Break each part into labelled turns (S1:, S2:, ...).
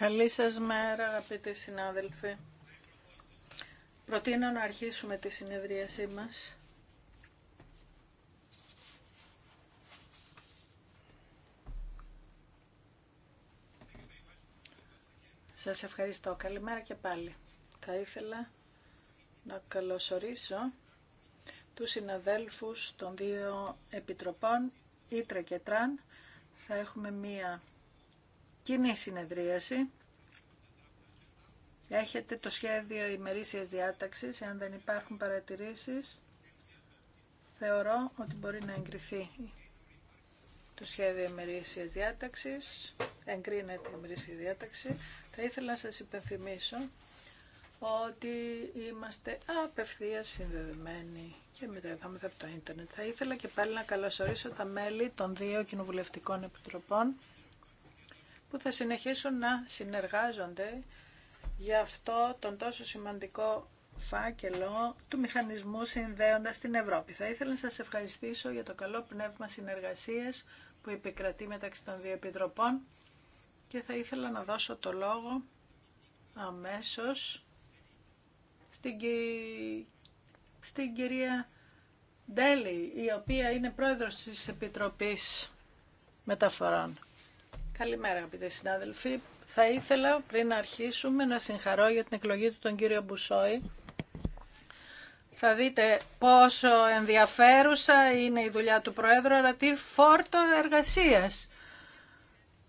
S1: Καλή σας μέρα αγαπητοί συνάδελφοι. Προτείνω να αρχίσουμε τη συνεδρίασή μας. Σας ευχαριστώ. Καλημέρα και πάλι. Θα ήθελα να καλωσορίσω τους συναδέλφους των δύο επιτροπών, Ήτρα και Τραν. Θα έχουμε μία κοινή συνεδρίαση. Έχετε το σχέδιο ημερήσιας διάταξης. Εάν δεν υπάρχουν παρατηρήσεις, θεωρώ ότι μπορεί να εγκριθεί το σχέδιο ημερήσιας διάταξης. Εγκρίνεται η ημερήσια διάταξη. Θα ήθελα να σας υπενθυμίσω ότι είμαστε απευθείας συνδεδεμένοι και θα από το ίντερνετ. Θα ήθελα και πάλι να καλωσορίσω τα μέλη των δύο κοινοβουλευτικών επιτροπών που θα συνεχίσουν να συνεργάζονται για αυτό τον τόσο σημαντικό φάκελο του μηχανισμού συνδέοντας την Ευρώπη. Θα ήθελα να σας ευχαριστήσω για το καλό πνεύμα συνεργασίας που επικρατεί μεταξύ των δύο επιτροπών και θα ήθελα να δώσω το λόγο αμέσως στην, στην κυρία Ντέλη, η οποία είναι πρόεδρος της Επιτροπής Μεταφορών. Καλημέρα αγαπητοί συνάδελφοι. Θα ήθελα πριν να αρχίσουμε να συγχαρώ για την εκλογή του τον κύριο Μπουσόη. Θα δείτε πόσο ενδιαφέρουσα είναι η δουλειά του Πρόεδρου, αλλά τι φόρτο εργασίας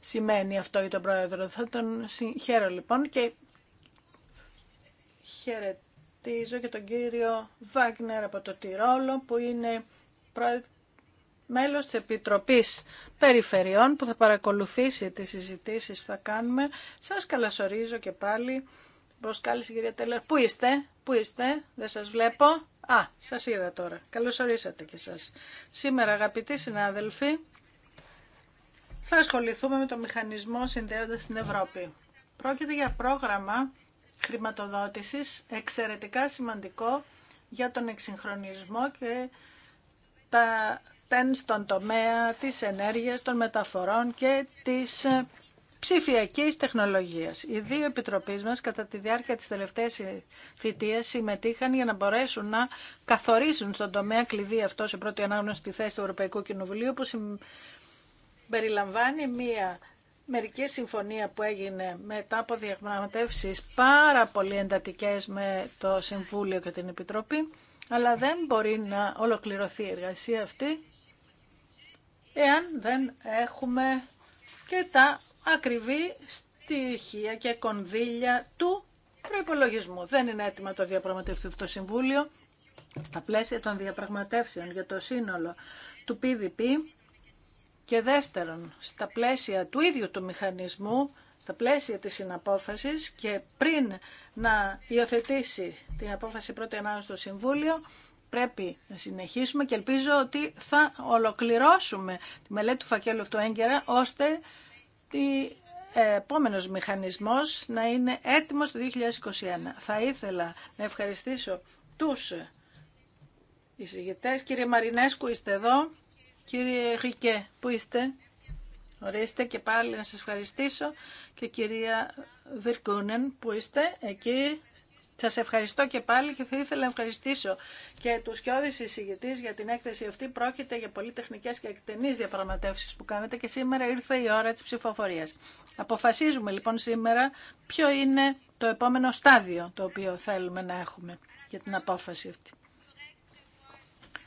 S1: σημαίνει αυτό για τον Πρόεδρο. Θα τον συγχαίρω λοιπόν και χαιρετίζω και τον κύριο Βάγνερ από το Τυρόλο που είναι πρόεδρο μέλος της Επιτροπής Περιφερειών που θα παρακολουθήσει τις συζητήσεις που θα κάνουμε. Σας καλασορίζω και πάλι. Προσκάλεσε κυρία Τελέρ. Πού είστε, πού είστε, δεν σας βλέπω. Α, σας είδα τώρα. Καλωσορίσατε και σας. Σήμερα αγαπητοί συνάδελφοι, θα ασχοληθούμε με το μηχανισμό συνδέοντας στην Ευρώπη. Πρόκειται για πρόγραμμα χρηματοδότησης εξαιρετικά σημαντικό για τον εξυγχρονισμό και τα στον τομέα της ενέργειας, των μεταφορών και της ε, ψηφιακής τεχνολογίας. Οι δύο επιτροπές μας κατά τη διάρκεια της τελευταίας θητείας συμμετείχαν για να μπορέσουν να καθορίσουν στον τομέα κλειδί αυτό σε πρώτη ανάγνωση τη θέση του Ευρωπαϊκού Κοινοβουλίου που περιλαμβάνει μία μερική συμφωνία που έγινε μετά από διαπραγματεύσεις πάρα πολύ εντατικές με το Συμβούλιο και την Επιτροπή αλλά δεν μπορεί να ολοκληρωθεί η εργασία αυτή εάν δεν έχουμε και τα ακριβή στοιχεία και κονδύλια του προϋπολογισμού. Δεν είναι έτοιμο το διαπραγματευτεί το Συμβούλιο. Στα πλαίσια των διαπραγματεύσεων για το σύνολο του PDP και δεύτερον, στα πλαίσια του ίδιου του μηχανισμού, στα πλαίσια της συναπόφασης και πριν να υιοθετήσει την απόφαση πρώτη ανάγνωση στο Συμβούλιο, πρέπει να συνεχίσουμε και ελπίζω ότι θα ολοκληρώσουμε τη μελέτη του φακέλου αυτού έγκαιρα, ώστε ότι ε, επόμενος μηχανισμός να είναι έτοιμος το 2021. Θα ήθελα να ευχαριστήσω τους εισηγητές. Κύριε Μαρινέσκου, είστε εδώ. Κύριε ρικέ που είστε. Ορίστε και πάλι να σας ευχαριστήσω. Και κυρία Βιρκούνεν, που είστε εκεί. Σα ευχαριστώ και πάλι και θα ήθελα να ευχαριστήσω και του και συζητητή για την έκθεση αυτή. Πρόκειται για πολύ και εκτενείς διαπραγματεύσει που κάνετε και σήμερα ήρθε η ώρα τη ψηφοφορία. Αποφασίζουμε λοιπόν σήμερα ποιο είναι το επόμενο στάδιο το οποίο θέλουμε να έχουμε για την απόφαση αυτή.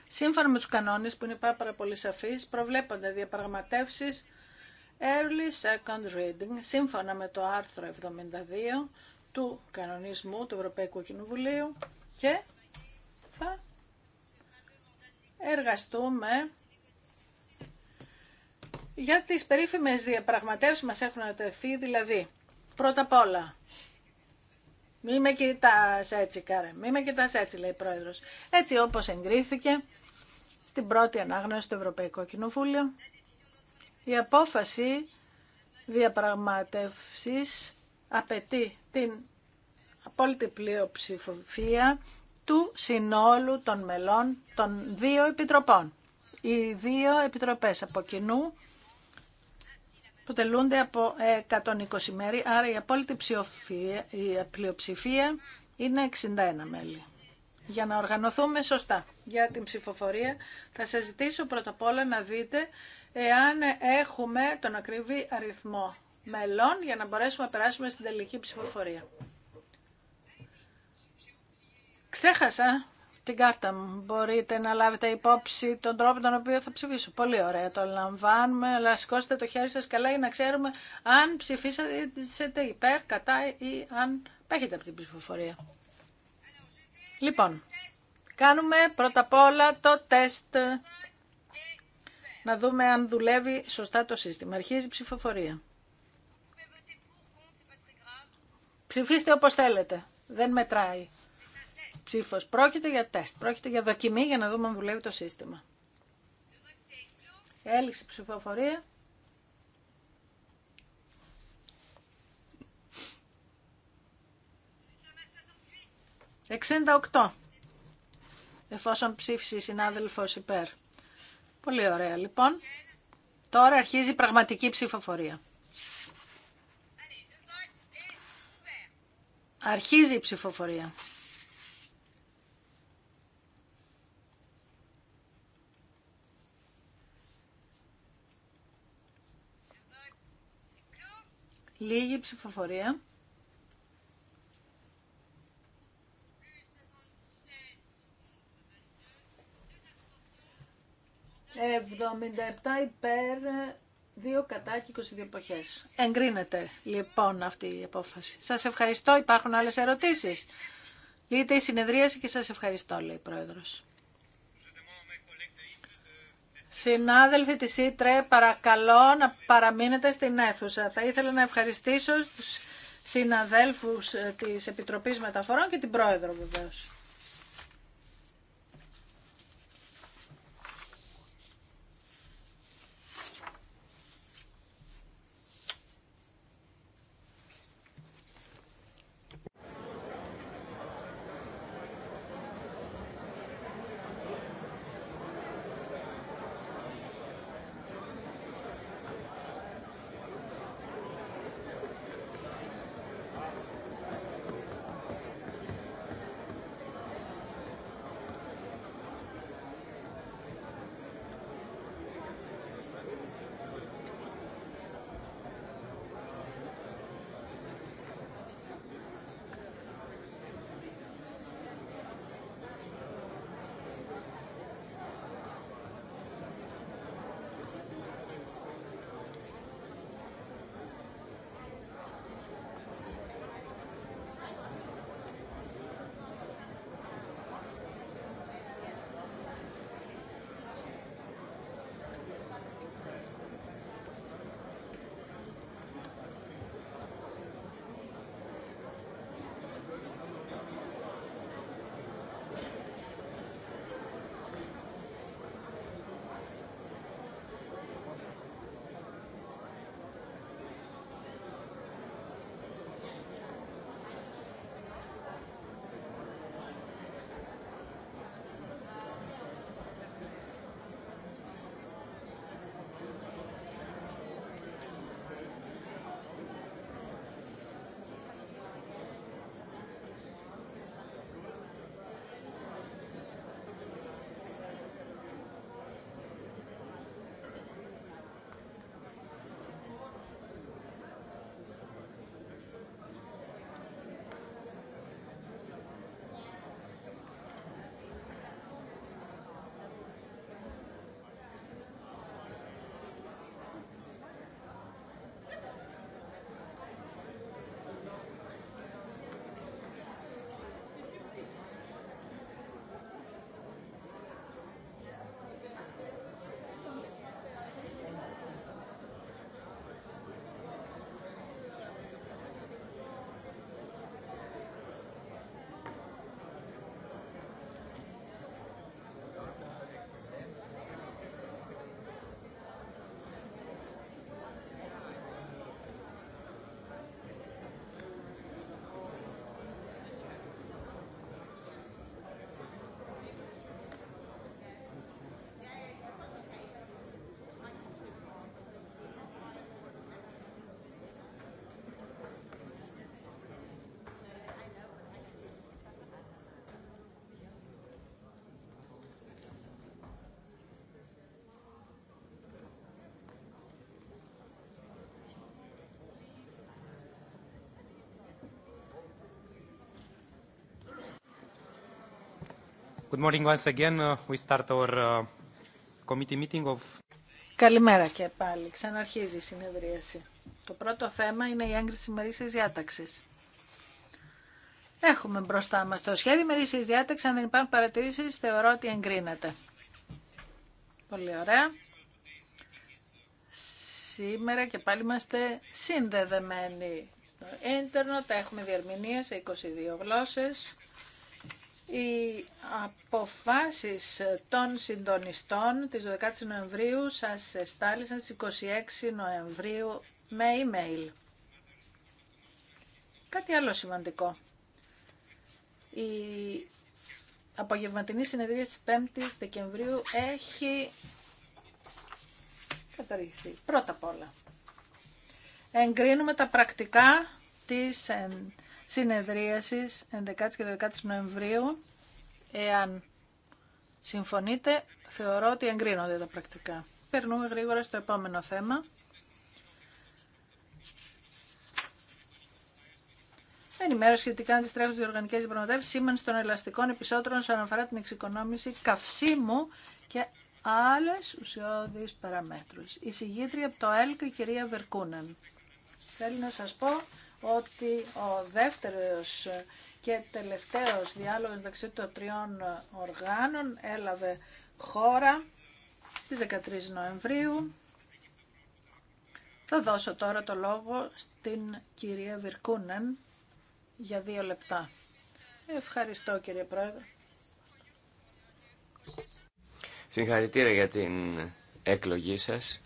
S1: Σύμφωνα με του κανόνε που είναι πάρα πολύ σαφεί, προβλέπονται διαπραγματεύσει early second reading, σύμφωνα με το άρθρο 72 του κανονισμού του Ευρωπαϊκού Κοινοβουλίου και θα εργαστούμε για τις περίφημες διαπραγματεύσεις μας έχουν ατεθεί, δηλαδή πρώτα απ' όλα μη με κοιτάς έτσι, Κάρε. Μη με κοιτάς έτσι, λέει η Πρόεδρος. Έτσι όπως εγκρίθηκε στην πρώτη ανάγνωση του Ευρωπαϊκού Κοινοβούλιο, η απόφαση διαπραγματεύσεις απαιτεί την απόλυτη πλειοψηφία του συνόλου των μελών των δύο επιτροπών. Οι δύο επιτροπές από κοινού αποτελούνται από 120 μέρη, άρα η απόλυτη η πλειοψηφία είναι 61 μέλη. Για να οργανωθούμε σωστά για την ψηφοφορία, θα σας ζητήσω πρώτα απ' όλα να δείτε εάν έχουμε τον ακριβή αριθμό μελών για να μπορέσουμε να περάσουμε στην τελική ψηφοφορία. Ξέχασα την κάρτα μου. Μπορείτε να λάβετε υπόψη τον τρόπο τον οποίο θα ψηφίσω. Πολύ ωραία το λαμβάνουμε, αλλά σηκώστε το χέρι σας καλά για να ξέρουμε αν ψηφίσατε υπέρ, κατά ή αν πέχετε από την ψηφοφορία. Λοιπόν, κάνουμε πρώτα απ' όλα το τεστ να δούμε αν δουλεύει σωστά το σύστημα. Αρχίζει η ψηφοφορία. Ψηφίστε όπω θέλετε. Δεν μετράει Ψήφο. Πρόκειται για τεστ. Πρόκειται για δοκιμή για να δούμε αν δουλεύει το σύστημα. Έληξε ψηφοφορία. 68. εφόσον ψήφισε η συνάδελφο υπέρ. Πολύ ωραία λοιπόν. Τώρα αρχίζει η πραγματική ψηφοφορία. Αρχίζει η ψηφοφορία. Λίγη ψηφοφορία. Εβδομηντα επτα υπέρ Δύο κατά και 22 εποχέ. Εγκρίνεται λοιπόν αυτή η απόφαση. Σας ευχαριστώ. Υπάρχουν άλλες ερωτήσεις. Λείτε η συνεδρίαση και σας ευχαριστώ, λέει η πρόεδρο. Συνάδελφοι της Ήτρε, παρακαλώ να παραμείνετε στην αίθουσα. Θα ήθελα να ευχαριστήσω τους συναδέλφους της Επιτροπής Μεταφορών και την Πρόεδρο βεβαίως.
S2: Good morning once again. Uh, we start our uh, committee meeting of...
S1: Καλημέρα και πάλι. Ξαναρχίζει η συνεδρίαση. Το πρώτο θέμα είναι η έγκριση μερίσης διάταξης. Έχουμε μπροστά μας το σχέδιο μερίσης διάταξης. Αν δεν υπάρχουν παρατηρήσεις, θεωρώ ότι εγκρίνεται. Πολύ ωραία. Σήμερα και πάλι είμαστε συνδεδεμένοι στο ίντερνετ. Έχουμε διερμηνία σε 22 γλώσσες. Η αποφάσεις των συντονιστών της 12 η Νοεμβρίου σας στάλησαν στις 26 Νοεμβρίου με email. Κάτι άλλο σημαντικό. Η απογευματινή συνεδρία της 5ης Δεκεμβρίου έχει καταρριχθεί. Πρώτα απ' όλα. Εγκρίνουμε τα πρακτικά της συνεδρίασης 11 και 12 Νοεμβρίου Εάν συμφωνείτε, θεωρώ ότι εγκρίνονται τα πρακτικά. Περνούμε γρήγορα στο επόμενο θέμα. Ενημέρωση σχετικά με τι τρέχουσε διοργανικέ διαπραγματεύσει, σήμανση των ελαστικών επισώτρων όσον αφορά την εξοικονόμηση καυσίμου και άλλε ουσιώδει παραμέτρου. Η συγγήτρια από το ΕΛΚ, η κυρία Βερκούναν. Θέλω να σα πω ότι ο δεύτερος και τελευταίος διάλογος μεταξύ των τριών οργάνων έλαβε χώρα στις 13 Νοεμβρίου. Θα δώσω τώρα το λόγο στην κυρία Βιρκούνεν για δύο λεπτά. Ευχαριστώ κύριε Πρόεδρε.
S2: Συγχαρητήρια για την εκλογή σας.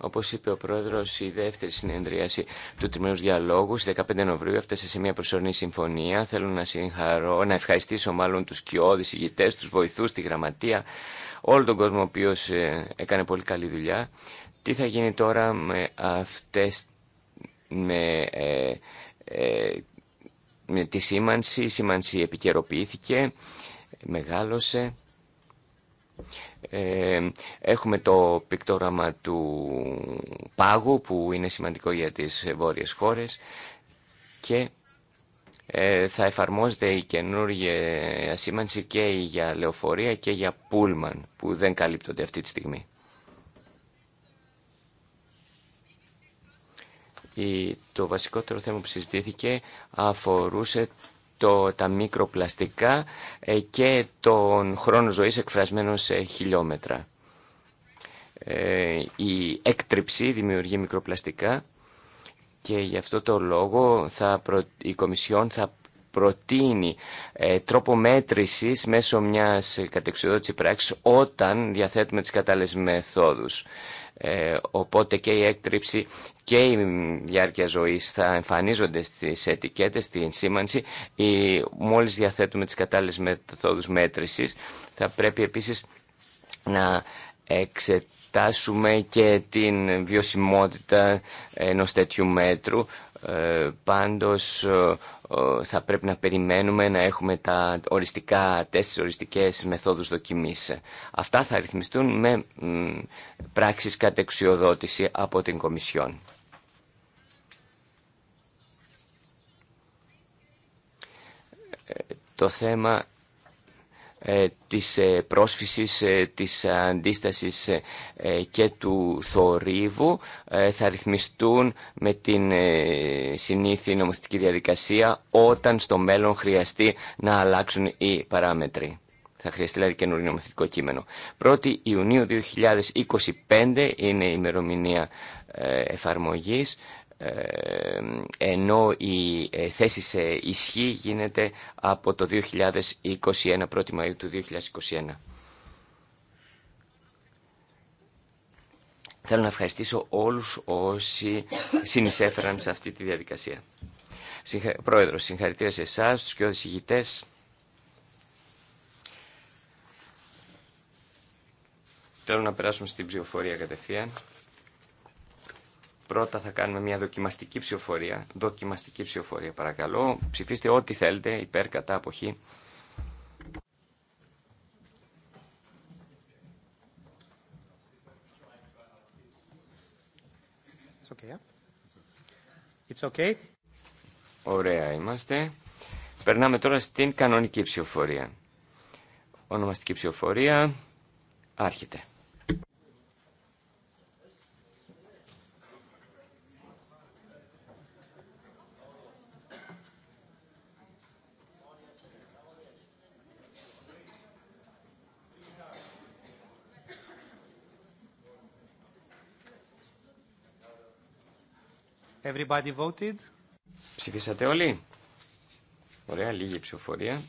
S2: Όπω είπε ο πρόεδρος, η δεύτερη συνεδρίαση του Τριμμένου Διαλόγου στις 15 Νοεμβρίου έφτασε σε μια προσωρινή συμφωνία. Θέλω να συγχαρώ, να ευχαριστήσω μάλλον τους κοιόδη ηγητέ, τους βοηθου τη γραμματεία, όλο τον κόσμο ο οποίος ε, έκανε πολύ καλή δουλειά. Τι θα γίνει τώρα με αυτές, με, ε, ε, με τη σήμανση, η σήμανση επικαιροποιήθηκε, μεγάλωσε. Ε, έχουμε το πικτόραμα του πάγου που είναι σημαντικό για τις βόρειες χώρες και ε, θα εφαρμόζεται η καινούργια ασήμανση και για λεωφορεία και για πούλμαν που δεν καλύπτονται αυτή τη στιγμή. Η, το βασικότερο θέμα που συζητήθηκε αφορούσε το, τα μικροπλαστικά ε, και τον χρόνο ζωής εκφρασμένο σε χιλιόμετρα. Ε, η έκτριψη δημιουργεί μικροπλαστικά και γι' αυτό το λόγο θα η Κομισιόν θα προτείνει ε, τρόπο μέτρησης μέσω μιας κατεξοδότησης πράξης όταν διαθέτουμε τις κατάλληλες μεθόδους. Ε, οπότε και η έκτριψη και η διάρκεια ζωής θα εμφανίζονται στις ετικέτες, στην σήμανση. Η, μόλις διαθέτουμε τις κατάλληλες μεθόδους μέτρησης θα πρέπει επίσης να εξετάσουμε και την βιωσιμότητα ενός τέτοιου μέτρου ε, πάντως ε, ε, θα πρέπει να περιμένουμε να έχουμε τα οριστικά τέσσερις οριστικές μεθόδους δοκιμής. Αυτά θα ρυθμιστούν με πράξεις κατεξιοδότηση από την Κομισιόν. Ε, το θέμα ε, της ε, πρόσφυσης, ε, της αντίστασης και του θορύβου θα ρυθμιστούν με την συνήθη νομοθετική διαδικασία όταν στο μέλλον χρειαστεί να αλλάξουν οι παράμετροι. Θα χρειαστεί δηλαδή καινούριο νομοθετικό κείμενο. 1η Ιουνίου 2025 είναι η ημερομηνία εφαρμογής. Ε, ενώ η ε, θέση σε ισχύ γίνεται από το 2021, 1η Μαΐου του 2021. Θέλω να ευχαριστήσω όλους όσοι συνεισέφεραν σε αυτή τη διαδικασία. Πρόεδρος, συγχαρητήρια σε εσά, στους και ηγητές. Θέλω να περάσουμε στην ψηφοφορία κατευθείαν. Πρώτα θα κάνουμε μια δοκιμαστική ψηφοφορία. Δοκιμαστική ψηφοφορία παρακαλώ. Ψηφίστε ό,τι θέλετε, υπέρ, κατά, αποχή. It's okay, It's okay. Ωραία είμαστε. Περνάμε τώρα στην κανονική ψηφοφορία. Ονομαστική ψηφοφορία άρχεται. Everybody voted. Ψηφίσατε όλοι. Ωραία, λίγη ψηφοφορία.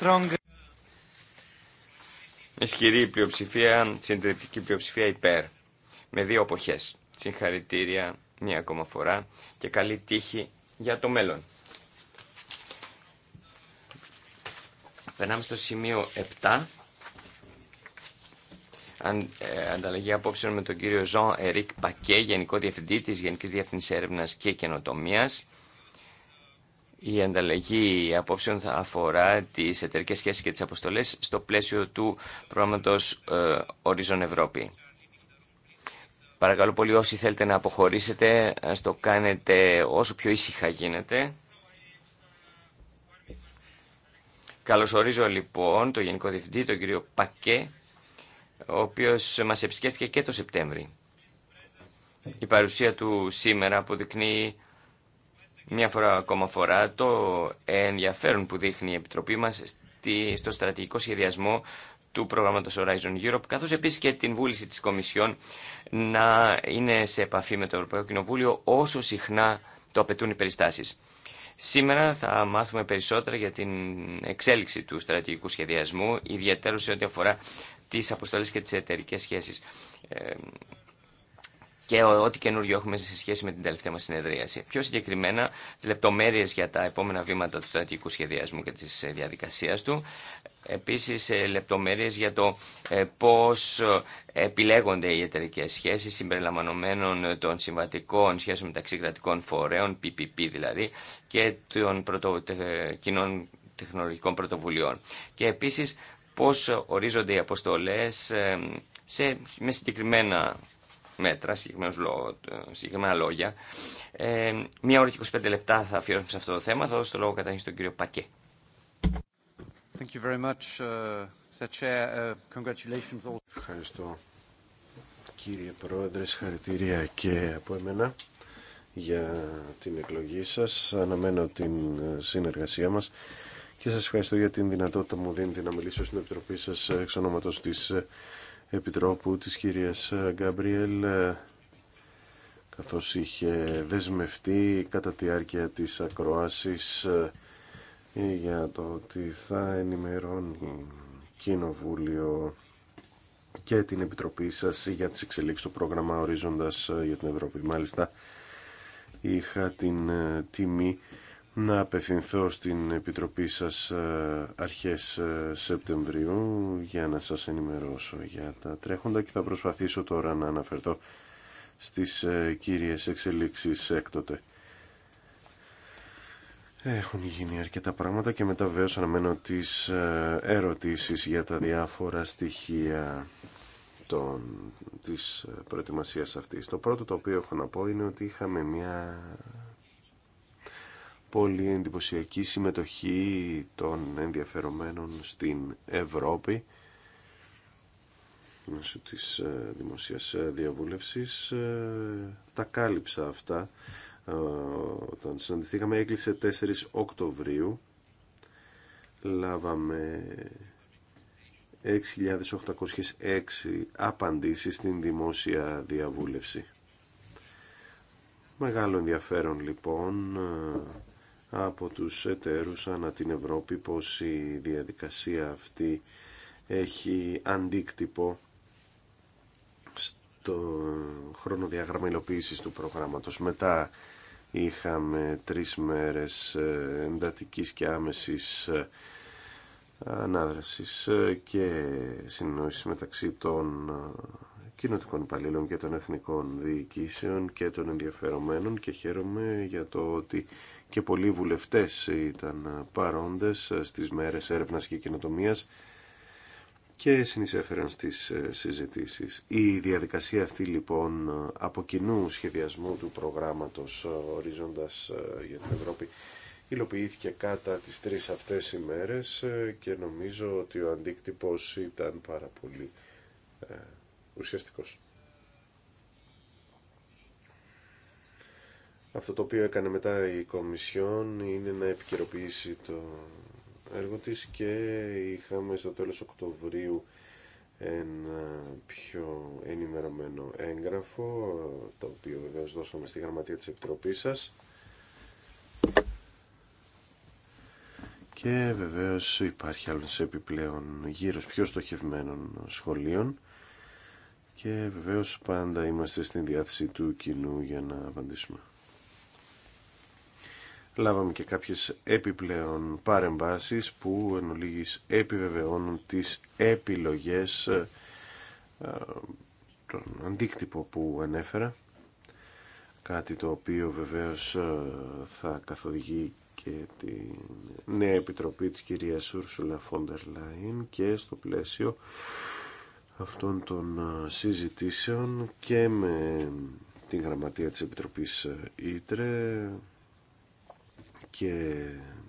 S2: Strong. Ισχυρή πλειοψηφία, συντριπτική πλειοψηφία υπέρ. Με δύο εποχές. Συγχαρητήρια μία ακόμα φορά και καλή τύχη για το μέλλον. Περνάμε στο σημείο 7. Ε, ανταλλαγή απόψεων με τον κύριο Ζων Ερικ Πακέ, Γενικό Διευθυντή της Γενικής Διεύθυνσης Έρευνας και Καινοτομίας. Η ανταλλαγή απόψεων θα αφορά τις εταιρικέ σχέσεις και τις αποστολές στο πλαίσιο του προγράμματος ε, Horizon Ευρώπη. Παρακαλώ πολύ όσοι θέλετε να αποχωρήσετε, ας ε, το κάνετε όσο πιο ήσυχα γίνεται. ορίζω, λοιπόν το Γενικό Διευθυντή, τον κύριο Πακέ, ο οποίος μας επισκέφθηκε και το Σεπτέμβρη. Η παρουσία του σήμερα αποδεικνύει μια φορά ακόμα φορά το ενδιαφέρον που δείχνει η Επιτροπή μας στο στρατηγικό σχεδιασμό του προγράμματος Horizon Europe, καθώς επίσης και την βούληση της Κομισιόν να είναι σε επαφή με το Ευρωπαϊκό Κοινοβούλιο όσο συχνά το απαιτούν οι περιστάσεις. Σήμερα θα μάθουμε περισσότερα για την εξέλιξη του στρατηγικού σχεδιασμού, ιδιαίτερα σε ό,τι αφορά τις αποστολέ και τις εταιρικές σχέσεις. Ε, και ό,τι καινούριο έχουμε σε σχέση με την τελευταία μα συνεδρίαση. Πιο συγκεκριμένα, τι λεπτομέρειε για τα επόμενα βήματα του στρατηγικού σχεδιασμού και τη ε, διαδικασία του. Επίση, ε, λεπτομέρειε για το πώ επιλέγονται οι εταιρικέ σχέσει συμπεριλαμβανομένων των συμβατικών σχέσεων μεταξύ κρατικών φορέων, PPP δηλαδή, και των πρωτο... κοινών τεχνολογικών πρωτοβουλειών. Και επίση πώς ορίζονται οι αποστολές ε, σε, με συγκεκριμένα μέτρα, ε, συγκεκριμένα λόγια. Ε, μία ώρα και 25 λεπτά θα αφιερώσουμε σε αυτό το θέμα. Θα δώσω το λόγο καταρχήν στον κύριο Πακέ.
S3: Ευχαριστώ
S2: κύριε Πρόεδρε, Συγχαρητήρια
S3: και από εμένα για την εκλογή σας. Αναμένω την συνεργασία μας και σας ευχαριστώ για την δυνατότητα μου δίνετε να μιλήσω στην Επιτροπή σας ε, εξ ονόματος της ε, Επιτρόπου της κυρίας ε, Γκάμπριελ καθώς είχε δεσμευτεί κατά τη διάρκεια της ακροάσης για το ότι θα ενημερώνει Κοινοβούλιο και την Επιτροπή σας για τις εξελίξεις του πρόγραμμα Ορίζοντας για την Ευρώπη. Μάλιστα είχα την τιμή να απευθυνθώ στην Επιτροπή σας ε, αρχές ε, Σεπτεμβρίου για να σας ενημερώσω για τα τρέχοντα και θα προσπαθήσω τώρα να αναφερθώ στις ε, κύριες εξελίξεις έκτοτε. Έχουν γίνει αρκετά πράγματα και μετά να μένω τις ερωτήσεις για τα διάφορα στοιχεία των, της προετοιμασίας αυτής. Το πρώτο το οποίο έχω να πω είναι ότι είχαμε μια πολύ εντυπωσιακή συμμετοχή των ενδιαφερομένων στην Ευρώπη μέσω της ε, δημοσίας ε, διαβούλευσης. Ε, τα κάλυψα αυτά όταν συναντηθήκαμε. Έκλεισε 4 Οκτωβρίου. Λάβαμε 6.806 απαντήσεις στην δημόσια διαβούλευση. Μεγάλο ενδιαφέρον λοιπόν από τους εταίρους ανά την Ευρώπη πως η διαδικασία αυτή έχει αντίκτυπο στο χρονοδιάγραμμα υλοποίησης του προγράμματος. Μετά είχαμε τρεις μέρες ε, εντατικής και άμεσης ε, ανάδρασης ε, και συνεννόηση μεταξύ των κοινωτικών υπαλλήλων και των εθνικών διοικήσεων και των ενδιαφερομένων και χαίρομαι για το ότι και πολλοί βουλευτές ήταν παρόντες στις μέρες έρευνας και καινοτομίας και συνεισέφεραν στις συζητήσεις. Η διαδικασία αυτή λοιπόν από κοινού σχεδιασμού του προγράμματος Ορίζοντας για την Ευρώπη υλοποιήθηκε κατά τις τρεις αυτές ημέρες και νομίζω ότι ο αντίκτυπος ήταν πάρα πολύ ε, ουσιαστικός. Αυτό το οποίο έκανε μετά η Κομισιόν είναι να επικαιροποιήσει το έργο της και είχαμε στο τέλος Οκτωβρίου ένα πιο ενημερωμένο έγγραφο, το οποίο βεβαίως δώσαμε στη γραμματεία της Επιτροπής σας. Και βεβαίως υπάρχει άλλος επιπλέον γύρος πιο στοχευμένων σχολείων και βεβαίως πάντα είμαστε στην διάθεση του κοινού για να απαντήσουμε λάβαμε και κάποιες επιπλέον παρεμβάσεις που εν ολίγης επιβεβαιώνουν τις επιλογές ε, ε, τον αντίκτυπο που ανέφερα κάτι το οποίο βεβαίως ε, θα καθοδηγεί και τη νέα επιτροπή της κυρίας Ούρσουλα Φόντερ Λάιν και στο πλαίσιο αυτών των συζητήσεων και με την γραμματεία της Επιτροπής Ήτρε και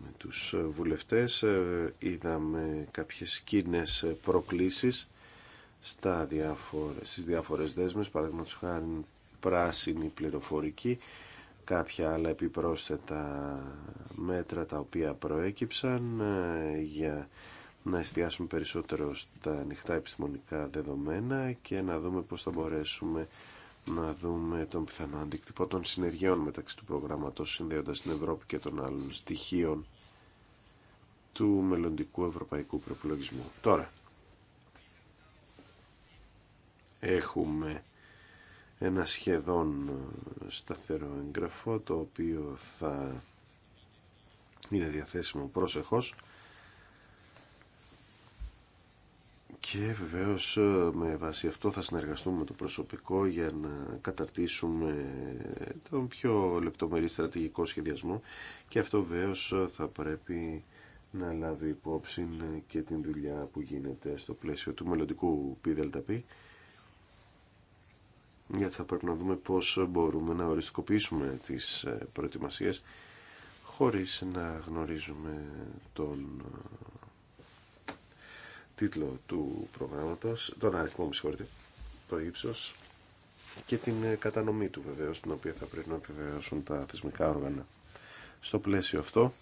S3: με τους βουλευτές ε, είδαμε κάποιες σκηνές ε, προκλήσεις στα διάφορε, στις διάφορες δέσμες, παραδείγματος χάρη πράσινη πληροφορική, κάποια άλλα επιπρόσθετα μέτρα τα οποία προέκυψαν ε, για να εστιάσουμε περισσότερο στα ανοιχτά επιστημονικά δεδομένα και να δούμε πώς θα μπορέσουμε να δούμε τον πιθανό αντίκτυπο των συνεργειών μεταξύ του προγράμματος συνδέοντας την Ευρώπη και των άλλων στοιχείων του μελλοντικού ευρωπαϊκού προπολογισμού. Τώρα, έχουμε ένα σχεδόν σταθερό εγγραφό το οποίο θα είναι διαθέσιμο πρόσεχώς Και βεβαίως ε, με βάση αυτό θα συνεργαστούμε με το προσωπικό για να καταρτήσουμε τον πιο λεπτομερή στρατηγικό σχεδιασμό και αυτό βεβαίως ε, θα πρέπει να λάβει υπόψη ε, και την δουλειά που γίνεται στο πλαίσιο του μελλοντικού ΠΔΠ γιατί θα πρέπει να δούμε πώς μπορούμε να οριστικοποιήσουμε τις προετοιμασίες χωρίς να γνωρίζουμε τον τίτλο του προγράμματος, τον αριθμό μου συγχωρείτε, το ύψος και την ε, κατανομή του βεβαίω την οποία θα πρέπει να επιβεβαιώσουν τα θεσμικά όργανα. Στο πλαίσιο αυτό,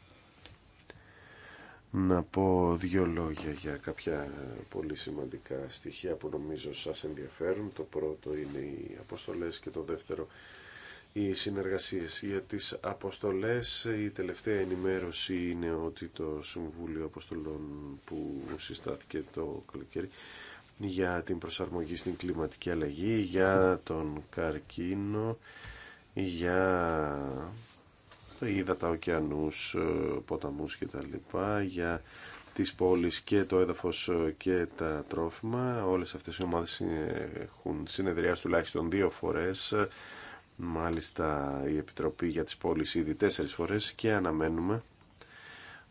S3: να πω δύο λόγια για κάποια πολύ σημαντικά στοιχεία που νομίζω σας ενδιαφέρουν. Το πρώτο είναι οι αποστολές και το δεύτερο οι συνεργασίες για τις αποστολές. Η τελευταία ενημέρωση είναι ότι το Συμβούλιο Αποστολών που συστάθηκε το καλοκαίρι για την προσαρμογή στην κλιματική αλλαγή, για τον καρκίνο, για το ύδατα, ωκεανούς, ποταμούς λοιπά Για τις πόλεις και το έδαφος και τα τρόφιμα. Όλες αυτές οι ομάδες έχουν συνεδριάσει τουλάχιστον δύο φορές Μάλιστα η Επιτροπή για τις Πόλεις ήδη τέσσερις φορές και αναμένουμε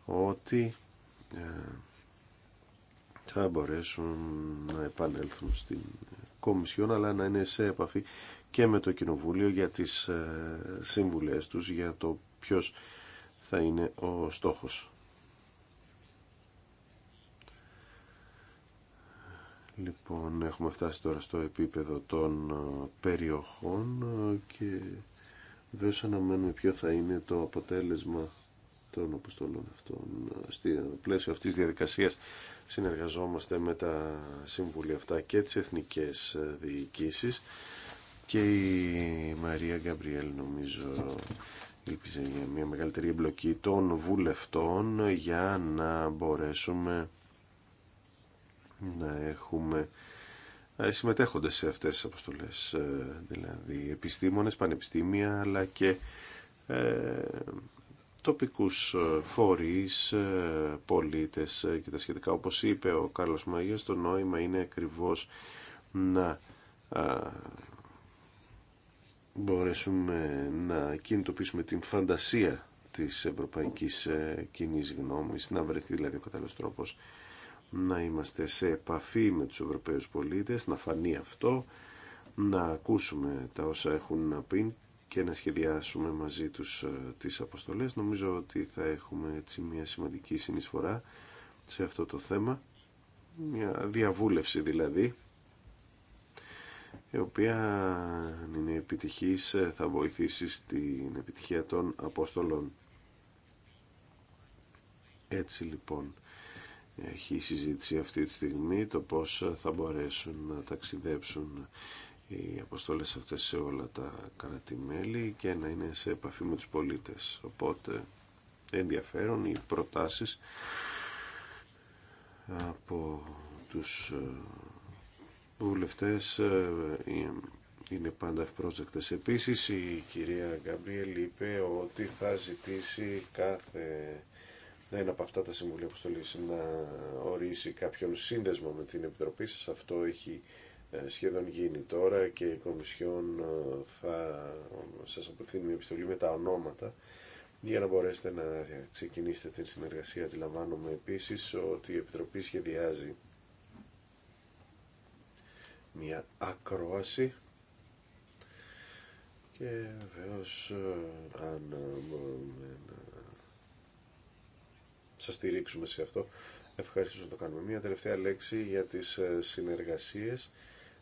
S3: ότι ε, θα μπορέσουν να επανέλθουν στην Κομισιόν αλλά να είναι σε επαφή και με το Κοινοβούλιο για τις ε, συμβουλές τους για το ποιος θα είναι ο στόχος. Λοιπόν, έχουμε φτάσει τώρα στο επίπεδο των ε, περιοχών ε, και βέβαια αναμένουμε ποιο θα είναι το αποτέλεσμα των αποστολών αυτών. Στη ε, πλαίσιο αυτής της διαδικασίας συνεργαζόμαστε με τα συμβούλια αυτά και τις εθνικές διοικήσεις και η Μαρία Γκαμπριέλ νομίζω ήλπιζε για μια μεγαλύτερη εμπλοκή των βουλευτών για να μπορέσουμε να έχουμε ε, συμμετέχοντες σε αυτές τις αποστολές, ε, δηλαδή επιστήμονες, πανεπιστήμια, αλλά και ε, τοπικούς φορείς, πολίτες και τα σχετικά. Όπως είπε ο Κάρλος Μάγιος, το νόημα είναι ακριβώς να μπορέσουμε να κινητοποιήσουμε την φαντασία της ευρωπαϊκής κοινή γνώμης, να βρεθεί δηλαδή ο κατάλληλος τρόπος να είμαστε σε επαφή με τους Ευρωπαίους πολίτες, να φανεί αυτό, να ακούσουμε τα όσα έχουν να πει και να σχεδιάσουμε μαζί τους ε, τις αποστολές. Νομίζω ότι θα έχουμε έτσι μια σημαντική συνεισφορά σε αυτό το θέμα, μια διαβούλευση δηλαδή, η οποία αν είναι επιτυχής ε, θα βοηθήσει στην επιτυχία των αποστολών. Έτσι λοιπόν έχει συζήτηση αυτή τη στιγμή το πώς θα μπορέσουν να ταξιδέψουν οι αποστόλες αυτές σε όλα τα κρατημέλη και να είναι σε επαφή με τους πολίτες. Οπότε ενδιαφέρον οι προτάσεις από τους ε, βουλευτές ε, ε, είναι πάντα ευπρόσδεκτες. Επίσης η κυρία Γκαμπριέλ είπε ότι θα ζητήσει κάθε να είναι από αυτά τα Συμβουλία Αποστολής να ορίσει κάποιον σύνδεσμο με την Επιτροπή σας. Αυτό έχει ε, σχεδόν γίνει τώρα και η Κομισιόν ε, θα σας απευθύνει μια επιστολή με τα ονόματα για να μπορέσετε να ξεκινήσετε την συνεργασία. Αντιλαμβάνομαι επίσης ότι η Επιτροπή σχεδιάζει μια ακρόαση και βεβαίω ε, αν μπορούμε να Σα στηρίξουμε σε αυτό. Ευχαριστώ να το κάνουμε. Μία τελευταία λέξη για τις ε, συνεργασίε.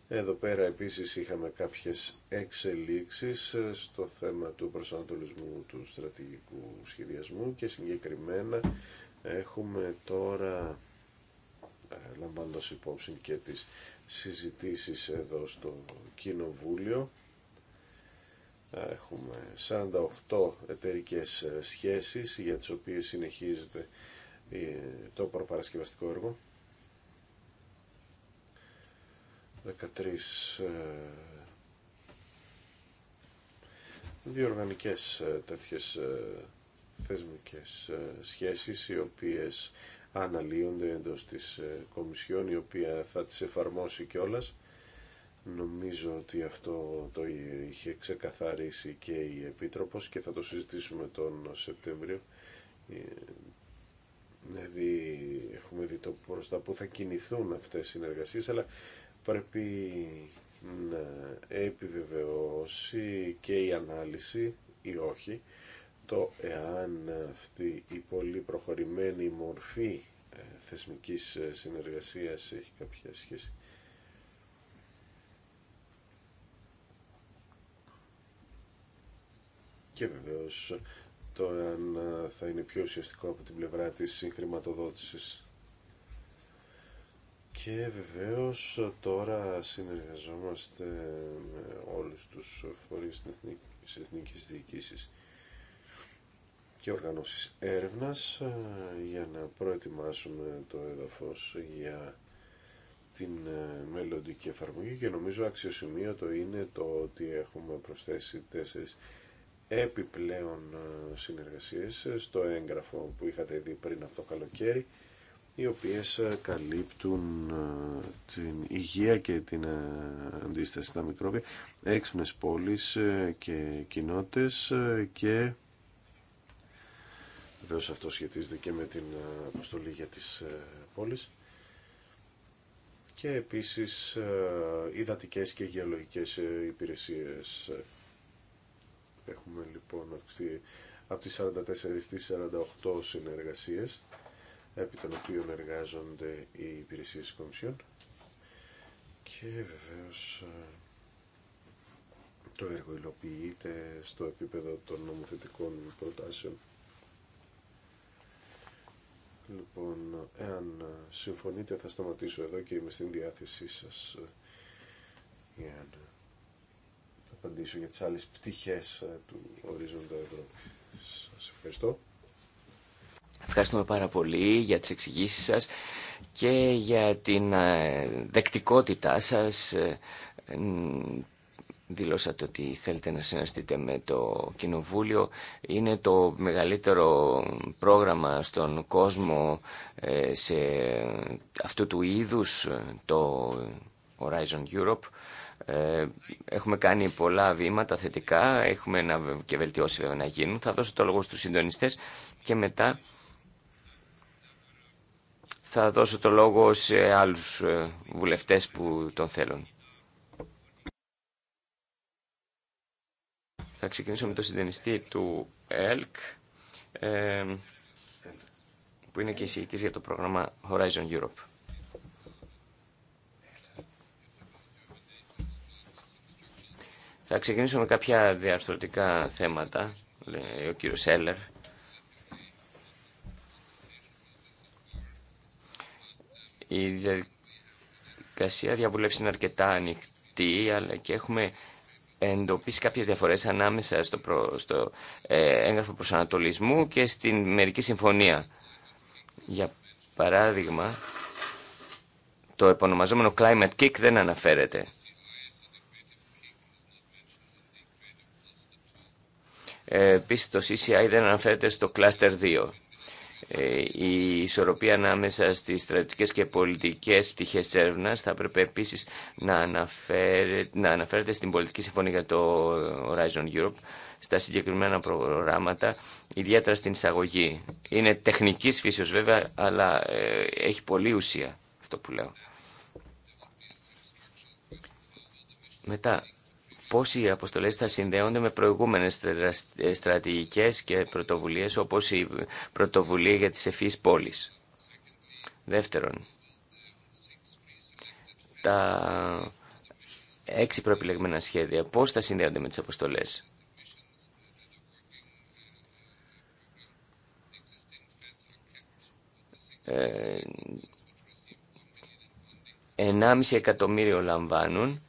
S3: Εδώ πέρα επίσης είχαμε κάποιες εξελίξεις ε, στο θέμα του προσανατολισμού του στρατηγικού σχεδιασμού και συγκεκριμένα έχουμε τώρα ε, λαμβάνοντας υπόψη και τις συζητήσεις εδώ στο Κοινοβούλιο έχουμε 48 εταιρικές σχέσεις για τις οποίες συνεχίζεται το προπαρασκευαστικό έργο. 13 ε, διοργανικές ε, τέτοιες ε, θεσμικές σχέσεις οι οποίες αναλύονται εντός της Κομισιόν η οποία θα τις εφαρμόσει κιόλας. Νομίζω ότι αυτό το είχε ξεκαθαρίσει και η Επίτροπος και θα το συζητήσουμε τον Σεπτέμβριο Δηλαδή έχουμε δει το προς που θα κινηθούν αυτές οι συνεργασίες, αλλά πρέπει να επιβεβαιώσει και η ανάλυση ή όχι το εάν αυτή η πολύ προχωρημένη μορφή ε, θεσμικής ε, συνεργασίας έχει κάποια σχέση. Και βεβαίως το αν ε, θα είναι πιο ουσιαστικό από την πλευρά της συγχρηματοδότησης. Και βεβαίως ε, τώρα συνεργαζόμαστε με όλους τους φορείς της Εθνικής Διοίκησης και οργανώσεις έρευνας ε, για να προετοιμάσουμε το έδαφος για την μελλοντική εφαρμογή και νομίζω αξιοσημείωτο είναι το ότι έχουμε προσθέσει τέσσερις επιπλέον ε, συνεργασίες ε, στο έγγραφο που είχατε δει πριν από το καλοκαίρι οι οποίες ε, καλύπτουν την υγεία και την αντίσταση στα μικρόβια, έξυπνες πόλεις και κοινότητες και βεβαίω αυτό σχετίζεται και με την αποστολή για τις πόλεις και επίσης υδατικές και γεωλογικές υπηρεσίες Έχουμε λοιπόν αυξή από τις 44 στις 48 συνεργασίες επί των οποίων εργάζονται οι υπηρεσίες κομισιών και βεβαίως το έργο υλοποιείται στο επίπεδο των νομοθετικών προτάσεων. Λοιπόν, εάν συμφωνείτε θα σταματήσω εδώ και είμαι στην διάθεσή σας για να απαντήσω για τις άλλες πτυχές ε, του ορίζοντα Ευρώπη. Σας ευχαριστώ.
S2: Ευχαριστούμε πάρα πολύ για τις εξηγήσεις σας και για την ε, δεκτικότητά σας. Ε, δηλώσατε ότι θέλετε να συναστείτε με το Κοινοβούλιο. Είναι το μεγαλύτερο πρόγραμμα στον κόσμο σε αυτού του είδους το Horizon Europe. Ε, έχουμε κάνει πολλά βήματα θετικά, έχουμε και βελτιώσει βέβαια να γίνουν. Θα δώσω το λόγο στους συντονιστές και μετά θα δώσω το λόγο σε άλλους ε, βουλευτές που τον θέλουν. Θα ξεκινήσω με τον συντονιστή του ΕΛΚ, ε, που είναι και εισηγητής για το πρόγραμμα Horizon Europe. Θα ξεκινήσω με κάποια διαρθρωτικά θέματα, λέει ο κύριος Έλλερ. Η διαδικασία διαβουλεύση είναι αρκετά ανοιχτή, αλλά και έχουμε εντοπίσει κάποιες διαφορές ανάμεσα στο, προ, στο ε, έγγραφο προσανατολισμού και στην μερική συμφωνία. Για παράδειγμα, το επωνομαζόμενο climate kick δεν αναφέρεται Ε, Επίση το CCI δεν αναφέρεται στο κλάστερ 2. Ε, η ισορροπία ανάμεσα στις στρατιωτικές και πολιτικές πτυχές έρευνα. θα έπρεπε επίσης να, να αναφέρεται στην πολιτική συμφωνία για το Horizon Europe στα συγκεκριμένα προγράμματα, ιδιαίτερα στην εισαγωγή. Είναι τεχνικής φύσεως βέβαια, αλλά ε, έχει πολλή ουσία αυτό που λέω. Μετά, πώς οι αποστολές θα συνδέονται με προηγούμενες στρατηγικές και πρωτοβουλίες όπως η πρωτοβουλία για τις ευφύς πόλεις. Δεύτερον, τα έξι προεπιλεγμένα σχέδια πώς θα συνδέονται με τις αποστολές. Ε, 1,5 εκατομμύριο λαμβάνουν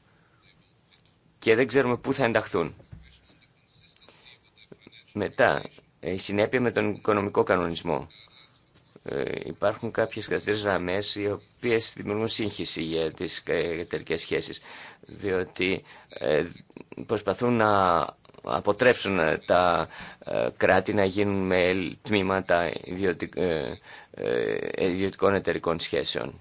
S2: και δεν ξέρουμε πού θα ενταχθούν. Μετά, η συνέπεια με τον οικονομικό κανονισμό. Ε, υπάρχουν κάποιες καθαρές γραμμέ οι οποίες δημιουργούν σύγχυση για τις ε, εταιρικές σχέσεις, διότι ε, προσπαθούν να αποτρέψουν ε, τα ε, κράτη να γίνουν με τμήματα ιδιωτικών εταιρικών σχέσεων.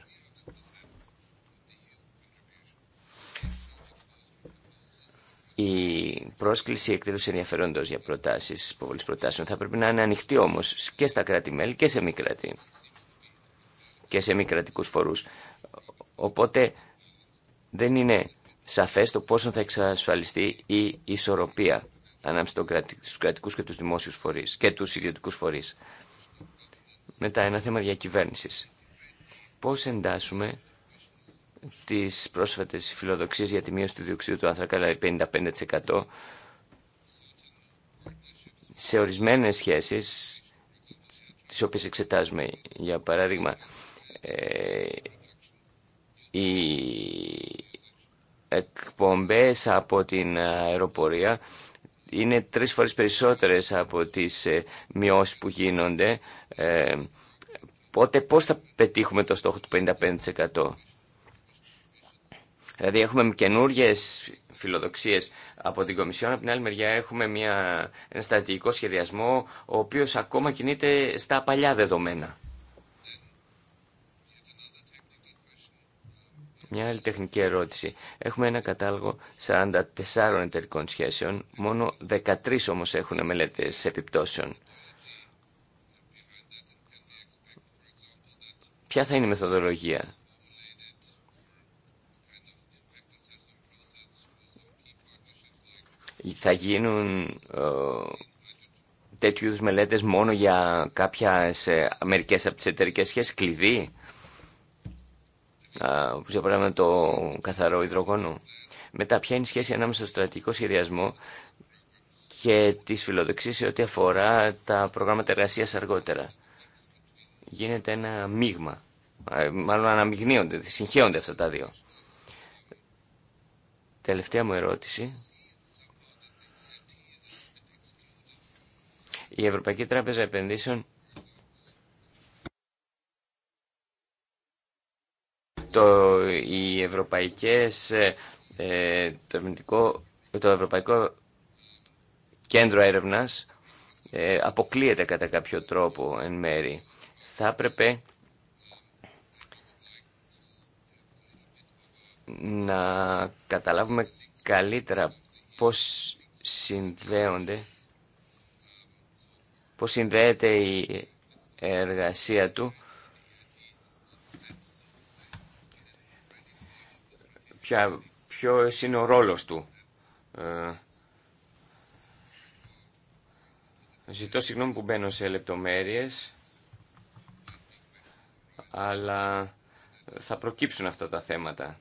S2: Η πρόσκληση εκδήλωση ενδιαφέροντο για προτάσει, υποβολή προτάσεων, θα πρέπει να είναι ανοιχτή όμω και στα κράτη-μέλη και σε μη Και σε μη φορού. Οπότε δεν είναι σαφές το πόσο θα εξασφαλιστεί η ισορροπία ανάμεσα στους κρατικούς και τους δημόσιους φορείς και τους ιδιωτικούς φορείς. Μετά ένα θέμα διακυβέρνησης. Πώς εντάσσουμε τις πρόσφατες φιλοδοξίε για τη μείωση του διοξιδίου του άνθρακα, 55%. Δηλαδή Σε ορισμένες σχέσεις, τις οποίες εξετάζουμε, για παράδειγμα, ε, οι εκπομπέ από την αεροπορία είναι τρεις φορές περισσότερες από τις ε, μειώσεις που γίνονται. Ε, οπότε πώς θα πετύχουμε το στόχο του 55%. Δηλαδή έχουμε καινούριε φιλοδοξίες από την Κομισιόν, από την άλλη μεριά έχουμε μια, ένα στρατηγικό σχεδιασμό ο οποίος ακόμα κινείται στα παλιά δεδομένα. Μια άλλη τεχνική ερώτηση. Έχουμε ένα κατάλογο 44 εταιρικών σχέσεων, μόνο 13 όμως έχουν μελέτες επιπτώσεων. Ποια θα είναι η μεθοδολογία θα γίνουν ε, τέτοιου είδου μελέτες μόνο για κάποια μερικέ από τι εταιρικέ σχέσει κλειδί, Όπω για παράδειγμα το καθαρό υδρογόνο. Μετά, ποια είναι η σχέση ανάμεσα στο στρατηγικό σχεδιασμό και τις φιλοδοξίε σε ό,τι αφορά τα προγράμματα εργασία αργότερα. Γίνεται ένα μείγμα, μάλλον αναμειγνύονται, συγχέονται αυτά τα δύο. Τελευταία μου ερώτηση Η Ευρωπαϊκή Τράπεζα Επενδύσεων το, ε, ε, το, ευρωπαϊκό, το Ευρωπαϊκό Κέντρο Έρευνας ε, αποκλείεται κατά κάποιο τρόπο εν μέρη. Θα έπρεπε να καταλάβουμε καλύτερα πώς συνδέονται που συνδέεται η εργασία του ποια, ποιος είναι ο ρόλος του. Ε, ζητώ συγγνώμη που μπαίνω σε λεπτομέρειες, αλλά θα προκύψουν αυτά τα θέματα.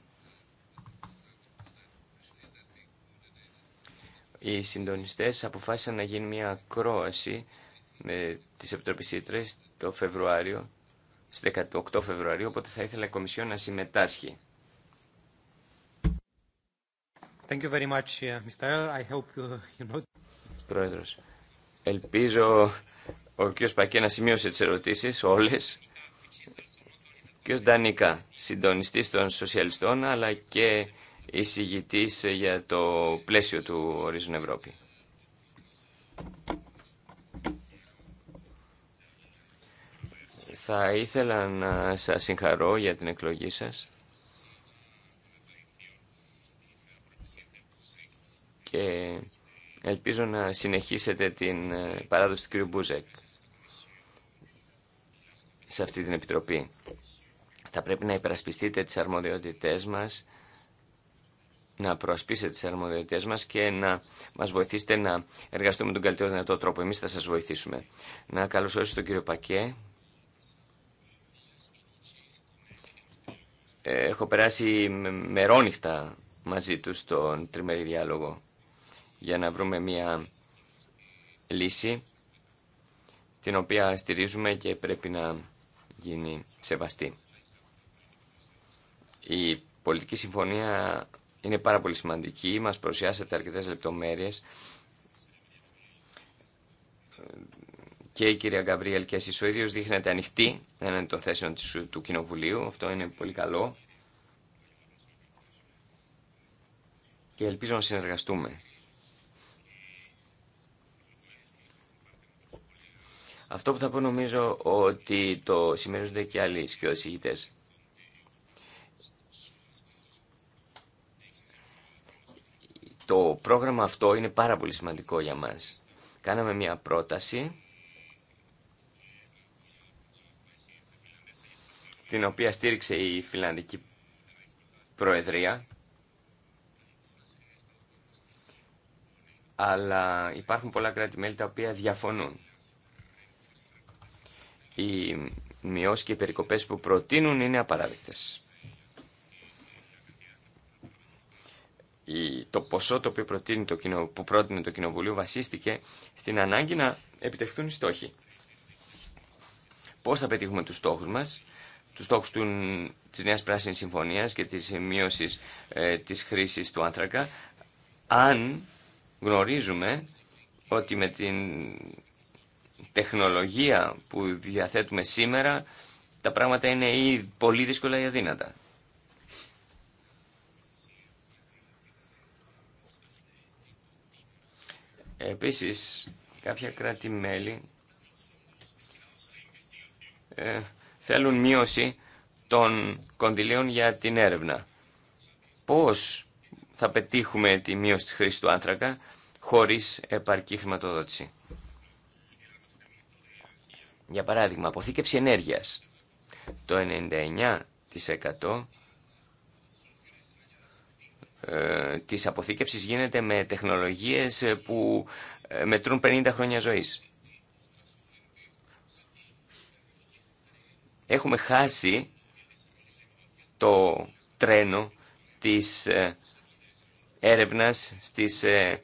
S2: Οι συντονιστές αποφάσισαν να γίνει μια ακρόαση με τι επιτροπή Ήτρες το Φεβρουάριο, στι 18 Φεβρουαρίου, οπότε θα ήθελα η Κομισιόν να συμμετάσχει. Thank you very much, uh, Mr. I hope you know... Πρόεδρος, ελπίζω ο κ. Πακέ να σημείωσε τι ερωτήσει όλες. Ο κ. Ντανίκα, συντονιστής των σοσιαλιστών, αλλά και εισηγητής για το πλαίσιο του Ορίζων Ευρώπη. Θα ήθελα να σας συγχαρώ για την εκλογή σας. Και ελπίζω να συνεχίσετε την ε, παράδοση του κ. Μπούζεκ σε αυτή την Επιτροπή. Θα πρέπει να υπερασπιστείτε τις αρμοδιότητές μας, να προασπίσετε τις αρμοδιότητές μας και να μας βοηθήσετε να εργαστούμε τον καλύτερο δυνατό τρόπο. Εμείς θα σας βοηθήσουμε. Να καλωσορίσω τον κύριο Πακέ. έχω περάσει μερόνυχτα μαζί τους στον τριμερή διάλογο για να βρούμε μια λύση την οποία στηρίζουμε και πρέπει να γίνει σεβαστή. Η πολιτική συμφωνία είναι πάρα πολύ σημαντική, μας προσιάσατε αρκετές λεπτομέρειες και η κυρία Γκαμπρίελ και εσείς ο ίδιος δείχνετε ανοιχτή έναν των θέσεων του Κοινοβουλίου. Αυτό είναι πολύ καλό. Και ελπίζω να συνεργαστούμε. Αυτό που θα πω νομίζω ότι το συμμερίζονται και άλλοι σκιοδησηγητές. Το πρόγραμμα αυτό είναι πάρα πολύ σημαντικό για μας. Κάναμε μια πρόταση την οποία στήριξε η Φιλανδική Προεδρία. Αλλά υπάρχουν πολλά κράτη-μέλη τα οποία διαφωνούν. Οι μειώσεις και οι περικοπές που προτείνουν είναι απαράδεκτες. το ποσό το οποίο το κοινο, που πρότεινε το Κοινοβουλίο βασίστηκε στην ανάγκη να επιτευχθούν οι στόχοι. Πώς θα πετύχουμε τους στόχους μας τους στόχους του, της Νέας Πράσινης Συμφωνίας και της μείωσης ε, της χρήσης του άνθρακα, αν γνωρίζουμε ότι με την τεχνολογία που διαθέτουμε σήμερα τα πράγματα είναι ή πολύ δύσκολα ή αδύνατα. Επίσης, κάποια κράτη-μέλη ε, θέλουν μείωση των κονδυλίων για την έρευνα. Πώς θα πετύχουμε τη μείωση της χρήσης του άνθρακα χωρίς επαρκή χρηματοδότηση. Για παράδειγμα, αποθήκευση ενέργειας. Το 99% ε, της αποθήκευσης γίνεται με τεχνολογίες που ε, μετρούν 50 χρόνια ζωής. Έχουμε χάσει το τρένο της ε, έρευνας στις ε,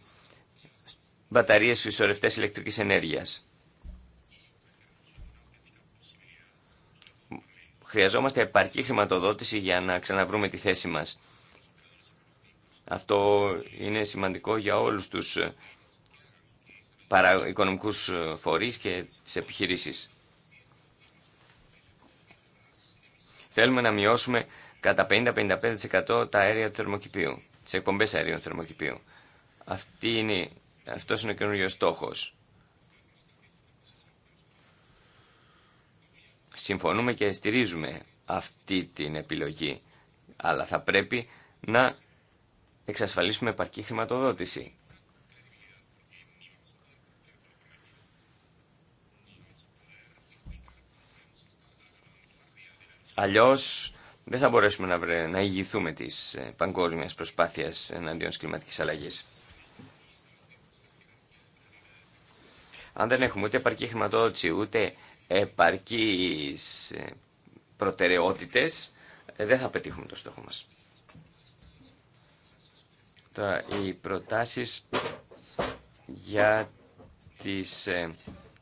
S2: μπαταρίες στις ισορρευτές ηλεκτρικής ενέργειας. Χρειαζόμαστε επαρκή χρηματοδότηση για να ξαναβρούμε τη θέση μας. Αυτό είναι σημαντικό για όλους τους παρα... οικονομικούς ε, φορείς και τις επιχειρήσεις. Θέλουμε να μειώσουμε κατά 50-55% τα αέρια θερμοκηπίου, τις εκπομπές αερίων θερμοκηπίου. Αυτή είναι, αυτός είναι ο καινούριο στόχος. Συμφωνούμε και στηρίζουμε αυτή την επιλογή, αλλά θα πρέπει να εξασφαλίσουμε επαρκή χρηματοδότηση. Αλλιώ δεν θα μπορέσουμε να, να ηγηθούμε της ε, παγκόσμια προσπάθειας εναντίον τη κλιματική αλλαγή. Αν δεν έχουμε ούτε επαρκή χρηματοδότηση, ούτε επαρκή ε, προτεραιότητε, ε, δεν θα πετύχουμε το στόχο μας. Τώρα, οι προτάσεις για τις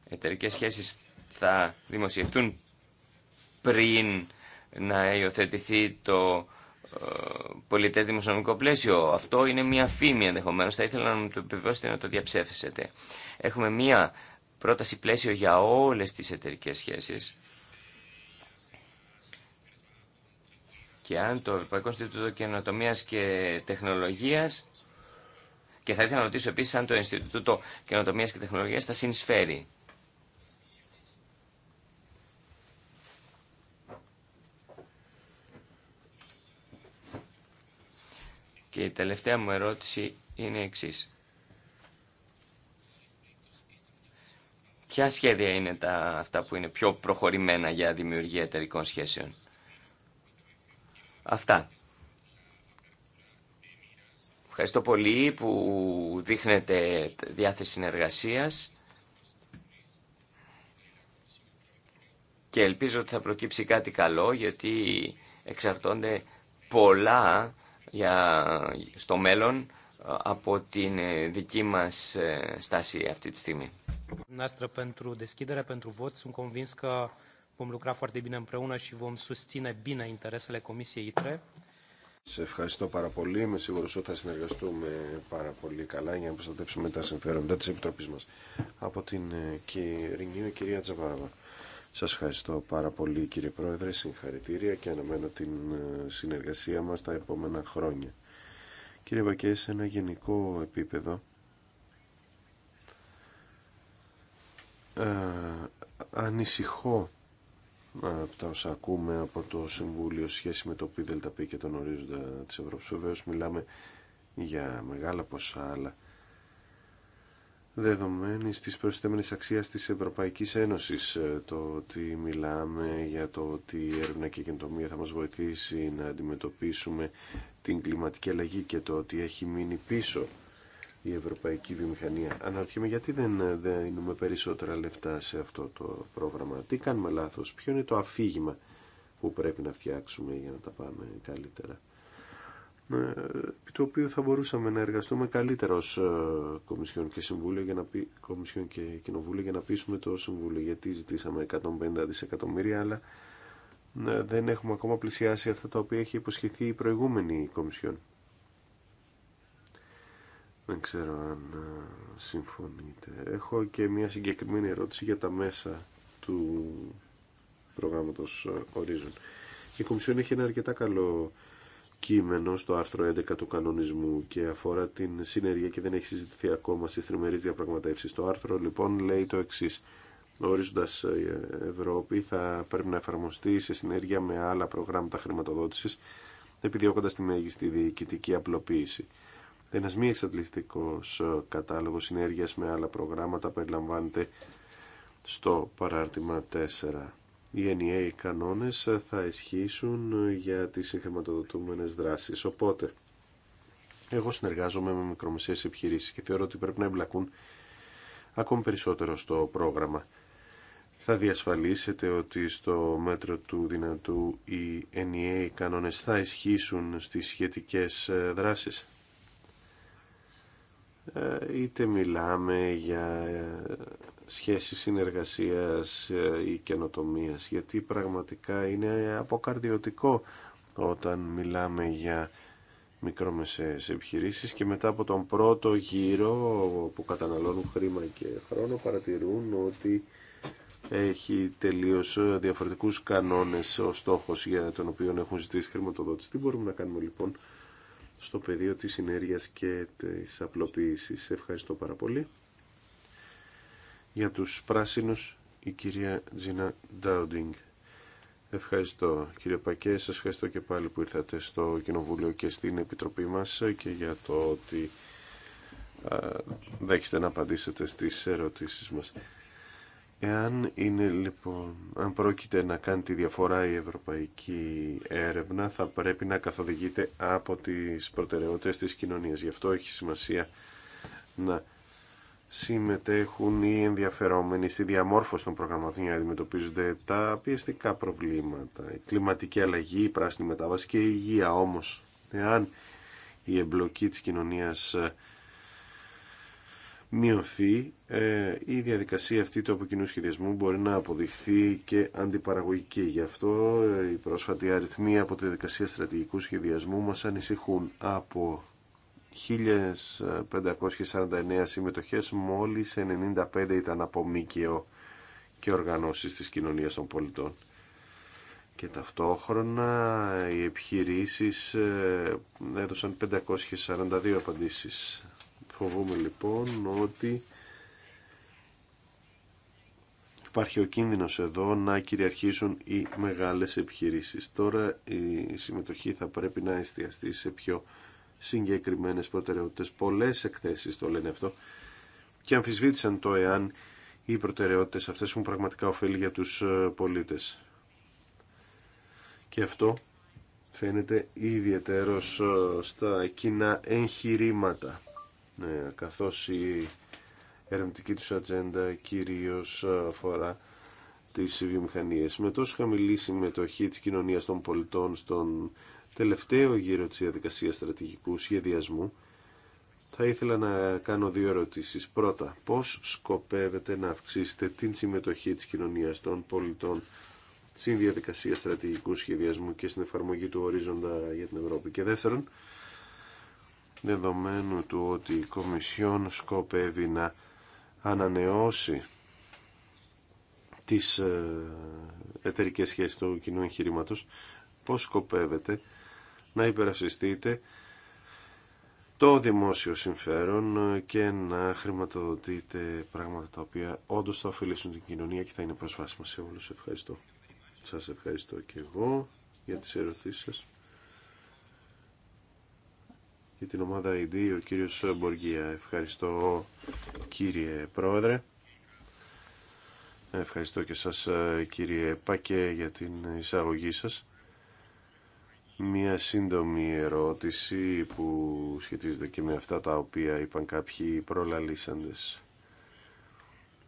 S2: εταιρικέ σχέσεις θα δημοσιευτούν πριν να υιοθετηθεί το ε, πολιτέ δημοσιονομικό πλαίσιο. Αυτό είναι μια φήμη ενδεχομένω. Θα ήθελα να μου το επιβεβαιώσετε να το διαψεύσετε. Έχουμε μια πρόταση πλαίσιο για όλε τι εταιρικέ σχέσει. Και αν το Ευρωπαϊκό Ινστιτούτο Καινοτομία και Τεχνολογία. Και θα ήθελα να ρωτήσω επίση αν το Ινστιτούτο Καινοτομία και Τεχνολογία θα συνεισφέρει Και η τελευταία μου ερώτηση είναι η Ποια σχέδια είναι τα, αυτά που είναι πιο προχωρημένα για δημιουργία εταιρικών σχέσεων. Αυτά. Ευχαριστώ πολύ που δείχνετε διάθεση συνεργασίας και ελπίζω ότι θα προκύψει κάτι καλό γιατί εξαρτώνται πολλά για, στο μέλλον ε, από την ε, δική μας ε, στάση αυτή τη στιγμή. Σε e.
S3: ευχαριστώ πάρα πολύ. Είμαι σίγουρος ότι θα συνεργαστούμε πάρα πολύ καλά για να προστατεύσουμε τα συμφέροντα της Επιτροπής μας. Από την κυρία Τζαβάραβα. Σας ευχαριστώ πάρα πολύ κύριε Πρόεδρε, συγχαρητήρια και αναμένω την ε, συνεργασία μας τα επόμενα χρόνια. Κύριε Βακέ, σε ένα γενικό επίπεδο, α, ε, ανησυχώ ε, από τα όσα ακούμε από το Συμβούλιο σχέση με το ΠΔΠ και τον ορίζοντα της Ευρώπης. Βεβαίως μιλάμε για μεγάλα ποσά, αλλά Δεδομένη της προσθέμενης αξία της Ευρωπαϊκής Ένωσης. Ε, το ότι μιλάμε για το ότι η έρευνα και η καινοτομία θα μας βοηθήσει να αντιμετωπίσουμε την κλιματική αλλαγή και το ότι έχει μείνει πίσω η ευρωπαϊκή βιομηχανία. Αναρωτιέμαι γιατί δεν ε, δίνουμε περισσότερα λεφτά σε αυτό το πρόγραμμα. Τι κάνουμε λάθο, ποιο είναι το αφήγημα που πρέπει να φτιάξουμε για να τα πάμε καλύτερα. Ναι, επί του οποίου θα μπορούσαμε να εργαστούμε καλύτερα ως ε, Κομισιόν και, Συμβούλιο για να πει, Κομισιόν και Κοινοβούλιο για να πείσουμε το Συμβούλιο γιατί ζητήσαμε 150 δισεκατομμύρια αλλά ε, δεν έχουμε ακόμα πλησιάσει αυτά τα οποία έχει υποσχεθεί η προηγούμενη Κομισιόν. Δεν ξέρω αν ε, συμφωνείτε. Έχω και μια συγκεκριμένη ερώτηση για τα μέσα του προγράμματος Horizon. Η Κομισιόν έχει ένα αρκετά καλό κείμενο στο άρθρο 11 του κανονισμού και αφορά την συνέργεια και δεν έχει συζητηθεί ακόμα στις τριμερεί διαπραγματεύσεις. Το άρθρο λοιπόν λέει το εξής. η ε, Ευρώπη θα πρέπει να εφαρμοστεί σε συνέργεια με άλλα προγράμματα χρηματοδότησης επιδιώκοντας τη μέγιστη διοικητική απλοποίηση. Ένας μη εξαντλητικό ε, κατάλογος συνέργειας με άλλα προγράμματα περιλαμβάνεται στο παράρτημα 4 οι ενιαίοι κανόνες θα ισχύσουν για τις συγχρηματοδοτούμενες δράσεις. Οπότε, εγώ συνεργάζομαι με μικρομεσαίες επιχειρήσεις και θεωρώ ότι πρέπει να εμπλακούν ακόμη περισσότερο στο πρόγραμμα. Θα διασφαλίσετε ότι στο μέτρο του δυνατού οι ενιαίοι κανόνες θα ισχύσουν στις σχετικές ε, δράσεις. Ε, είτε μιλάμε για ε, σχέση συνεργασίας ή ε, καινοτομίας γιατί πραγματικά είναι αποκαρδιωτικό όταν μιλάμε για μικρόμεσαίες επιχειρήσεις και μετά από τον πρώτο γύρο που καταναλώνουν χρήμα και χρόνο παρατηρούν ότι έχει τελείως διαφορετικούς κανόνες ο στόχος για τον οποίο έχουν ζητήσει χρηματοδότηση. Τι μπορούμε να κάνουμε λοιπόν στο πεδίο της συνέργειας και της απλοποίησης. Ευχαριστώ πάρα πολύ. Για τους πράσινους η κυρία Τζίνα Ντάουντινγκ. Ευχαριστώ κύριε Πακέ, σας ευχαριστώ και πάλι που ήρθατε στο Κοινοβούλιο και στην Επιτροπή μας και για το ότι δέχεστε να απαντήσετε στις ερωτήσεις μας. Εάν είναι λοιπόν, αν πρόκειται να κάνει τη διαφορά η ευρωπαϊκή έρευνα, θα πρέπει να καθοδηγείται από τις προτεραιότητες της κοινωνίας. Γι' αυτό έχει σημασία να συμμετέχουν οι ενδιαφερόμενοι στη διαμόρφωση των προγραμμάτων για να αντιμετωπίζονται τα πιεστικά προβλήματα, η κλιματική αλλαγή, η πράσινη μετάβαση και η υγεία όμως. Εάν η εμπλοκή της κοινωνίας ε, μειωθεί, ε, η διαδικασία αυτή του αποκοινού σχεδιασμού μπορεί να αποδειχθεί και αντιπαραγωγική. Γι' αυτό ε, οι πρόσφατοι αριθμοί από τη διαδικασία στρατηγικού σχεδιασμού μας ανησυχούν από 1.549 συμμετοχές, μόλις 95 ήταν από μήκαιο και οργανώσεις της κοινωνίας των πολιτών. Και ταυτόχρονα οι επιχειρήσεις ε, έδωσαν 542 απαντήσεις. Φοβούμε λοιπόν ότι υπάρχει ο κίνδυνος εδώ να κυριαρχήσουν οι μεγάλες επιχειρήσεις. Τώρα η συμμετοχή θα πρέπει να εστιαστεί σε πιο Συγκεκριμένε προτεραιότητε, Πολλές εκθέσει το λένε αυτό και αμφισβήτησαν το εάν οι προτεραιότητε αυτές έχουν πραγματικά ωφέλη για τους ε, πολίτες. Και αυτό φαίνεται ιδιαίτερο στα κοινά εγχειρήματα, ναι, καθώς η ερευνητική του ατζέντα κυρίω ε, αφορά τις βιομηχανίε. Με τόσο χαμηλή συμμετοχή τη κοινωνία των πολιτών στον τελευταίο γύρο της διαδικασίας στρατηγικού σχεδιασμού, θα ήθελα να κάνω δύο ερωτήσεις. Πρώτα, πώς σκοπεύετε να αυξήσετε την συμμετοχή της κοινωνίας των πολιτών στην διαδικασία στρατηγικού σχεδιασμού και στην εφαρμογή του ορίζοντα για την Ευρώπη. Και δεύτερον, δεδομένου του ότι η Κομισιόν σκοπεύει να ανανεώσει τις ε, εταιρικές σχέσεις του κοινού εγχειρήματο, πώς σκοπεύετε να υπερασπιστείτε το δημόσιο συμφέρον και να χρηματοδοτείτε πράγματα τα οποία όντως θα ωφελήσουν την κοινωνία και θα είναι προσβάσιμα σε όλους. Ευχαριστώ. Σας ευχαριστώ και εγώ για τις ερωτήσεις σας. Για την ομάδα ID, ο κύριος Μποργία. Ευχαριστώ κύριε Πρόεδρε. Ευχαριστώ και σας ε, κύριε Πακέ για την εισαγωγή σας μία σύντομη ερώτηση που σχετίζεται και με αυτά τα οποία είπαν κάποιοι προλαλήσαντες.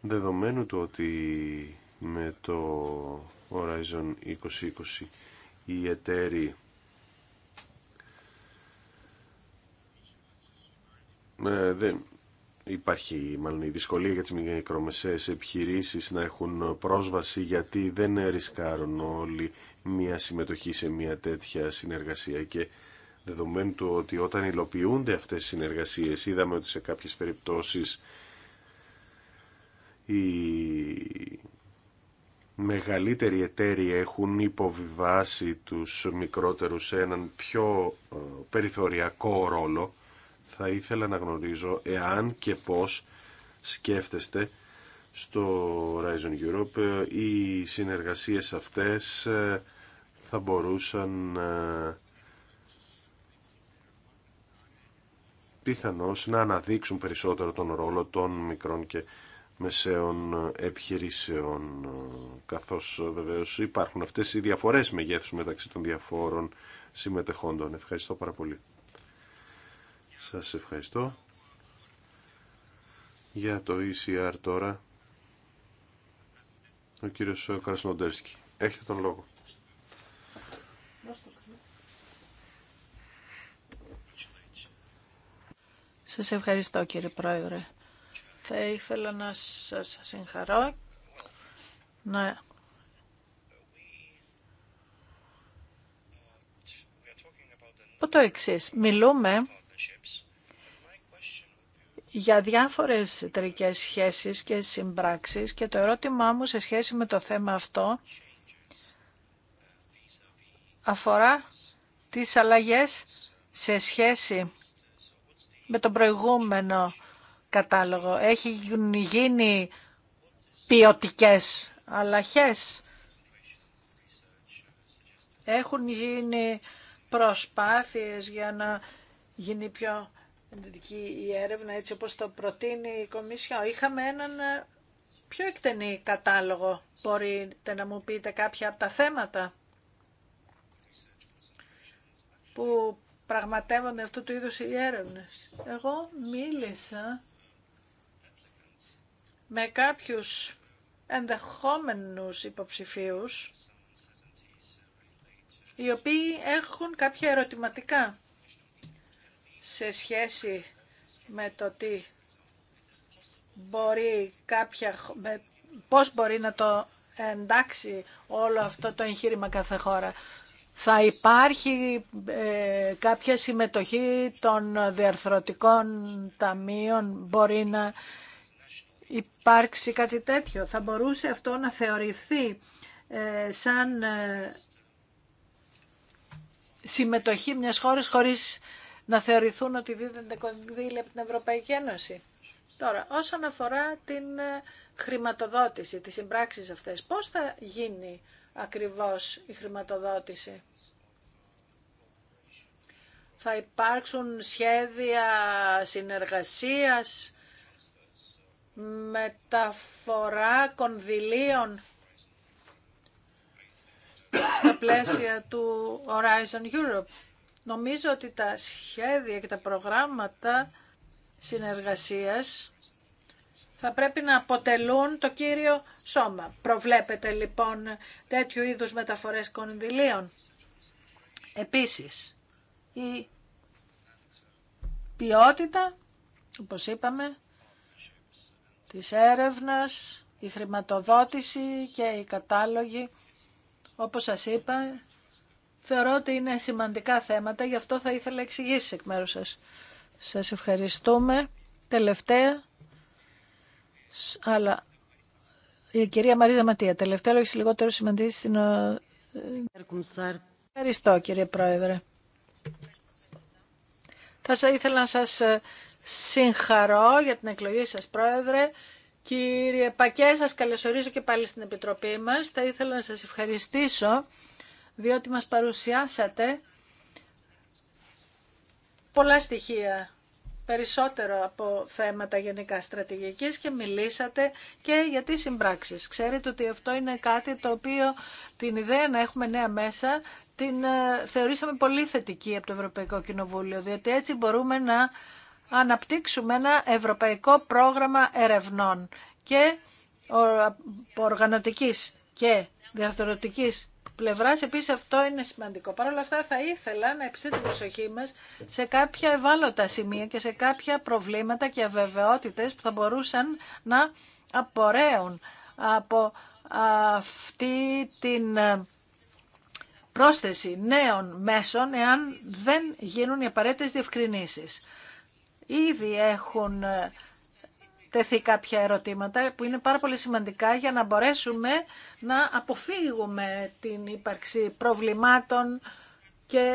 S3: Δεδομένου του ότι με το Horizon 2020 οι εταίροι ε, δεν υπάρχει μάλλον η δυσκολία για τις μικρομεσαίες επιχειρήσεις να έχουν πρόσβαση γιατί δεν ρισκάρουν όλοι μια συμμετοχή σε μια τέτοια συνεργασία και δεδομένου του ότι όταν υλοποιούνται αυτές οι συνεργασίες είδαμε ότι σε κάποιες περιπτώσεις οι μεγαλύτεροι εταίροι έχουν υποβιβάσει τους μικρότερους σε έναν πιο ε, περιθωριακό ρόλο θα ήθελα να γνωρίζω εάν και πώς σκέφτεστε στο Horizon Europe ε, οι συνεργασίες αυτές ε, θα μπορούσαν να ε, πιθανώς να αναδείξουν περισσότερο τον ρόλο των μικρών και μεσαίων επιχειρήσεων καθώς ε, βεβαίως υπάρχουν αυτές οι διαφορές μεγέθους μεταξύ των διαφόρων συμμετεχόντων. Ευχαριστώ πάρα πολύ. Σας ευχαριστώ. Για το ECR τώρα, ο κύριος Κρασνοντέρσκι. Έχετε τον λόγο.
S1: Σας ευχαριστώ κύριε Πρόεδρε. Θα ήθελα να σας συγχαρώ. Να... Πω το εξής. Μιλούμε για διάφορες εταιρικέ σχέσεις και συμπράξεις και το ερώτημά μου σε σχέση με το θέμα αυτό αφορά τις αλλαγές σε σχέση με τον προηγούμενο κατάλογο. Έχει γίνει ποιοτικέ αλλαχές. Έχουν γίνει προσπάθειες για να γίνει πιο ενδυτική η έρευνα έτσι όπως το προτείνει η Κομίσια. Είχαμε έναν ε, πιο εκτενή κατάλογο. Μπορείτε να μου πείτε κάποια από τα θέματα που πραγματεύονται αυτού του είδους οι έρευνες. Εγώ μίλησα με κάποιους ενδεχόμενους υποψηφίους οι οποίοι έχουν κάποια ερωτηματικά σε σχέση με το τι μπορεί κάποια, με, πώς μπορεί να το εντάξει όλο αυτό το εγχείρημα κάθε χώρα θα υπάρχει ε, κάποια συμμετοχή των διαρθρωτικών ταμείων, μπορεί να υπάρξει κάτι τέτοιο. Θα μπορούσε αυτό να θεωρηθεί ε, σαν ε, συμμετοχή μιας χώρας χωρίς να θεωρηθούν ότι δίδονται κονδύλια από την Ευρωπαϊκή Ένωση. Τώρα, όσον αφορά την χρηματοδότηση, τις συμπράξεις αυτές, πώς θα γίνει ακριβώς η χρηματοδότηση. Θα υπάρξουν σχέδια συνεργασίας, μεταφορά κονδυλίων στα πλαίσια του Horizon Europe. Νομίζω ότι τα σχέδια και τα προγράμματα συνεργασίας θα πρέπει να αποτελούν το κύριο σώμα. Προβλέπετε λοιπόν τέτοιου είδους μεταφορές κονδυλίων. Επίσης, η ποιότητα, όπως είπαμε, της έρευνας, η χρηματοδότηση και η κατάλογοι, όπως σας είπα, θεωρώ ότι είναι σημαντικά θέματα, γι' αυτό θα ήθελα εξηγήσει εκ μέρους σας. Σας ευχαριστούμε. Τελευταία, αλλά η κυρία Μαρίζα Ματία, τελευταία λόγια λιγότερο σημαντή στην. Ε, Ευχαριστώ κύριε Πρόεδρε. Θα ήθελα να σας ε, συγχαρώ για την εκλογή σας Πρόεδρε. Κύριε Πακέ, σας καλωσορίζω και πάλι στην Επιτροπή μας. Θα ήθελα να σας ευχαριστήσω διότι μας παρουσιάσατε πολλά στοιχεία περισσότερο από θέματα γενικά στρατηγικής και μιλήσατε και για τις συμπράξεις. Ξέρετε ότι αυτό είναι κάτι το οποίο την ιδέα να έχουμε νέα μέσα την ε, θεωρήσαμε πολύ θετική από το Ευρωπαϊκό Κοινοβούλιο, διότι έτσι μπορούμε να αναπτύξουμε ένα ευρωπαϊκό πρόγραμμα ερευνών και οργανωτικής και διαστορωτικής Πλευρά επίσης αυτό είναι σημαντικό. Παρ' όλα αυτά θα ήθελα να επιστήσω την προσοχή μας σε κάποια ευάλωτα σημεία και σε κάποια προβλήματα και αβεβαιότητες που θα μπορούσαν να απορρέουν από αυτή την πρόσθεση νέων μέσων εάν δεν γίνουν οι απαραίτητες διευκρινήσεις. Ήδη έχουν τεθεί κάποια ερωτήματα που είναι πάρα πολύ σημαντικά για να μπορέσουμε να αποφύγουμε την ύπαρξη προβλημάτων και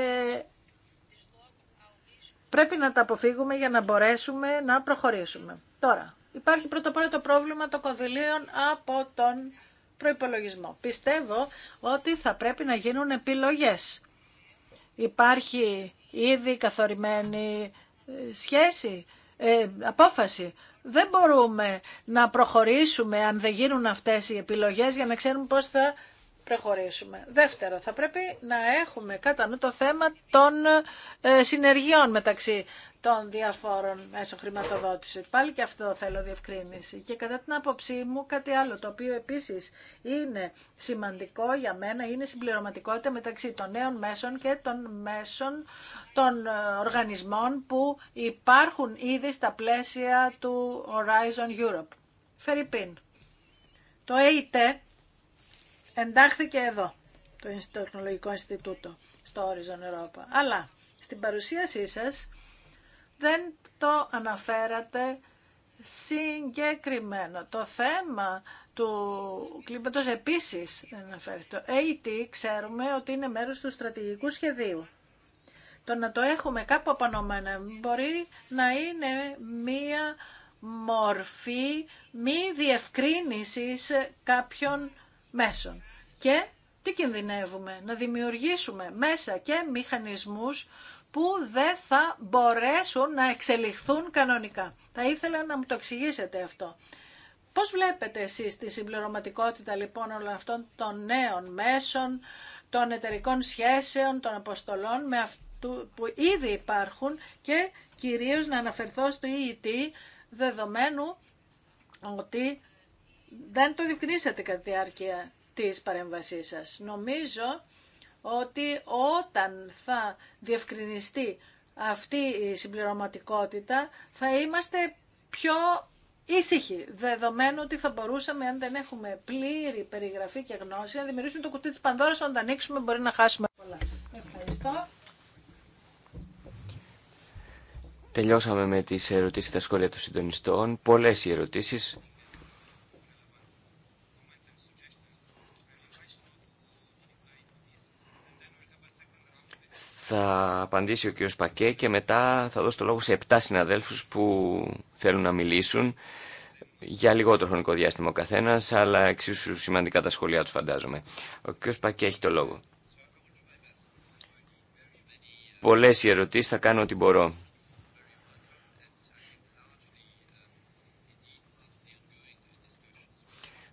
S1: πρέπει να τα αποφύγουμε για να μπορέσουμε να προχωρήσουμε. Τώρα, υπάρχει πρώτα απ' το πρόβλημα των κονδυλίων από τον προϋπολογισμό. Πιστεύω ότι θα πρέπει να γίνουν επιλογές. Υπάρχει ήδη καθορισμένη ε, σχέση, ε, απόφαση δεν μπορούμε να προχωρήσουμε αν δεν γίνουν αυτές οι επιλογές για να ξέρουμε πώς θα προχωρήσουμε. Δεύτερο, θα πρέπει να έχουμε κατά νου το θέμα των ε, συνεργειών μεταξύ των διαφόρων μέσω χρηματοδότηση. Πάλι και αυτό θέλω διευκρίνηση. Και κατά την άποψή μου κάτι άλλο το οποίο επίσης είναι σημαντικό για μένα είναι συμπληρωματικότητα μεταξύ των νέων μέσων και των μέσων των ε, οργανισμών που υπάρχουν ήδη στα πλαίσια του Horizon Europe. Φερρυπίν. Το ΕΙΤ εντάχθηκε εδώ, το Τεχνολογικό Ινστιτούτο, στο Horizon Europa. Αλλά στην παρουσίασή σας δεν το αναφέρατε συγκεκριμένα. Το θέμα του κλίματος επίσης αναφέρεται. Το AT ξέρουμε ότι είναι μέρος του στρατηγικού σχεδίου. Το να το έχουμε κάπου απανομένα μπορεί να είναι μία μορφή μη διευκρίνησης κάποιων μέσων. Και τι κινδυνεύουμε, να δημιουργήσουμε μέσα και μηχανισμούς που δεν θα μπορέσουν να εξελιχθούν κανονικά. Θα ήθελα να μου το εξηγήσετε αυτό. Πώς βλέπετε εσείς τη συμπληρωματικότητα λοιπόν όλων αυτών των νέων μέσων, των εταιρικών σχέσεων, των αποστολών με αυτού που ήδη υπάρχουν και κυρίως να αναφερθώ στο EET δεδομένου ότι δεν το διευκρινίσατε κατά τη διάρκεια της παρέμβασής σας. Νομίζω ότι όταν θα διευκρινιστεί αυτή η συμπληρωματικότητα θα είμαστε πιο ήσυχοι, δεδομένου ότι θα μπορούσαμε, αν δεν έχουμε πλήρη περιγραφή και γνώση, να δημιουργήσουμε το κουτί της Πανδώρας, όταν το ανοίξουμε μπορεί να χάσουμε πολλά. Ευχαριστώ.
S2: Τελειώσαμε με τις ερωτήσεις τα σχόλια των συντονιστών. Πολλές οι ερωτήσεις. Θα απαντήσει ο κ. Πακέ και μετά θα δώσω το λόγο σε 7 συναδέλφους που θέλουν να μιλήσουν για λιγότερο χρονικό διάστημα ο καθένας, αλλά εξίσου σημαντικά τα σχολεία τους φαντάζομαι. Ο κ. Πακέ έχει το λόγο. Πολλές οι ερωτήσεις, θα κάνω ό,τι μπορώ.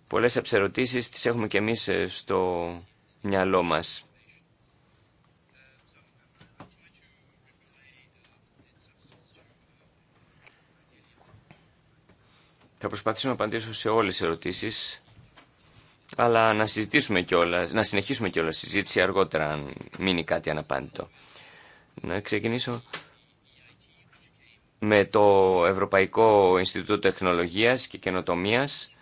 S2: Πολλές ερωτήσεις τις έχουμε και εμείς ε, στο μυαλό μας. Θα προσπαθήσω να απαντήσω σε όλες τις ερωτήσεις, αλλά να συζητήσουμε όλα να συνεχίσουμε κιόλας συζήτηση αργότερα, αν μείνει κάτι αναπάντητο. Να ξεκινήσω με το Ευρωπαϊκό Ινστιτούτο Τεχνολογίας και Καινοτομίας,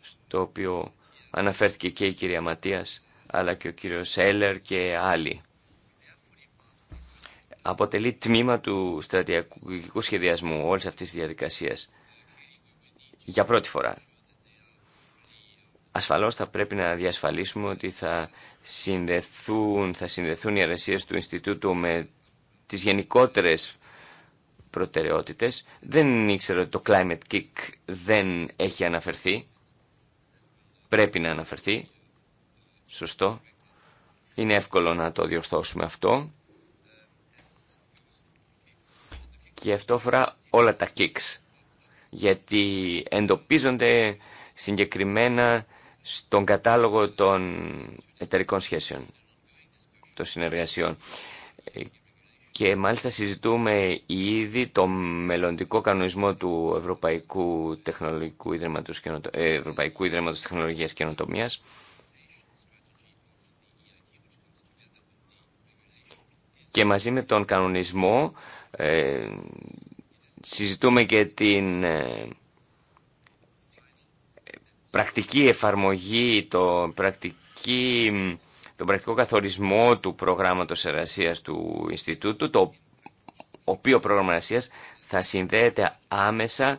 S2: στο οποίο αναφέρθηκε και η κυρία Ματίας, αλλά και ο κύριος Έλερ και άλλοι. Αποτελεί τμήμα του στρατηγικού σχεδιασμού όλης αυτής της διαδικασίας για πρώτη φορά. Ασφαλώς θα πρέπει να διασφαλίσουμε ότι θα συνδεθούν, θα συνδεθούν οι αρεσίες του Ινστιτούτου με τις γενικότερες προτεραιότητες. Δεν ήξερα ότι το climate kick δεν έχει αναφερθεί. Πρέπει να αναφερθεί. Σωστό. Είναι εύκολο να το διορθώσουμε αυτό. Και αυτό φορά όλα τα kicks γιατί εντοπίζονται συγκεκριμένα στον κατάλογο των εταιρικών σχέσεων, των συνεργασιών. Και μάλιστα συζητούμε ήδη το μελλοντικό κανονισμό του Ευρωπαϊκού, Τεχνολογικού Ιδρύματος, ε, Ευρωπαϊκού Ιδρύματος Τεχνολογίας και Και μαζί με τον κανονισμό ε, συζητούμε και την ε, πρακτική εφαρμογή, το πρακτική, τον πρακτικό καθορισμό του προγράμματος εργασίας του Ινστιτούτου, το οποίο πρόγραμμα εργασίας θα συνδέεται άμεσα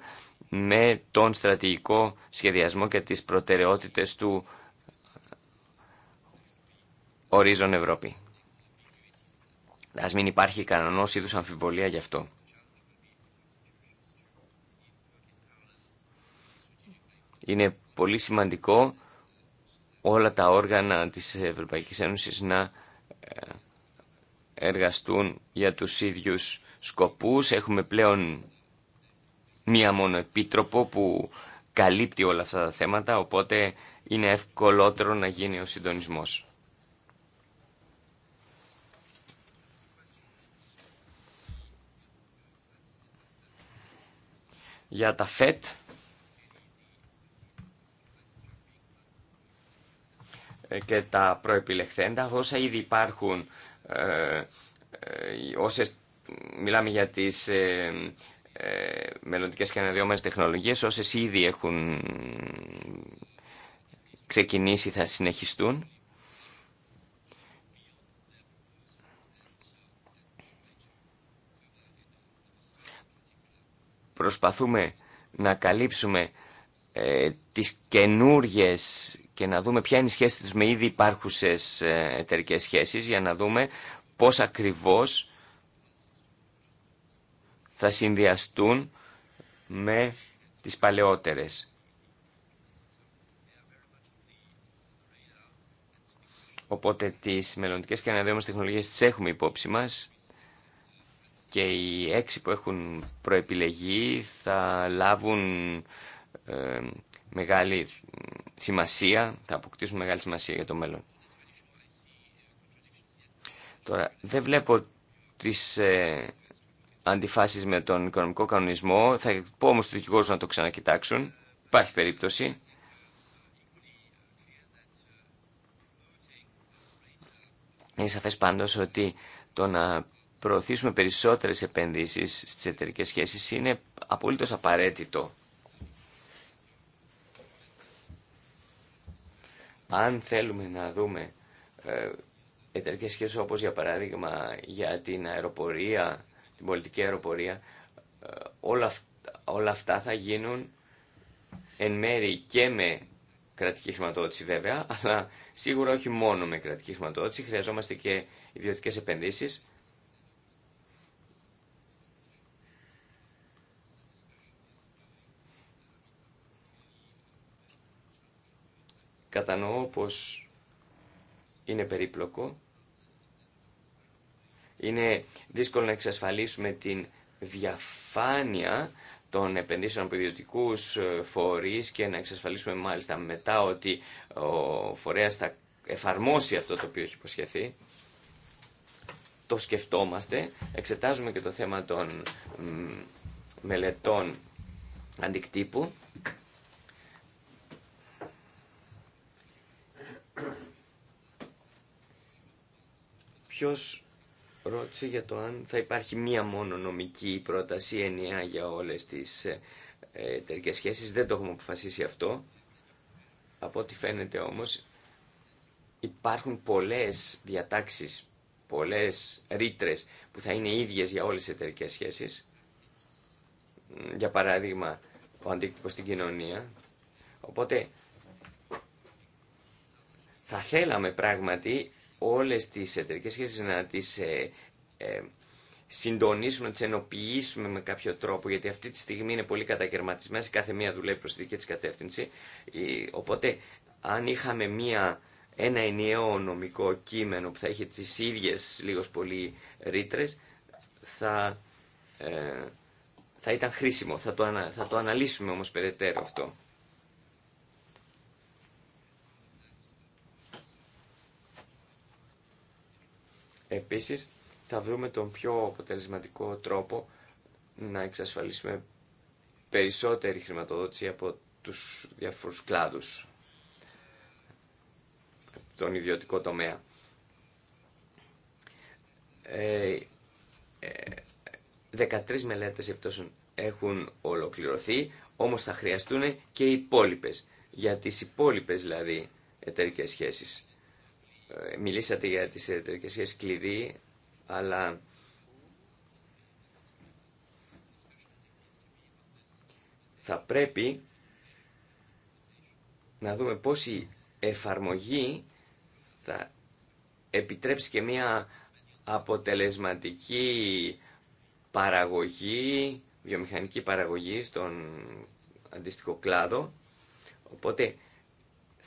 S2: με τον στρατηγικό σχεδιασμό και τις προτεραιότητες του ορίζον Ευρώπη. Ας μην υπάρχει κανονός είδους αμφιβολία γι' αυτό. Είναι πολύ σημαντικό όλα τα όργανα της Ευρωπαϊκής Ένωσης να ε, εργαστούν για τους ίδιους σκοπούς. Έχουμε πλέον μία μόνο επίτροπο που καλύπτει όλα αυτά τα θέματα, οπότε είναι ευκολότερο να γίνει ο συντονισμός. Για τα ΦΕΤ, Ε, και τα προεπιλεχθέντα. Όσα ήδη υπάρχουν, ε, ε, όσες μιλάμε για τις μελλοντικές και αναδυόμενες τεχνολογίες, όσες ήδη έχουν ξεκινήσει θα συνεχιστούν. Προσπαθούμε να καλύψουμε ε, τις καινούργιες και να δούμε ποια είναι η σχέση τους με ήδη υπάρχουσες ε, εταιρικές σχέσεις για να δούμε πώς ακριβώς θα συνδυαστούν με τις παλαιότερες. Οπότε τις μελλοντικές και αναδέωμες τεχνολογίες τις έχουμε υπόψη μας και οι έξι που έχουν προεπιλεγεί θα λάβουν ε, μεγάλη σημασία, θα αποκτήσουν μεγάλη σημασία για το μέλλον. Τώρα, δεν βλέπω τις ε, αντιφάσεις με τον οικονομικό κανονισμό. Θα πω όμως στους δικηγόρου να το ξανακοιτάξουν. Υπάρχει περίπτωση. Είναι σαφές πάντως ότι το να προωθήσουμε περισσότερες επενδύσεις στις εταιρικές σχέσεις είναι απολύτως απαραίτητο Αν θέλουμε να δούμε ε, εταιρικές σχέσεις όπως για παράδειγμα για την αεροπορία, την πολιτική αεροπορία, ε, όλα αυτά, όλα αυτά θα γίνουν εν μέρη και με κρατική χρηματοδότηση βέβαια, αλλά σίγουρα όχι μόνο με κρατική χρηματοδότηση, χρειαζόμαστε και ιδιωτικές επενδύσεις Κατανοώ πως είναι περίπλοκο. Είναι δύσκολο να εξασφαλίσουμε την διαφάνεια των επενδύσεων από ιδιωτικού ε, φορεί και να εξασφαλίσουμε μάλιστα μετά ότι ο φορέα θα εφαρμόσει αυτό το οποίο έχει υποσχεθεί. Το σκεφτόμαστε. Εξετάζουμε και το θέμα των μελετών αντικτύπου Ποιος ρώτησε για το αν θα υπάρχει μία μόνο νομική πρόταση ενιαία για όλες τις ε, εταιρικέ σχέσεις. Δεν το έχουμε αποφασίσει αυτό. Από ό,τι φαίνεται όμως υπάρχουν πολλές διατάξεις, πολλές ρήτρε που θα είναι ίδιες για όλες τις εταιρικέ σχέσεις. Για παράδειγμα, ο αντίκτυπος στην κοινωνία. Οπότε θα θέλαμε πράγματι όλες τις εταιρικές σχέσεις να τις ε, ε, συντονίσουμε, να τις ενοποιήσουμε με κάποιο τρόπο, γιατί αυτή τη στιγμή είναι πολύ κατακαιρματισμένες, κάθε μία δουλεύει προς τη δική της κατεύθυνση. Ε, οπότε, αν είχαμε μία, ένα ενιαίο νομικό κείμενο που θα είχε τις ίδιες λίγος πολύ ρήτρε, θα, ε, θα ήταν χρήσιμο. Θα το, θα το αναλύσουμε όμως περαιτέρω αυτό. Επίσης, θα βρούμε τον πιο αποτελεσματικό τρόπο να εξασφαλίσουμε περισσότερη χρηματοδότηση από τους διάφορους κλάδους, τον ιδιωτικό τομέα. Ε, 13 ε, μελέτες επιπτώσεων έχουν ολοκληρωθεί, όμως θα χρειαστούν και οι υπόλοιπε. Για τις υπόλοιπε δηλαδή εταιρικές σχέσεις. Ε, μιλήσατε για τις εταιρικές κλειδί, αλλά θα πρέπει να δούμε πώς η εφαρμογή θα επιτρέψει και μια αποτελεσματική παραγωγή, βιομηχανική παραγωγή στον αντίστοιχο κλάδο. Οπότε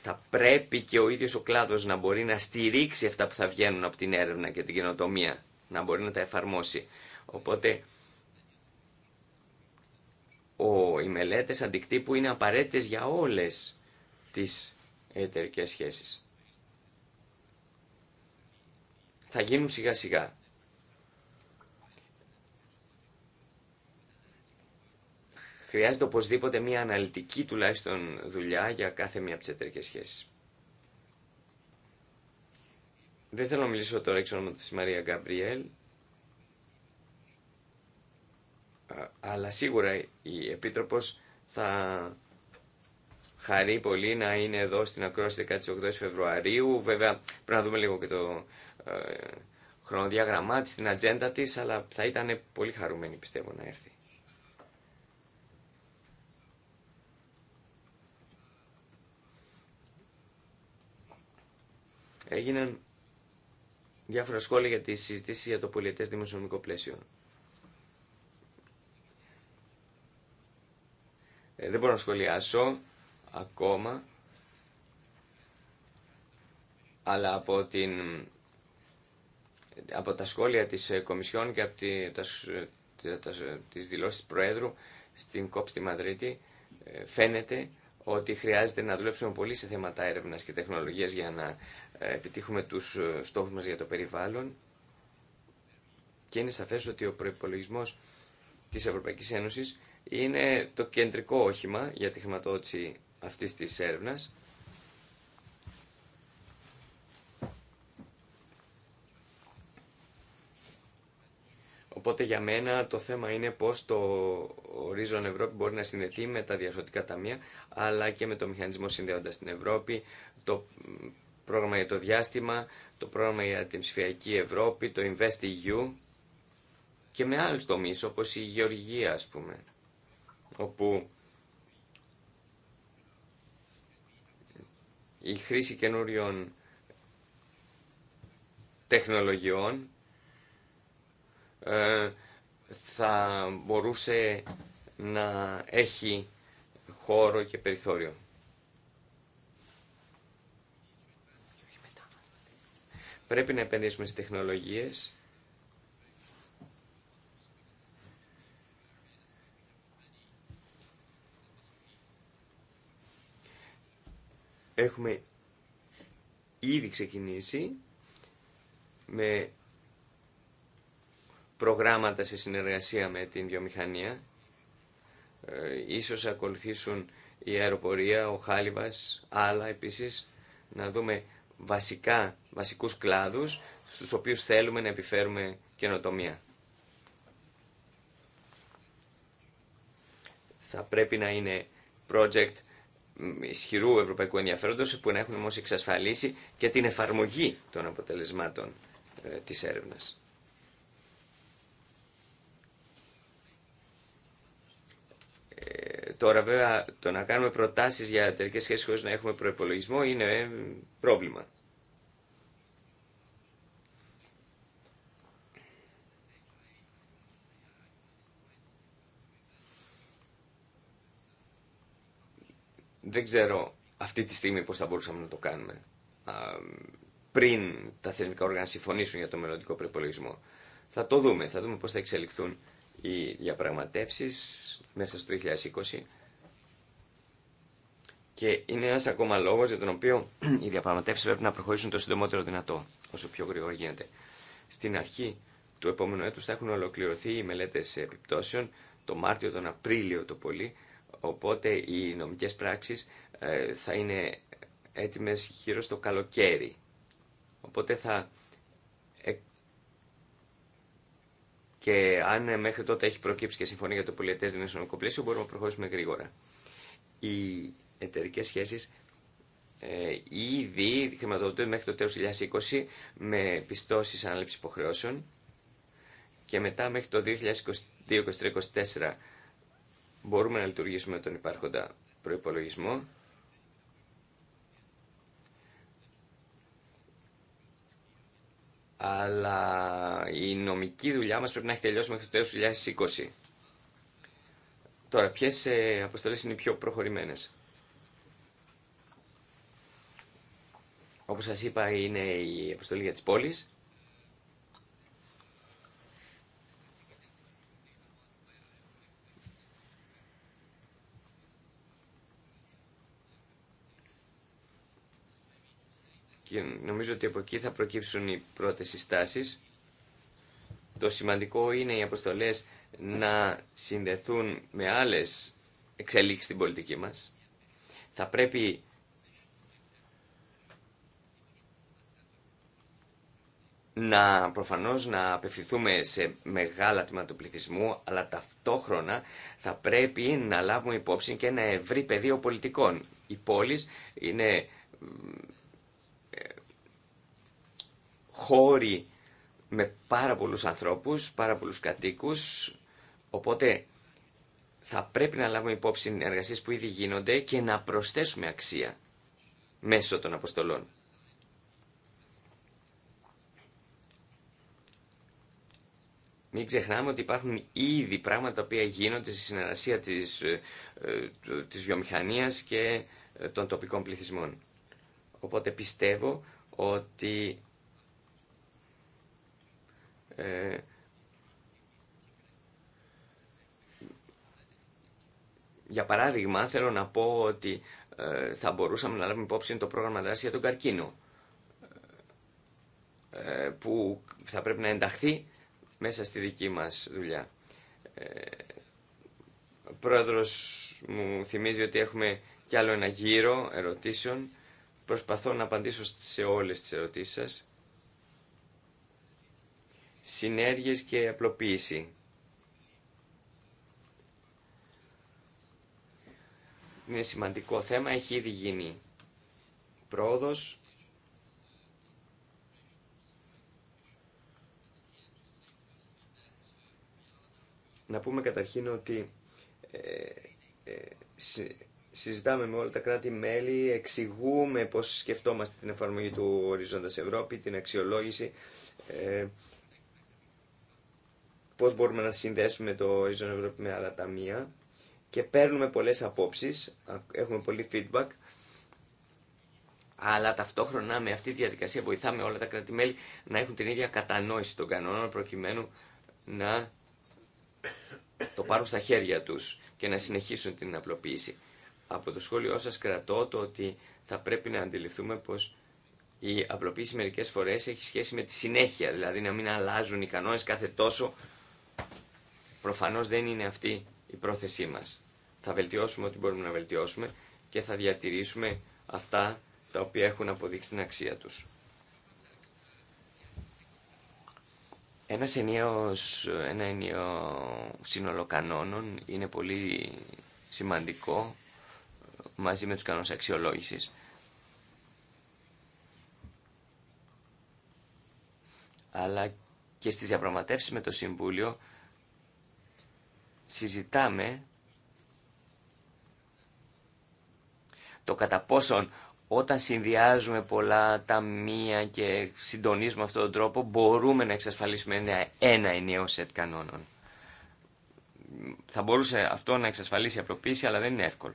S2: θα πρέπει και ο ίδιος ο κλάδος να μπορεί να στηρίξει αυτά που θα βγαίνουν από την έρευνα και την καινοτομία, να μπορεί να τα εφαρμόσει. Οπότε ο, οι μελέτες αντικτύπου είναι απαραίτητες για όλες τις εταιρικές σχέσεις. Θα γίνουν σιγά σιγά. Χρειάζεται οπωσδήποτε μια αναλυτική τουλάχιστον δουλειά για κάθε μία από τις εταιρικές σχέσεις. Δεν θέλω να μιλήσω τώρα εξ ονόματο τη Μαρία Γκαμπριέλ, αλλά σίγουρα η Επίτροπος θα χαρεί πολύ να είναι εδώ στην ακρόαση 18 Φεβρουαρίου. Βέβαια πρέπει να δούμε λίγο και το ε, χρονοδιάγραμμά της, την ατζέντα της, αλλά θα ήταν πολύ χαρούμενη πιστεύω να έρθει. έγιναν διάφορα σχόλια για τη συζήτηση για το πολιετές δημοσιονομικό πλαίσιο. Ε, δεν μπορώ να σχολιάσω ακόμα, αλλά από, την, από τα σχόλια της ε, Κομισιόν και από τη, τα, ε, τα, τις δηλώσεις Προέδρου στην ΚΟΠ στη Μαδρίτη φαίνεται ότι χρειάζεται να δουλέψουμε πολύ σε θέματα έρευνας και τεχνολογίας για να ε, επιτύχουμε τους ε, στόχους μας για το περιβάλλον και είναι σαφές ότι ο προϋπολογισμός της Ευρωπαϊκής Ένωσης είναι το κεντρικό όχημα για τη χρηματοδότηση αυτής της έρευνας. Οπότε για μένα το θέμα είναι πώς το Horizon Ευρώπη μπορεί να συνδεθεί με τα διαρθρωτικά ταμεία αλλά και με το μηχανισμό συνδέοντας την Ευρώπη, το πρόγραμμα για το διάστημα, το πρόγραμμα για την ψηφιακή Ευρώπη, το InvestEU και με άλλους τομείς όπως η γεωργία ας πούμε, όπου η χρήση καινούριων τεχνολογιών ε, θα μπορούσε να έχει χώρο και περιθώριο. Πρέπει να επενδύσουμε στις τεχνολογίες. Έχουμε ήδη ξεκινήσει με προγράμματα σε συνεργασία με την βιομηχανία. Ε, ίσως ακολουθήσουν η αεροπορία, ο χάλιβας, άλλα επίσης. Να δούμε βασικά, βασικούς κλάδους στους οποίους θέλουμε να επιφέρουμε καινοτομία. Θα πρέπει να είναι project ισχυρού ευρωπαϊκού ενδιαφέροντος που να έχουν όμως εξασφαλίσει και την εφαρμογή των αποτελεσμάτων ε, της έρευνας. Ε, τώρα βέβαια το να κάνουμε προτάσεις για εταιρικές σχέσεις χωρίς να έχουμε προπολογισμό είναι ε, πρόβλημα. Δεν ξέρω αυτή τη στιγμή πώς θα μπορούσαμε να το κάνουμε πριν τα θεσμικά όργανα συμφωνήσουν για το μελλοντικό προπολογισμό. Θα το δούμε, θα δούμε πώς θα εξελιχθούν οι διαπραγματεύσεις μέσα στο 2020 και είναι ένας ακόμα λόγος για τον οποίο οι διαπραγματεύσεις πρέπει να προχωρήσουν το συντομότερο δυνατό, όσο πιο γρήγορα γίνεται. Στην αρχή του επόμενου έτους θα έχουν ολοκληρωθεί οι μελέτες επιπτώσεων, το Μάρτιο, τον Απρίλιο το πολύ, οπότε οι νομικές πράξεις ε, θα είναι έτοιμες γύρω στο καλοκαίρι. Οπότε θα Και αν ε, μέχρι τότε έχει προκύψει και συμφωνία για το πολιετέ δημοσιονομικό πλαίσιο, μπορούμε να προχωρήσουμε γρήγορα. Οι εταιρικέ σχέσει ε, ήδη χρηματοδοτούνται μέχρι το τέλο 2020 με πιστώσει ανάληψη υποχρεώσεων και μετά μέχρι το 2022-2024 μπορούμε να λειτουργήσουμε τον υπάρχοντα προπολογισμό αλλά η νομική δουλειά μας πρέπει να έχει τελειώσει μέχρι το τέλος του 2020. Τώρα, ποιες ε, αποστολές είναι οι πιο προχωρημένες. Όπως σας είπα, είναι η αποστολή για τις πόλεις, Και νομίζω ότι από εκεί θα προκύψουν οι πρώτες συστάσεις. Το σημαντικό είναι οι αποστολές να συνδεθούν με άλλες εξελίξεις στην πολιτική μας. Θα πρέπει να προφανώς να απευθυνθούμε σε μεγάλα τμήματα του πληθυσμού, αλλά ταυτόχρονα θα πρέπει να λάβουμε υπόψη και ένα ευρύ πεδίο πολιτικών. Οι πόλεις είναι χώροι με πάρα πολλούς ανθρώπους, πάρα πολλούς κατοίκους, οπότε θα πρέπει να λάβουμε υπόψη εργασίες που ήδη γίνονται και να προσθέσουμε αξία μέσω των αποστολών. Μην ξεχνάμε ότι υπάρχουν ήδη πράγματα τα οποία γίνονται στη συνεργασία της, ε, ε, της βιομηχανίας και ε, των τοπικών πληθυσμών. Οπότε πιστεύω ότι ε, για παράδειγμα, θέλω να πω ότι ε, θα μπορούσαμε να λάβουμε υπόψη το πρόγραμμα δράση για τον καρκίνο, ε, που θα πρέπει να ενταχθεί μέσα στη δική μας δουλειά. Ο πρόεδρος μου θυμίζει ότι έχουμε κι άλλο ένα γύρο ερωτήσεων. Προσπαθώ να απαντήσω σε όλες τις ερωτήσεις σας συνέργειες και απλοποίηση. Είναι σημαντικό θέμα, έχει ήδη γίνει πρόοδος. Να πούμε καταρχήν ότι ε, ε συζητάμε με όλα τα κράτη-μέλη, εξηγούμε πώς σκεφτόμαστε την εφαρμογή του Οριζόντας Ευρώπη, την αξιολόγηση, ε, Πώ μπορούμε να συνδέσουμε το Horizon Europe με άλλα ταμεία και παίρνουμε πολλέ απόψει. έχουμε πολύ feedback, αλλά ταυτόχρονα με αυτή τη διαδικασία βοηθάμε όλα τα κρατη να έχουν την ίδια κατανόηση των κανόνων προκειμένου να το πάρουν στα χέρια τους και να συνεχίσουν την απλοποίηση. Από το σχόλιο σας κρατώ το ότι θα πρέπει να αντιληφθούμε πως η απλοποίηση μερικές φορές έχει σχέση με τη συνέχεια, δηλαδή να μην αλλάζουν οι κανόνες κάθε τόσο Προφανώς δεν είναι αυτή η πρόθεσή μας. Θα βελτιώσουμε ό,τι μπορούμε να βελτιώσουμε και θα διατηρήσουμε αυτά τα οποία έχουν αποδείξει την αξία τους. ένα ενίο σύνολο κανόνων είναι πολύ σημαντικό ε, μαζί με τους κανόνες αξιολόγησης. Αλλά και στις διαπραγματεύσεις με το Συμβούλιο συζητάμε το κατά πόσον όταν συνδυάζουμε πολλά μία και συντονίζουμε αυτόν τον τρόπο μπορούμε να εξασφαλίσουμε ένα, ένα ενιαίο σετ κανόνων. Θα μπορούσε αυτό να εξασφαλίσει απλοποίηση αλλά δεν είναι εύκολο.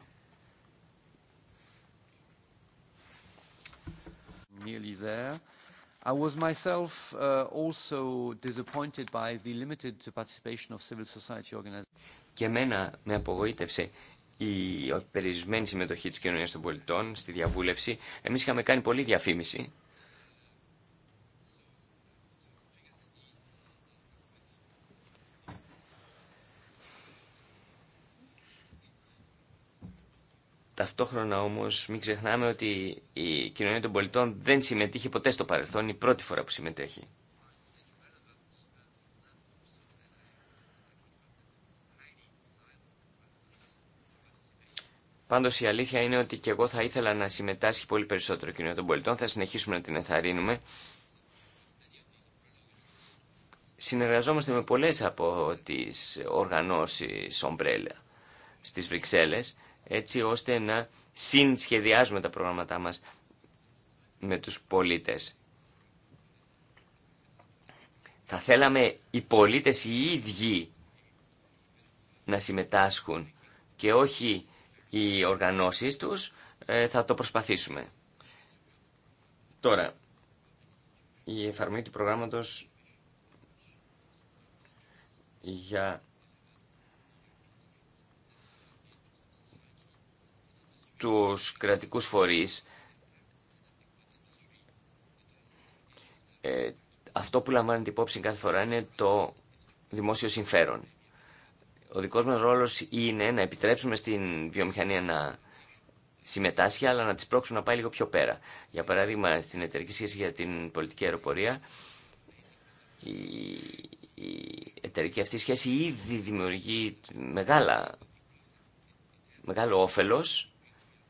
S2: I was myself uh, also disappointed by the limited participation of civil society organizations. Και μένα με απογοήτευσε η περιορισμένη συμμετοχή της κοινωνίας των πολιτών στη διαβούλευση. Εμείς είχαμε κάνει πολλή διαφήμιση Ταυτόχρονα όμως μην ξεχνάμε ότι η κοινωνία των πολιτών δεν συμμετείχε ποτέ στο παρελθόν, η πρώτη φορά που συμμετέχει. Πάντω η αλήθεια είναι ότι και εγώ θα ήθελα να συμμετάσχει πολύ περισσότερο η κοινωνία των πολιτών. Θα συνεχίσουμε να την ενθαρρύνουμε. Συνεργαζόμαστε με πολλές από τις οργανώσεις ομπρέλα στις Βρυξέλλες έτσι ώστε να συνσχεδιάζουμε τα προγράμματά μας με τους πολίτες. Θα θέλαμε οι πολίτες οι ίδιοι να συμμετάσχουν και όχι οι οργανώσεις τους, ε, θα το προσπαθήσουμε. Τώρα, η εφαρμογή του προγράμματος για τους κρατικούς φορείς ε, αυτό που λαμβάνεται υπόψη κάθε φορά είναι το δημόσιο συμφέρον. Ο δικός μας ρόλος είναι να επιτρέψουμε στην βιομηχανία να συμμετάσχει, αλλά να τις πρόξουμε να πάει λίγο πιο πέρα. Για παράδειγμα, στην εταιρική σχέση για την πολιτική αεροπορία, η, η εταιρική αυτή σχέση ήδη δημιουργεί μεγάλα, μεγάλο όφελος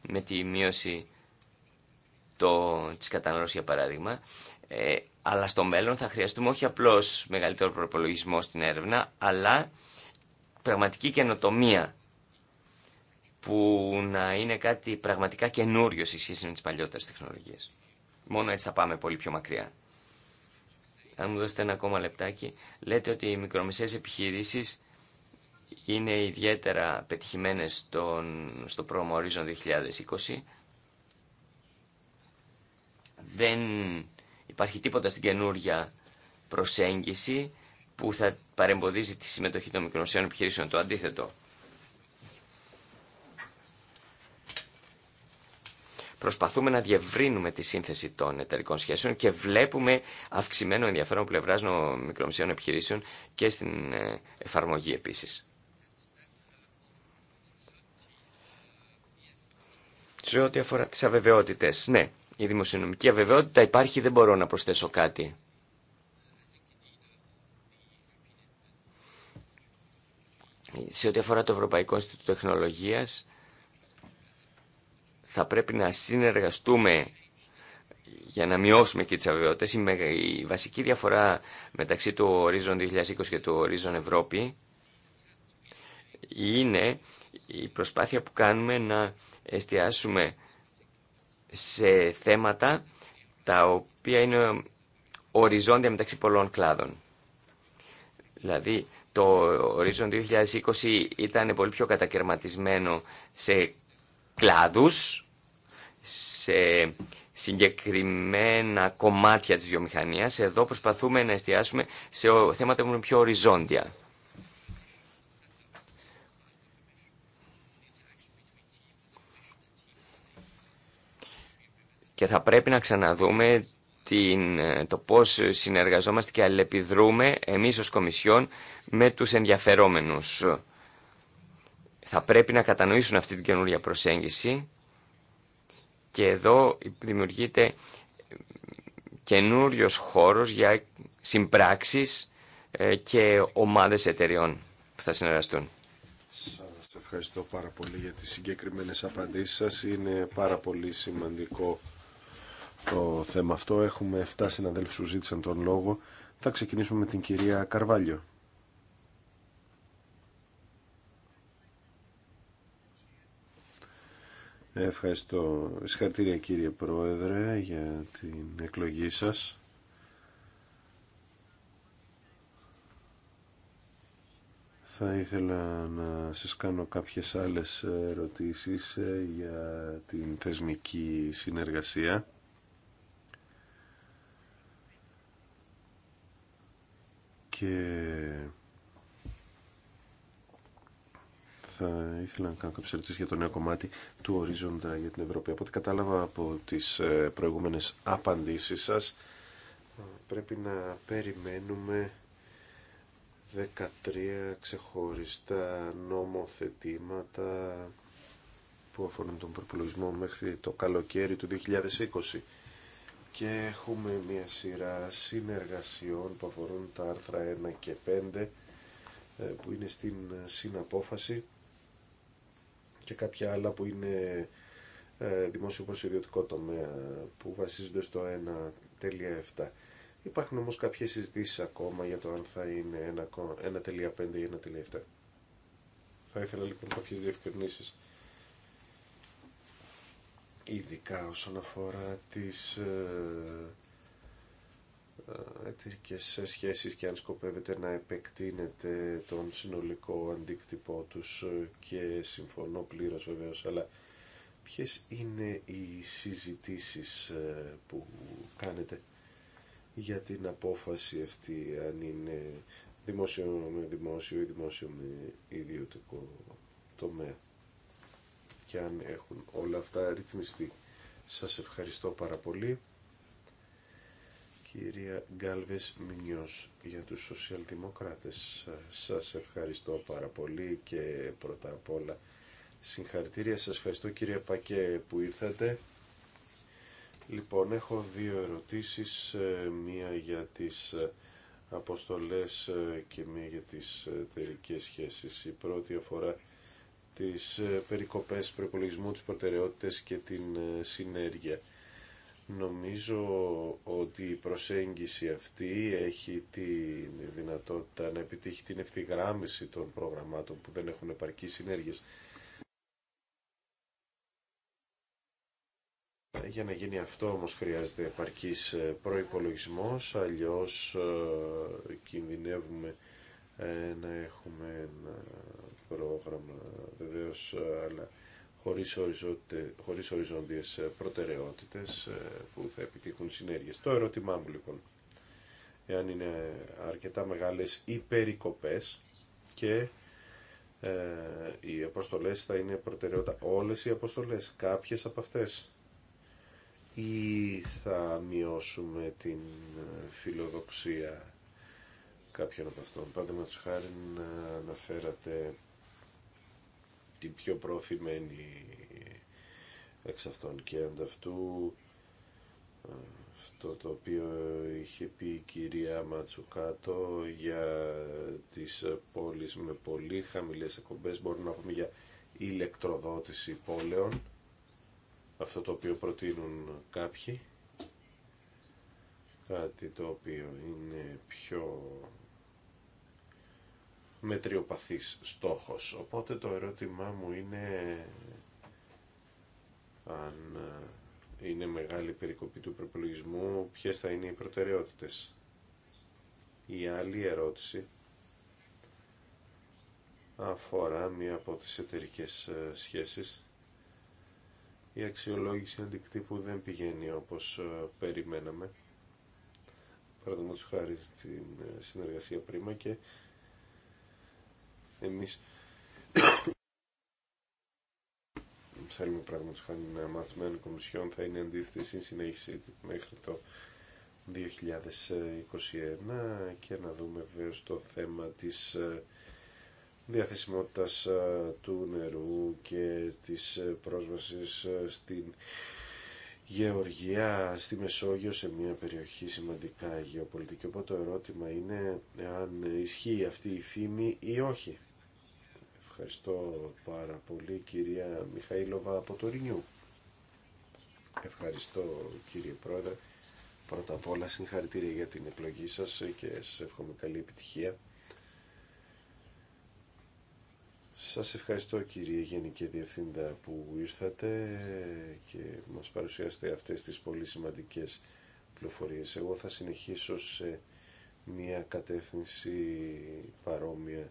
S2: με τη μείωση το, της κατανάλωσης για παράδειγμα. Ε, αλλά στο μέλλον θα χρειαστούμε όχι απλώς μεγαλύτερο προπολογισμό στην έρευνα, αλλά πραγματική καινοτομία που να είναι κάτι πραγματικά καινούριο σε σχέση με τις παλιότερες τεχνολογίες. Μόνο έτσι θα πάμε πολύ πιο μακριά. Αν μου δώσετε ένα ακόμα λεπτάκι, λέτε ότι οι μικρομεσαίες επιχειρήσεις είναι ιδιαίτερα πετυχημένες στον, στο πρόγραμμα Horizon 2020. Δεν υπάρχει τίποτα στην καινούρια προσέγγιση που θα παρεμποδίζει τη συμμετοχή των μικρομεσαίων επιχειρήσεων. Το αντίθετο. Προσπαθούμε να διευρύνουμε τη σύνθεση των εταιρικών σχέσεων και βλέπουμε αυξημένο ενδιαφέρον πλευράς των μικρομεσαίων επιχειρήσεων και στην ε, εφαρμογή επίσης. Σε ό,τι αφορά τι αβεβαιότητε. ναι, η δημοσιονομική αβεβαιότητα υπάρχει, δεν μπορώ να προσθέσω κάτι. Σε ό,τι αφορά το Ευρωπαϊκό Ινστιτούτο Τεχνολογίας, θα πρέπει να συνεργαστούμε για να μειώσουμε και τις αβεβαιότητες. Η βασική διαφορά μεταξύ του Horizon 2020 και του Horizon Ευρώπη είναι η προσπάθεια που κάνουμε να εστιάσουμε σε θέματα τα οποία είναι οριζόντια μεταξύ πολλών κλάδων. Δηλαδή, το ορίζον 2020 ήταν πολύ πιο κατακαιρματισμένο σε κλάδους, σε συγκεκριμένα κομμάτια της βιομηχανίας. Εδώ προσπαθούμε να εστιάσουμε σε θέματα που είναι πιο οριζόντια. και θα πρέπει να ξαναδούμε την, ε, το πώς συνεργαζόμαστε και αλληλεπιδρούμε εμείς ως Κομισιόν με τους ενδιαφερόμενους. Θα πρέπει να κατανοήσουν αυτή την καινούργια προσέγγιση και εδώ δημιουργείται καινούριο χώρος για συμπράξεις ε, και ομάδες εταιριών που θα συνεργαστούν.
S3: Σας ευχαριστώ πάρα πολύ για τις συγκεκριμένες απαντήσεις σας. Είναι πάρα πολύ σημαντικό το θέμα αυτό. Έχουμε 7 συναδέλφους που ζήτησαν τον λόγο. Θα ξεκινήσουμε με την κυρία Καρβάλιο. Ευχαριστώ. Συγχαρητήρια κύριε Πρόεδρε για την εκλογή σας. Θα ήθελα να σας κάνω κάποιες άλλες ερωτήσεις ε, για την θεσμική συνεργασία. και θα ήθελα να κάνω κάποιες ερωτήσεις για το νέο κομμάτι του ορίζοντα για την Ευρώπη. Από ό,τι κατάλαβα από τις ε, προηγούμενες απαντήσεις σας, πρέπει να περιμένουμε 13 ξεχωριστά νομοθετήματα που αφορούν τον προπολογισμό μέχρι το καλοκαίρι του 2020 και έχουμε μια σειρά συνεργασιών που αφορούν τα άρθρα 1 και 5 ε, που είναι στην ε, συναπόφαση και κάποια άλλα που είναι ε, δημόσιο προς ιδιωτικό τομέα που βασίζονται στο 1.7. Υπάρχουν όμως κάποιες συζητήσεις ακόμα για το αν θα είναι 1.5 ή 1.7. Θα ήθελα λοιπόν κάποιες διευκρινήσεις ειδικά όσον αφορά τις ε, ε, εταιρικές σχέσεις και αν σκοπεύετε να επεκτείνετε τον συνολικό αντίκτυπό τους ε, και συμφωνώ πλήρως βεβαίως, αλλά ποιες είναι οι συζητήσεις που κάνετε για την απόφαση αυτή, αν είναι δημόσιο με δημόσιο ή δημόσιο με ιδιωτικό τομέα και αν έχουν όλα αυτά ρυθμιστεί. Σας ευχαριστώ πάρα πολύ. Κυρία Γκάλβες Μινιός για τους σοσιαλδημοκράτες. Σας ευχαριστώ πάρα πολύ και πρώτα απ' όλα συγχαρητήρια. Σας ευχαριστώ κύριε Πακέ που ήρθατε. Λοιπόν, έχω δύο ερωτήσεις, ε, μία για τις ε, αποστολές ε, και μία για τις εταιρικέ σχέσεις. Η πρώτη αφορά τις ε, περικοπές προπολογισμού, τις προτεραιότητες και την ε, συνέργεια. Νομίζω ότι η προσέγγιση αυτή έχει τη δυνατότητα να επιτύχει την ευθυγράμμιση των προγραμμάτων που δεν έχουν επαρκή συνέργειες. Για να γίνει αυτό όμως χρειάζεται επαρκής ε, προϋπολογισμός, αλλιώς κινδυνεύουμε ε, να έχουμε ένα πρόγραμμα βεβαίως αλλά χωρίς, χωρίς οριζόντιες προτεραιότητες ε, που θα επιτύχουν συνέργειες. Το ερώτημά μου λοιπόν, εάν είναι αρκετά μεγάλες οι και ε, οι αποστολές θα είναι προτεραιότητα. Όλες οι αποστολές, κάποιες από αυτές. Ή θα μειώσουμε την φιλοδοξία κάποιον από αυτόν. Παραδείγματο χάρη να αναφέρατε την πιο προθυμένη εξ αυτών και ανταυτού αυτό το οποίο είχε πει η κυρία Ματσουκάτο για τις πόλεις με πολύ χαμηλές εκπομπές μπορούμε να πούμε για ηλεκτροδότηση πόλεων αυτό το οποίο προτείνουν κάποιοι κάτι το οποίο είναι πιο μετριοπαθής στόχος. Οπότε το ερώτημά μου είναι αν ε, είναι μεγάλη περικοπή του προπολογισμού, ποιες θα είναι οι προτεραιότητες. Η άλλη ερώτηση αφορά μία από τις εταιρικέ ε, σχέσεις. Η αξιολόγηση αντικτύπου δεν πηγαίνει όπως ε, περιμέναμε. Παραδείγματο χάρη στην συνεργασία πρίμα και εμείς θέλουμε πράγματος χάνει να ε, μάθουμε θα είναι αντίθετη στην συνέχιση μέχρι το 2021 και να δούμε βέβαια το θέμα της ε, διαθεσιμότητας ε, του νερού και της πρόσβασης στην γεωργία στη Μεσόγειο σε μια περιοχή σημαντικά γεωπολιτική. Οπότε το ερώτημα είναι αν ισχύει αυτή η φήμη ή όχι. Ευχαριστώ πάρα πολύ κυρία Μιχαήλοβα από το Ρινιού. Ευχαριστώ κύριε Πρόεδρε. Πρώτα απ' όλα συγχαρητήρια για την εκλογή σας και σας εύχομαι καλή επιτυχία. Σας ευχαριστώ κύριε Γενική Διευθύντα που ήρθατε και μας παρουσιάσετε αυτές τις πολύ σημαντικές πληροφορίες. Εγώ θα συνεχίσω σε μια κατεύθυνση παρόμοια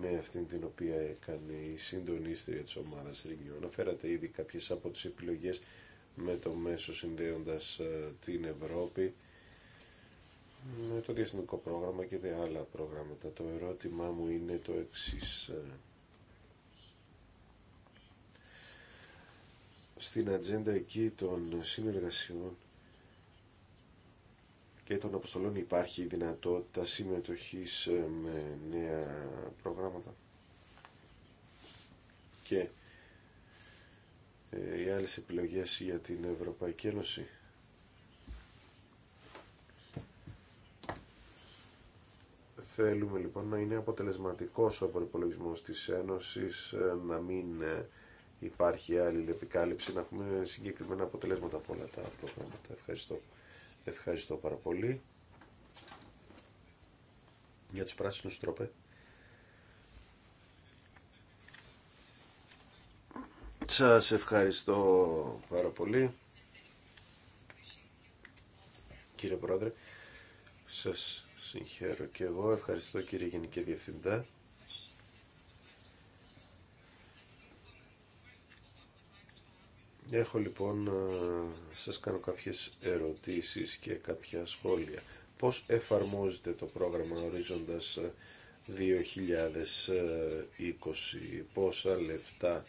S3: με αυτήν την οποία έκανε η συντονίστρια της ομάδας Ριγνιού. Αναφέρατε ήδη κάποιες από τις επιλογές με το μέσο συνδέοντας ε, την Ευρώπη με το διεθνικό πρόγραμμα και τα άλλα προγράμματα. Το ερώτημά μου είναι το εξής. Ε. Στην ατζέντα εκεί των συνεργασιών και των αποστολών υπάρχει η δυνατότητα συμμετοχής ε, με νέα προγράμματα. Και ε, οι άλλες επιλογές για την Ευρωπαϊκή Ένωση. Θέλουμε λοιπόν να είναι αποτελεσματικός ο προπολογισμό της Ένωσης, ε, να μην υπάρχει άλλη επικάλυψη, να έχουμε συγκεκριμένα αποτελέσματα από όλα τα προγράμματα. Ευχαριστώ. Ευχαριστώ πάρα πολύ για τους πράσινους τρόπε. Σας ευχαριστώ πάρα πολύ κύριε Πρόεδρε. Σας συγχαίρω και εγώ. Ευχαριστώ κύριε Γενική Διευθυντά. Έχω λοιπόν σας κάνω κάποιες ερωτήσεις και κάποια σχόλια. Πώς εφαρμόζεται το πρόγραμμα ορίζοντας 2020, ε, πόσα λεφτά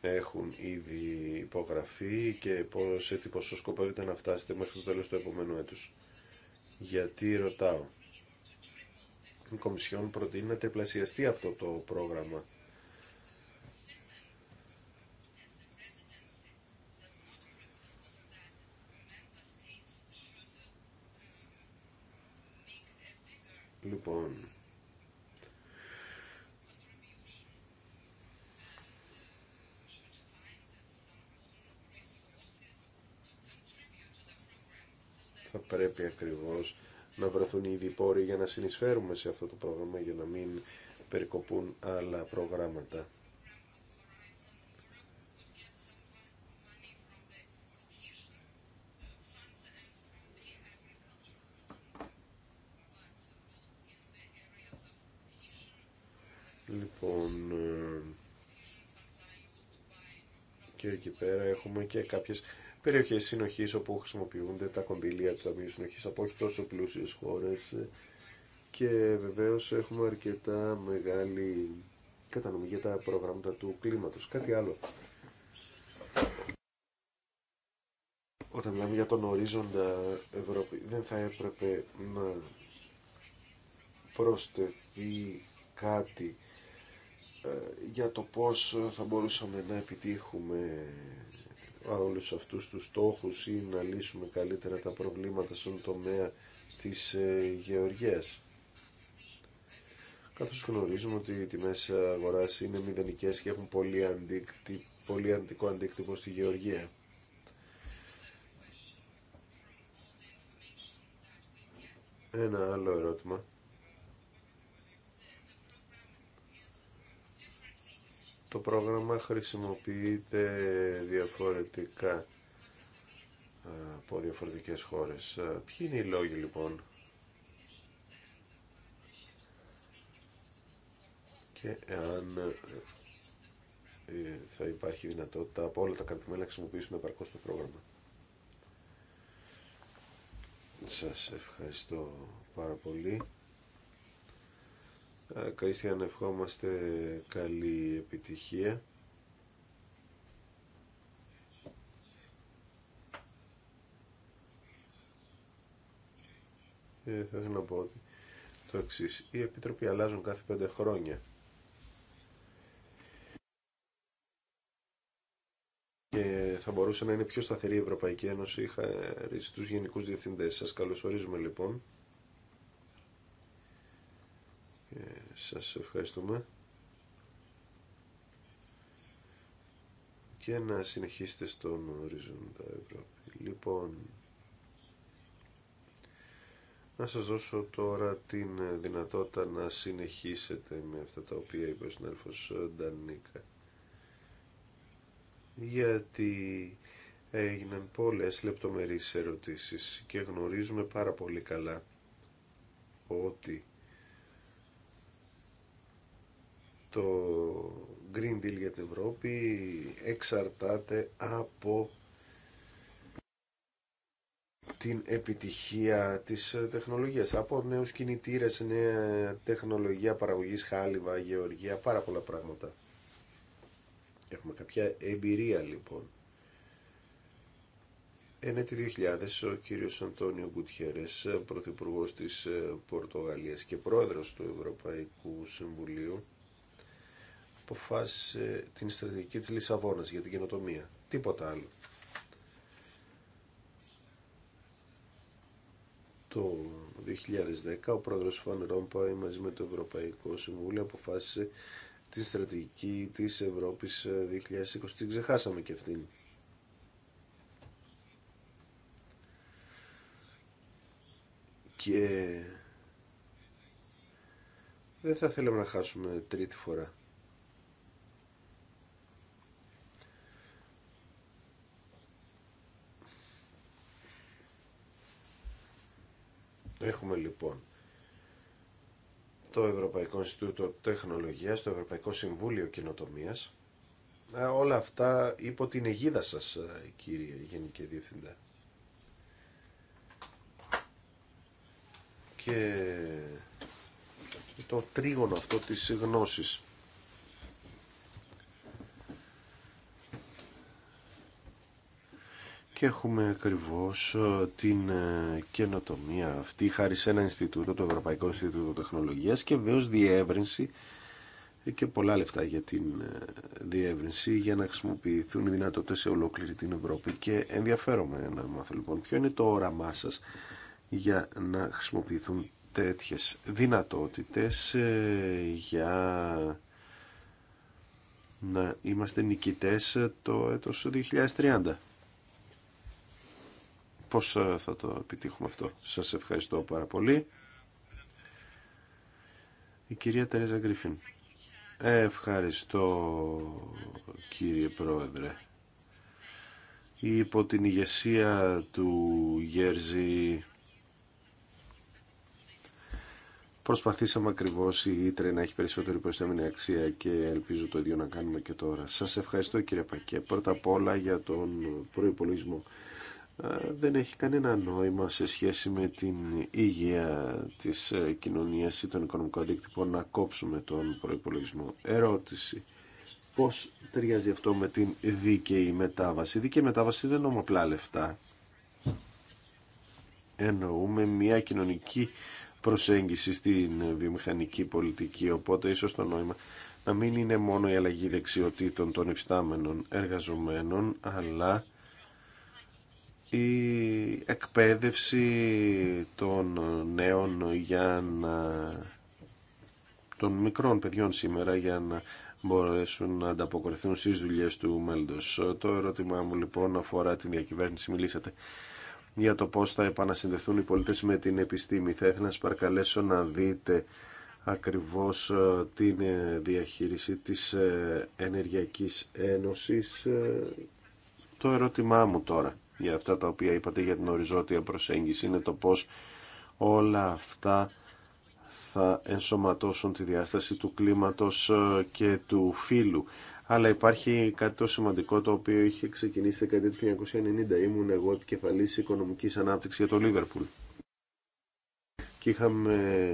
S3: έχουν ήδη υπογραφεί και σε τι ποσό σκοπεύετε να φτάσετε μέχρι το τέλος του επόμενου έτους. Γιατί ρωτάω. Η Κομισιόν προτείνει να τεπλασιαστεί αυτό το πρόγραμμα λοιπόν. Θα πρέπει ακριβώς να βρεθούν ήδη οι πόροι για να συνεισφέρουμε σε αυτό το πρόγραμμα για να μην περικοπούν άλλα προγράμματα. πέρα έχουμε και κάποιες περιοχές συνοχής όπου χρησιμοποιούνται τα κονδύλια του Ταμείου Συνοχής από όχι τόσο πλούσιες χώρες και βεβαίως έχουμε αρκετά μεγάλη κατανομή για τα προγράμματα του κλίματος. Κάτι άλλο. Όταν μιλάμε για τον ορίζοντα Ευρώπη δεν θα έπρεπε να προσθεθεί κάτι ε, για το πώς θα μπορούσαμε να επιτύχουμε όλους αυτούς τους στόχους ή να λύσουμε καλύτερα τα προβλήματα στον τομέα της ε, γεωργίας. Καθώς γνωρίζουμε ότι οι τιμές αγοράς είναι μηδενικές και έχουν πολύ, αντίκτυ... πολύ αντικό αντίκτυπο στη γεωργία. Ένα άλλο ερώτημα. το πρόγραμμα χρησιμοποιείται διαφορετικά ε, από διαφορετικές χώρες. Ε, ποιοι είναι οι λόγοι λοιπόν και αν ε, θα υπάρχει δυνατότητα από όλα τα καρδιμένα να χρησιμοποιήσουν επαρκώς το πρόγραμμα. Σας ευχαριστώ πάρα πολύ να ευχόμαστε καλή επιτυχία. Ε, θα ήθελα να πω ότι το εξή. Οι επιτροποί αλλάζουν κάθε πέντε χρόνια. Και θα μπορούσε να είναι πιο σταθερή η Ευρωπαϊκή Ένωση χαρίς τους γενικούς διευθυντές. Σας καλωσορίζουμε λοιπόν. Σας ευχαριστούμε. Και να συνεχίσετε στον ορίζοντα Ευρώπη. Λοιπόν, να σας δώσω τώρα την δυνατότητα να συνεχίσετε με αυτά τα οποία είπε ο συνέλφος Ντανίκα. Γιατί έγιναν πολλές λεπτομερείς ερωτήσεις και γνωρίζουμε πάρα πολύ καλά ότι το Green Deal για την Ευρώπη εξαρτάται από την επιτυχία της ε, τεχνολογίας από νέους κινητήρες, νέα τεχνολογία παραγωγής, χάλιβα, γεωργία, πάρα πολλά πράγματα. Έχουμε κάποια εμπειρία λοιπόν. Εν 2000 ο κύριος Αντώνιο Γκουτιέρες, ε, πρωθυπουργός της ε, Πορτογαλίας και πρόεδρος του Ευρωπαϊκού Συμβουλίου, αποφάσισε την στρατηγική της Λισαβόνας για την καινοτομία. Τίποτα άλλο. Το 2010 ο πρόεδρος Φαν Ρόμπα μαζί με το Ευρωπαϊκό Συμβούλιο αποφάσισε τη στρατηγική της Ευρώπης 2020. Ε, την ξεχάσαμε και αυτήν. Και δεν θα θέλαμε να χάσουμε τρίτη φορά. Έχουμε λοιπόν το Ευρωπαϊκό Ινστιτούτο Τεχνολογίας, το Ευρωπαϊκό Συμβούλιο Κοινοτομίας. Ε, όλα αυτά υπό την αιγίδα σας, ε, κύριε Γενική Διευθυντά. Και το τρίγωνο αυτό της γνώσης και έχουμε ακριβώ ε, την ε, καινοτομία αυτή χάρη σε ένα Ινστιτούτο, το Ευρωπαϊκό Ινστιτούτο Τεχνολογίας και βεβαίω διεύρυνση ε, και πολλά λεφτά για την διεύρυνση για να χρησιμοποιηθούν οι δυνατότητες σε ολόκληρη την Ευρώπη και ενδιαφέρομαι να μάθω λοιπόν ποιο είναι το όραμά σας για να χρησιμοποιηθούν τέτοιες δυνατότητες για να είμαστε νικητές το έτος 2030 πώς ε, θα το επιτύχουμε αυτό. Σας ευχαριστώ πάρα πολύ. Η κυρία Τερέζα Γκρίφιν. Ευχαριστώ κύριε Πρόεδρε. Υπό την ηγεσία του Γέρζη Προσπαθήσαμε ακριβώς η Ήτρε να έχει περισσότερη προϊστάμενη αξία και ελπίζω το ίδιο να κάνουμε και τώρα. Σας ευχαριστώ κύριε Πακέ. Πρώτα απ' όλα για τον προπολογισμό δεν έχει κανένα νόημα σε σχέση με την υγεία της ε, κοινωνίας ή των οικονομικών αντίκτυπων να κόψουμε τον προϋπολογισμό. Ερώτηση. Πώς ταιριάζει αυτό με την δίκαιη μετάβαση. Η δίκαιη μετάβαση δεν είναι απλά λεφτά. Εννοούμε μια κοινωνική προσέγγιση στην βιομηχανική πολιτική, οπότε ίσως το νόημα να μην είναι μόνο η αλλαγή δεξιοτήτων των υφιστάμενων εργαζομένων, αλλά η εκπαίδευση των νέων για να, των μικρών παιδιών σήμερα για να μπορέσουν να ανταποκριθούν στις δουλειές του μέλλοντος. Το ερώτημά μου λοιπόν αφορά την διακυβέρνηση. Μιλήσατε για το πώς θα επανασυνδεθούν οι πολίτες με την επιστήμη. Θα ήθελα να σας παρακαλέσω να δείτε ακριβώς ε, την ε, διαχείριση της ε, Ενεργειακής Ένωσης. Το ερώτημά μου τώρα για αυτά τα οποία είπατε για την οριζόντια προσέγγιση είναι το πώς όλα αυτά θα ενσωματώσουν τη διάσταση του κλίματος ε, και του φύλου. Αλλά υπάρχει κάτι το σημαντικό το οποίο είχε ξεκινήσει στην δεκαετία του 1990. Ήμουν εγώ επικεφαλής οικονομικής ανάπτυξης για το Λίβερπουλ. Και είχαμε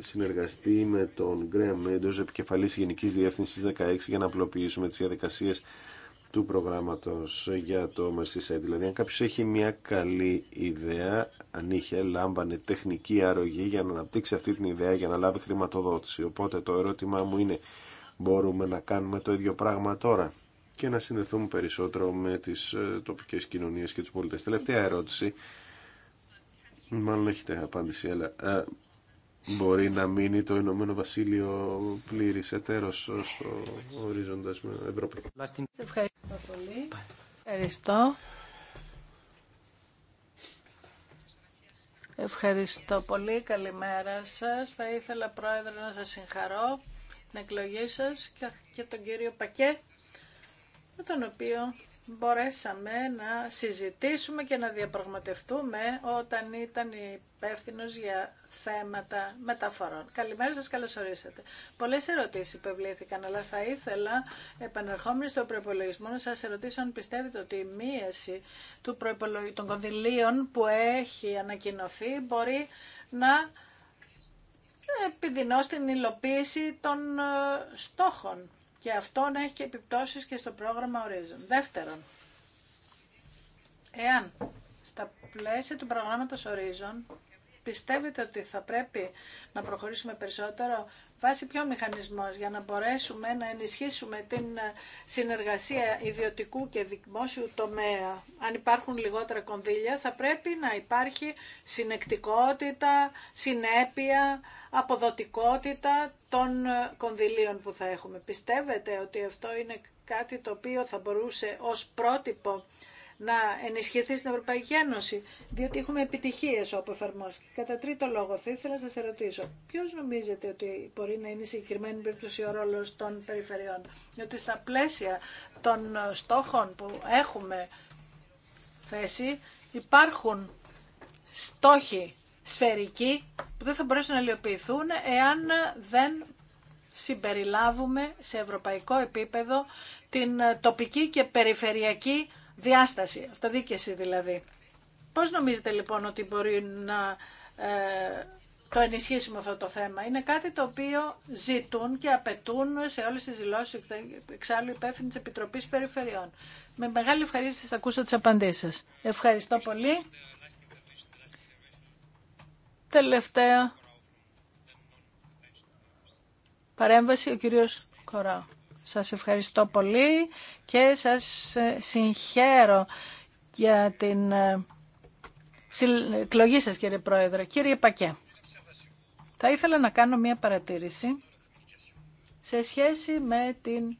S3: συνεργαστεί με τον Γκρέα Μέντος, επικεφαλής Γενικής Διεύθυνσης 16, για να απλοποιήσουμε τις διαδικασίες του προγράμματος για το MSCI. Δηλαδή, αν κάποιος έχει μια καλή ιδέα, αν είχε λάμβανε τεχνική αρρωγή για να αναπτύξει αυτή την ιδέα, για να λάβει χρηματοδότηση. Οπότε το ερώτημά μου είναι, μπορούμε να κάνουμε το ίδιο πράγμα τώρα και να συνδεθούμε περισσότερο με τις ε, τοπικές κοινωνίες και τους πολίτες. Τελευταία ερώτηση, μάλλον έχετε απάντηση, αλλά ε, μπορεί να μείνει το Ηνωμένο Βασίλειο πλήρης εταίρο στο ορίζοντα. με Ευρώπη.
S2: Σε
S1: ευχαριστώ πολύ. Ευχαριστώ. Ευχαριστώ πολύ. Καλημέρα σας. Θα ήθελα, Πρόεδρε, να σας συγχαρώ την εκλογή σα και τον κύριο Πακέ, με τον οποίο μπορέσαμε να συζητήσουμε και να διαπραγματευτούμε όταν ήταν υπεύθυνο για θέματα μεταφορών. Καλημέρα σας, καλώς ορίσατε. Πολλές ερωτήσεις υπευλήθηκαν, αλλά θα ήθελα, επανερχόμενοι στο προπολογισμό, να σας ερωτήσω αν πιστεύετε ότι η μίαση του των κονδυλίων που έχει ανακοινωθεί μπορεί να επιδεινώσει την υλοποίηση των ε, στόχων και αυτό να έχει και επιπτώσεις και στο πρόγραμμα Horizon. Δεύτερον, εάν στα πλαίσια του προγράμματος Horizon Πιστεύετε ότι θα πρέπει να προχωρήσουμε περισσότερο βάσει ποιο μηχανισμό για να μπορέσουμε να ενισχύσουμε την συνεργασία ιδιωτικού και δημόσιου τομέα. Αν υπάρχουν λιγότερα κονδύλια θα πρέπει να υπάρχει συνεκτικότητα, συνέπεια, αποδοτικότητα των κονδυλίων που θα έχουμε. Πιστεύετε ότι αυτό είναι κάτι το οποίο θα μπορούσε ως πρότυπο να ενισχυθεί στην Ευρωπαϊκή Ένωση, διότι έχουμε επιτυχίες όπου εφαρμόστηκε. Κατά τρίτο λόγο, θα ήθελα να σας ερωτήσω, Ποιο νομίζετε ότι μπορεί να είναι η συγκεκριμένη περίπτωση ο ρόλος των περιφερειών, διότι στα πλαίσια των στόχων που έχουμε θέσει υπάρχουν στόχοι σφαιρικοί που δεν θα μπορέσουν να υλοποιηθούν εάν δεν συμπεριλάβουμε σε ευρωπαϊκό επίπεδο την τοπική και περιφερειακή διάσταση, αυτοδίκηση δηλαδή. Πώς νομίζετε λοιπόν ότι μπορεί να ε, το ενισχύσουμε αυτό το θέμα. Είναι κάτι το οποίο ζητούν και απαιτούν σε όλες τις δηλώσεις εξάλλου υπεύθυνη της Επιτροπής Περιφερειών. Με μεγάλη ευχαρίστηση θα ακούσω τις απαντήσεις σας. Ευχαριστώ πολύ. Τελευταία παρέμβαση ο κύριος Κοράου. Σας ευχαριστώ πολύ και σας ε, συγχαίρω για την ε, εκλογή σας κύριε Πρόεδρε. Κύριε Πακέ, θα ήθελα να κάνω μια παρατήρηση σε σχέση με την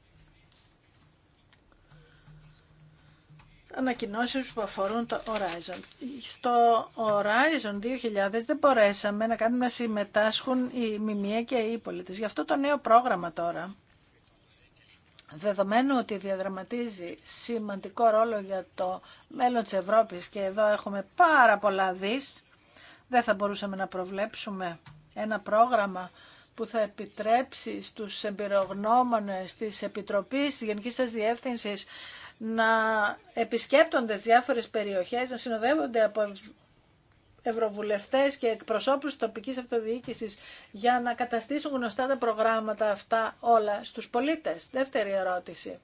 S1: ανακοινώσεις που αφορούν το Horizon. Στο Horizon 2000 δεν μπορέσαμε να κάνουμε να συμμετάσχουν οι ΜΜΕ και οι πολίτες. Γι' αυτό το νέο πρόγραμμα τώρα Δεδομένου ότι διαδραματίζει σημαντικό ρόλο για το μέλλον της Ευρώπης και εδώ έχουμε πάρα πολλά δις, δεν θα μπορούσαμε να προβλέψουμε ένα πρόγραμμα που θα επιτρέψει στους εμπειρογνώμονες της Επιτροπής της Γενικής σας Διεύθυνσης να επισκέπτονται τις διάφορες περιοχές, να συνοδεύονται από ευρωβουλευτές και εκπροσώπους της τοπικής αυτοδιοίκησης για να καταστήσουν γνωστά τα προγράμματα αυτά όλα στους πολίτες. Δεύτερη ερώτηση.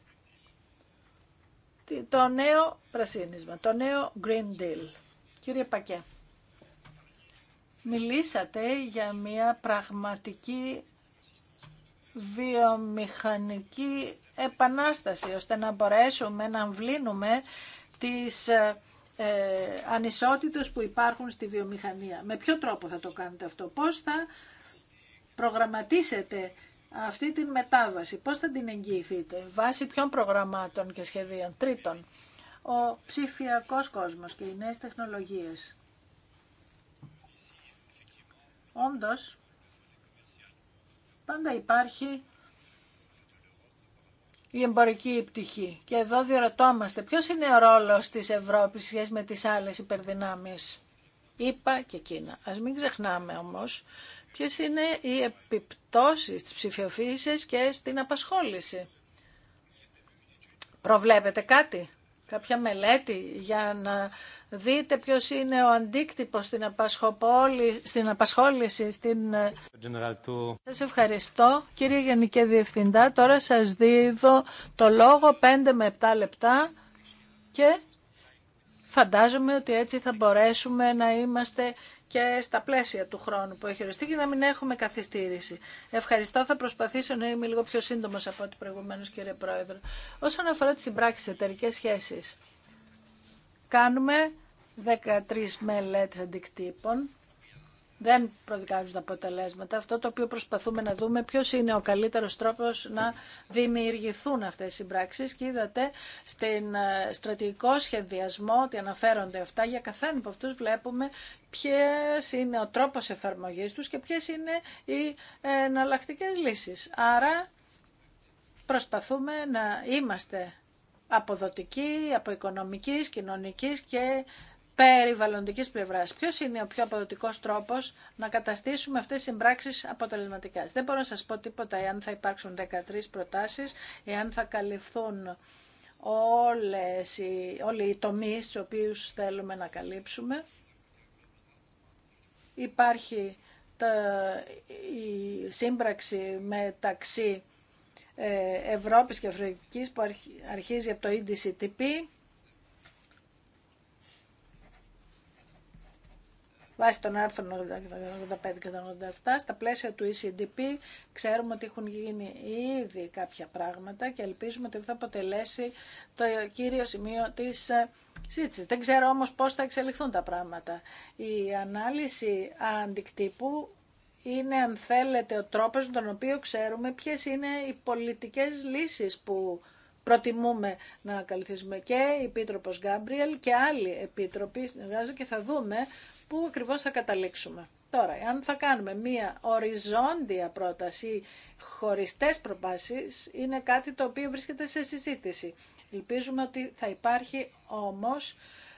S1: Το νέο πρασίνισμα, το νέο Green Deal. Κύριε Πακέ, μιλήσατε για μια πραγματική βιομηχανική επανάσταση, ώστε να μπορέσουμε να αμβλύνουμε τις ε, ε, ανισότητες που υπάρχουν στη βιομηχανία. Με ποιο τρόπο θα το κάνετε αυτό, πώς θα προγραμματίσετε αυτή την μετάβαση, πώς θα την εγγυηθείτε, βάσει ποιων προγραμμάτων και σχεδίων. Τρίτον, ο ψηφιακός κόσμος και οι νέες τεχνολογίες. Όντως, πάντα υπάρχει η εμπορική πτυχή. Και εδώ διερωτόμαστε ποιος είναι ο ρόλος της Ευρώπης σχέση με τις άλλες υπερδυνάμεις. Είπα και Κίνα. Ας μην ξεχνάμε όμως ποιες είναι οι επιπτώσεις τη ψηφιοφύσης και στην απασχόληση. Προβλέπετε κάτι, κάποια μελέτη για να Δείτε ποιος είναι ο αντίκτυπος στην, στην απασχόληση. Στην... Ε, σας ευχαριστώ κύριε Γενική Διευθυντά. Τώρα σας δίδω το λόγο 5 με 7 λεπτά και φαντάζομαι ότι έτσι θα μπορέσουμε να είμαστε και στα πλαίσια του χρόνου που έχει οριστεί και να μην έχουμε καθυστήρηση. Ευχαριστώ. Θα προσπαθήσω να είμαι λίγο πιο σύντομο από ό,τι προηγουμένω, κύριε Πρόεδρο. Όσον αφορά τι συμπράξει εταιρικέ σχέσει, κάνουμε 13 μελέτες αντικτύπων. Δεν προδικάζουν τα αποτελέσματα. Αυτό το οποίο προσπαθούμε να δούμε ποιος είναι ο καλύτερος τρόπος να δημιουργηθούν αυτές οι πράξεις και είδατε στην ε, στρατηγικό σχεδιασμό ότι αναφέρονται αυτά. Για καθέναν από αυτούς βλέπουμε ποιες είναι ο τρόπος εφαρμογής τους και ποιες είναι οι εναλλακτικέ λύσεις. Άρα προσπαθούμε να είμαστε αποδοτικοί, από κοινωνικοί και περιβαλλοντικής πλευράς. Ποιος είναι ο πιο αποδοτικός τρόπος να καταστήσουμε αυτές τις συμπράξεις αποτελεσματικά. Δεν μπορώ να σας πω τίποτα εάν θα υπάρξουν 13 προτάσεις, εάν θα καλυφθούν όλες οι, όλοι οι τομείς τους οποίους θέλουμε να καλύψουμε. Υπάρχει τα, η σύμπραξη μεταξύ ε, Ευρώπης και Αφρικής που αρχίζει από το EDCTP βάσει των άρθρων 85 και 87, στα πλαίσια του ECDP ξέρουμε ότι έχουν γίνει ήδη κάποια πράγματα και ελπίζουμε ότι θα αποτελέσει το κύριο σημείο της ε, σύντησης. Δεν ξέρω όμως πώς θα εξελιχθούν τα πράγματα. Η ανάλυση αντικτύπου είναι, αν θέλετε, ο τρόπος με τον οποίο ξέρουμε ποιες είναι οι πολιτικές λύσεις που προτιμούμε να ακολουθήσουμε και η Επίτροπος Γκάμπριελ και άλλοι επίτροποι συνεργάζονται και θα δούμε πού ακριβώς θα καταλήξουμε. Τώρα, αν θα κάνουμε μία οριζόντια πρόταση χωριστές προπάσεις, είναι κάτι το οποίο βρίσκεται σε συζήτηση. Ελπίζουμε ότι θα υπάρχει όμως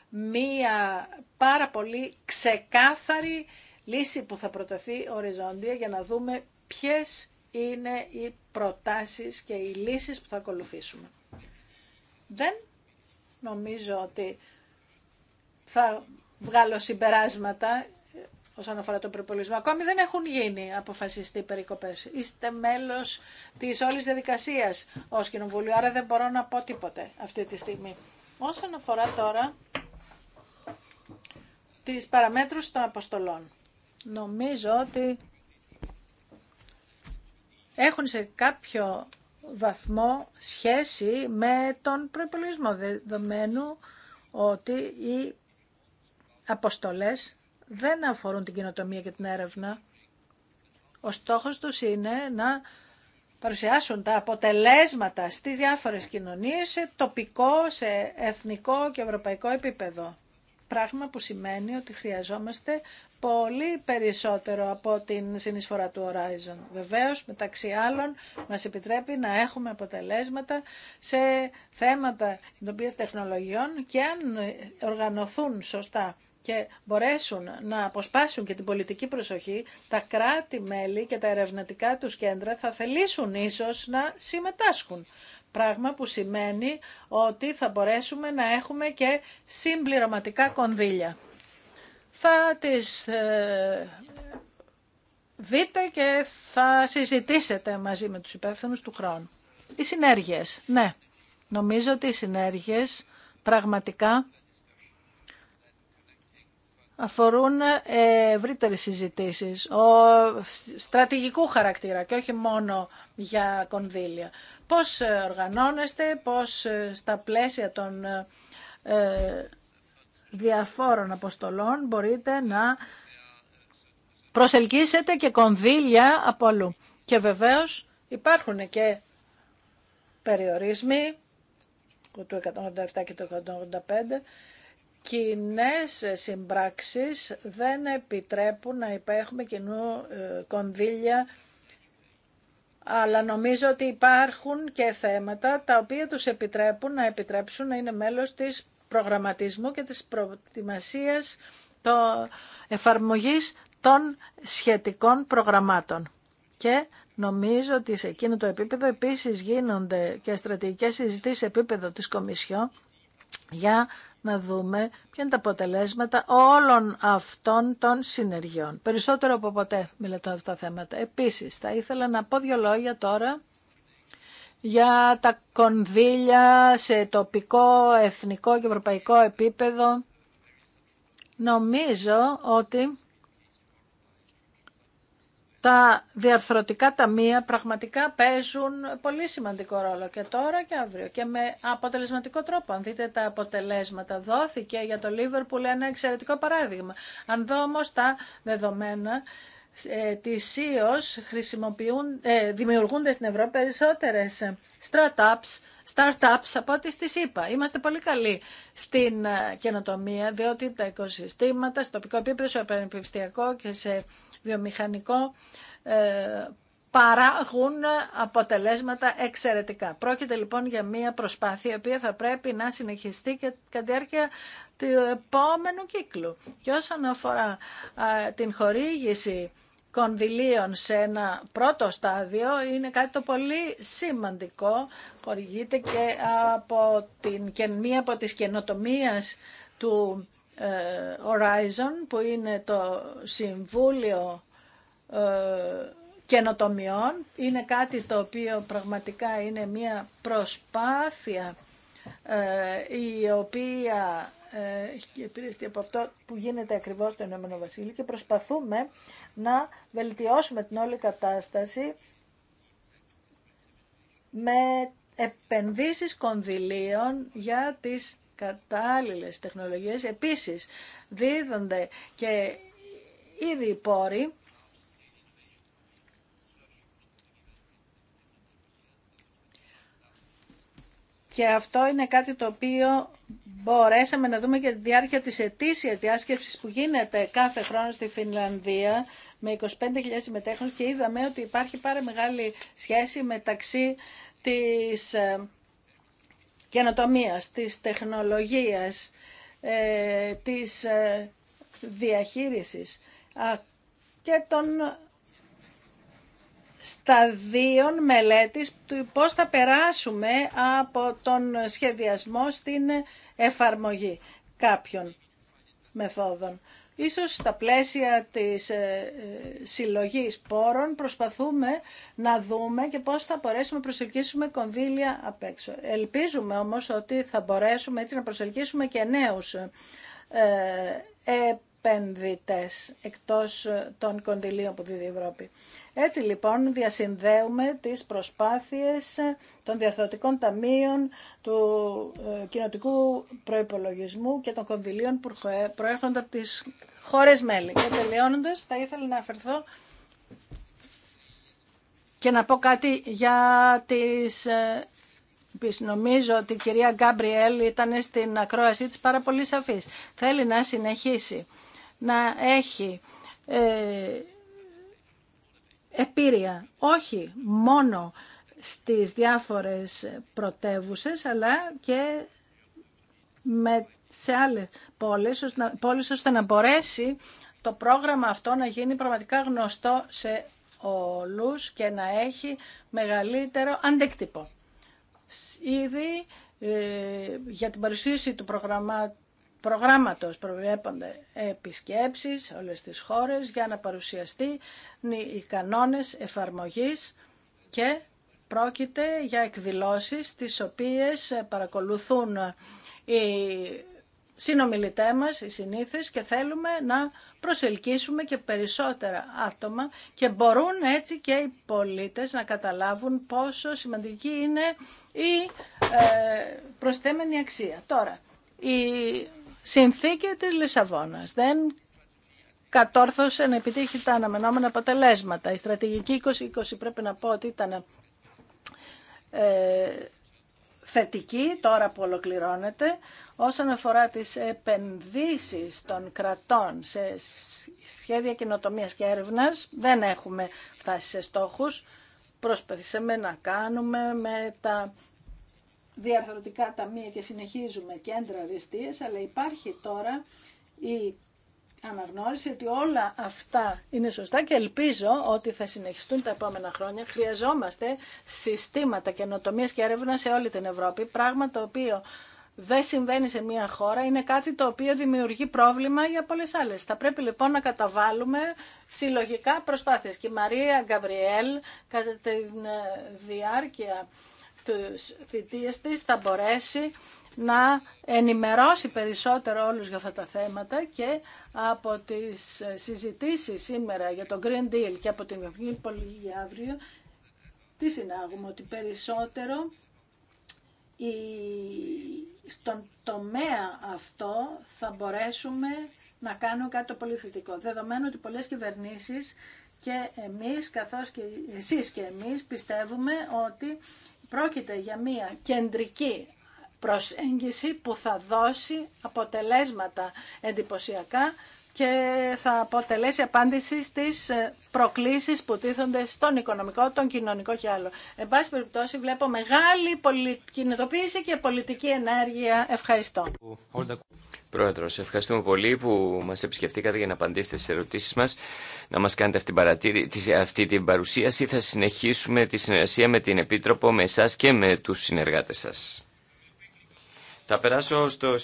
S1: μία πάρα πολύ ξεκάθαρη λύση που θα προτεθεί οριζόντια για να δούμε ποιες είναι οι προτάσεις και οι λύσεις που θα ακολουθήσουμε. Δεν νομίζω ότι θα βγάλω συμπεράσματα όσον αφορά τον προπολισμό. Ακόμη δεν έχουν γίνει αποφασιστεί περικοπέ. Είστε μέλος της όλης διαδικασία ως κοινοβούλιο, άρα δεν μπορώ να πω τίποτε αυτή τη στιγμή. Όσον αφορά τώρα τι παραμέτρου των αποστολών. Νομίζω ότι έχουν σε κάποιο βαθμό σχέση με τον προϋπολογισμό δεδομένου ότι οι αποστολές δεν αφορούν την κοινοτομία και την έρευνα. Ο στόχος τους είναι να παρουσιάσουν τα αποτελέσματα στις διάφορες κοινωνίες σε τοπικό, σε εθνικό και ευρωπαϊκό επίπεδο. Πράγμα που σημαίνει ότι χρειαζόμαστε πολύ περισσότερο από την συνεισφορά του Horizon. Βεβαίως, μεταξύ άλλων, μας επιτρέπει να έχουμε αποτελέσματα σε θέματα κοινωνίας τεχνολογιών και αν οργανωθούν σωστά και μπορέσουν να αποσπάσουν και την πολιτική προσοχή, τα κράτη-μέλη και τα ερευνητικά τους κέντρα θα θελήσουν ίσως να συμμετάσχουν. Πράγμα που σημαίνει ότι θα μπορέσουμε να έχουμε και συμπληρωματικά κονδύλια. Θα τις ε, δείτε και θα συζητήσετε μαζί με τους υπεύθυνους του χρόνου. Οι συνέργειες, ναι. Νομίζω ότι οι συνέργειες πραγματικά αφορούν ε, ευρύτερες συζητήσεις ο, στρατηγικού χαρακτήρα και όχι μόνο για κονδύλια. Πώς ε, οργανώνεστε, πώς ε, στα πλαίσια των διαφόρων αποστολών μπορείτε να προσελκύσετε και κονδύλια από αλλού. Και βεβαίως υπάρχουν και περιορισμοί του 187 και του 185 κοινέ συμπράξεις δεν επιτρέπουν να υπέχουμε κοινού ε, κονδύλια αλλά νομίζω ότι υπάρχουν και θέματα τα οποία τους επιτρέπουν να επιτρέψουν να είναι μέλος της προγραμματισμού και της προετοιμασίας το εφαρμογής των σχετικών προγραμμάτων. Και νομίζω ότι σε εκείνο το επίπεδο επίσης γίνονται και στρατηγικές συζητήσεις σε επίπεδο της Κομισιό για να δούμε ποια είναι τα αποτελέσματα όλων αυτών των συνεργειών. Περισσότερο από ποτέ μιλάτε αυτά τα θέματα. Επίσης, θα ήθελα να πω δύο λόγια τώρα για τα κονδύλια σε τοπικό, εθνικό και ευρωπαϊκό επίπεδο. Νομίζω ότι τα διαρθρωτικά ταμεία πραγματικά παίζουν πολύ σημαντικό ρόλο και τώρα και αύριο και με αποτελεσματικό τρόπο. Αν δείτε τα αποτελέσματα, δόθηκε για το Λίβερπουλ ένα εξαιρετικό παράδειγμα. Αν δω όμω τα δεδομένα, ε, της ίος ε, δημιουργούνται στην Ευρώπη περισσότερες startups, startups από ό,τι στις είπα. Είμαστε πολύ καλοί στην ε, καινοτομία, διότι τα οικοσυστήματα, στο τοπικό επίπεδο, στο και σε βιομηχανικό ε, παράγουν αποτελέσματα εξαιρετικά. Πρόκειται λοιπόν για μια προσπάθεια η οποία θα πρέπει να συνεχιστεί και κατά τη διάρκεια του επόμενου κύκλου. Και όσον αφορά την χορήγηση κονδυλίων σε ένα πρώτο στάδιο είναι κάτι το πολύ σημαντικό. Χορηγείται και από την, και μία από τις καινοτομίες του ε, Horizon που είναι το Συμβούλιο ε, Καινοτομιών. Είναι κάτι το οποίο πραγματικά είναι μια προσπάθεια ε, η οποία έχει από αυτό που γίνεται ακριβώς στο Ηνωμένο Βασίλειο και προσπαθούμε να βελτιώσουμε την όλη κατάσταση με επενδύσεις κονδυλίων για τις κατάλληλες τεχνολογίες. Επίσης δίδονται και ήδη οι πόροι και αυτό είναι κάτι το οποίο μπορέσαμε να δούμε και τη διάρκεια της ετήσιας διάσκεψης που γίνεται κάθε χρόνο στη Φινλανδία με 25.000 συμμετέχοντες και είδαμε ότι υπάρχει πάρα μεγάλη σχέση μεταξύ της ε, καινοτομίας, της τεχνολογίας, ε, της ε, διαχείρισης και των σταδίων μελέτης του πώς θα περάσουμε από τον σχεδιασμό στην εφαρμογή κάποιων μεθόδων. Ίσως στα πλαίσια της ε, ε, συλλογής πόρων προσπαθούμε να δούμε και πώς θα μπορέσουμε να προσελκύσουμε κονδύλια απ' έξω. Ελπίζουμε όμως ότι θα μπορέσουμε έτσι να προσελκύσουμε και νέους ε, επενδυτές εκτός ε, των κονδυλίων που δίδει η Ευρώπη. Έτσι λοιπόν διασυνδέουμε τις προσπάθειες των διαθροτικών ταμείων του ε, κοινοτικού προϋπολογισμού και των κονδυλίων που προέρχονται από τις χώρες μέλη. Και τελειώνοντας θα ήθελα να αφαιρθώ και να πω κάτι για τις ε, Νομίζω ότι η κυρία Γκάμπριελ ήταν στην ακρόασή της πάρα πολύ σαφής. Θέλει να συνεχίσει να έχει ε, επίρρεια όχι μόνο στις διάφορες πρωτεύουσες αλλά και με, σε άλλες πόλεις ώστε, πόλεις ώστε να μπορέσει το πρόγραμμα αυτό να γίνει πραγματικά γνωστό σε όλους και να έχει μεγαλύτερο αντίκτυπο. Ήδη ε, για την παρουσίαση του προγραμμάτου προγράμματος προβλέπονται επισκέψεις όλες τις χώρες για να παρουσιαστεί οι κανόνες εφαρμογής και πρόκειται για εκδηλώσεις τις οποίες παρακολουθούν οι συνομιλητές μας, οι συνήθες και θέλουμε να προσελκύσουμε και περισσότερα άτομα και μπορούν έτσι και οι πολίτες να καταλάβουν πόσο σημαντική είναι η ε, προσθέμενη αξία. Τώρα, η συνθήκη της Λισαβόνας. Δεν κατόρθωσε να επιτύχει τα αναμενόμενα αποτελέσματα. Η στρατηγική 2020 πρέπει να πω ότι ήταν ε, θετική, τώρα που ολοκληρώνεται, όσον αφορά τις επενδύσεις των κρατών σε σχέδια καινοτομίας και έρευνας, δεν έχουμε φτάσει σε στόχους. Προσπαθήσαμε να κάνουμε με τα διαρθρωτικά ταμεία και συνεχίζουμε κέντρα αριστείας, αλλά υπάρχει τώρα η αναγνώριση ότι όλα αυτά είναι σωστά και ελπίζω ότι θα συνεχιστούν τα επόμενα χρόνια. Χρειαζόμαστε συστήματα καινοτομίας και έρευνα σε όλη την Ευρώπη, πράγμα το οποίο δεν συμβαίνει σε μία χώρα, είναι κάτι το οποίο δημιουργεί πρόβλημα για πολλές άλλες. Θα πρέπει λοιπόν να καταβάλουμε συλλογικά προσπάθειες. Και η Μαρία Γκαμπριέλ κατά τη ε, διάρκεια τους θητείες της θα μπορέσει να ενημερώσει περισσότερο όλους για αυτά τα θέματα και από τις συζητήσεις σήμερα για τον Green Deal και από την Ευρωπαϊκή Πολιτική αύριο, τι συνάγουμε, ότι περισσότερο η... στον τομέα αυτό θα μπορέσουμε να κάνουμε κάτι το πολύ θετικό. Δεδομένου ότι πολλές κυβερνήσεις και εμείς, καθώς και εσείς και εμείς, πιστεύουμε ότι Πρόκειται για μια κεντρική προσέγγιση που θα δώσει αποτελέσματα εντυπωσιακά και θα αποτελέσει απάντηση στις ε, προκλήσεις που τίθονται στον οικονομικό, τον κοινωνικό και άλλο. Εν πάση περιπτώσει βλέπω μεγάλη κινητοποίηση και πολιτική ενέργεια. Ευχαριστώ.
S2: Πρόεδρος, ευχαριστούμε πολύ που μας επισκεφτήκατε για να απαντήσετε στις ερωτήσεις μας, να μας κάνετε αυτή την, αυτή παρουσίαση. Θα συνεχίσουμε τη συνεργασία με την Επίτροπο, με εσά και με τους συνεργάτες σας. Θα περάσω στο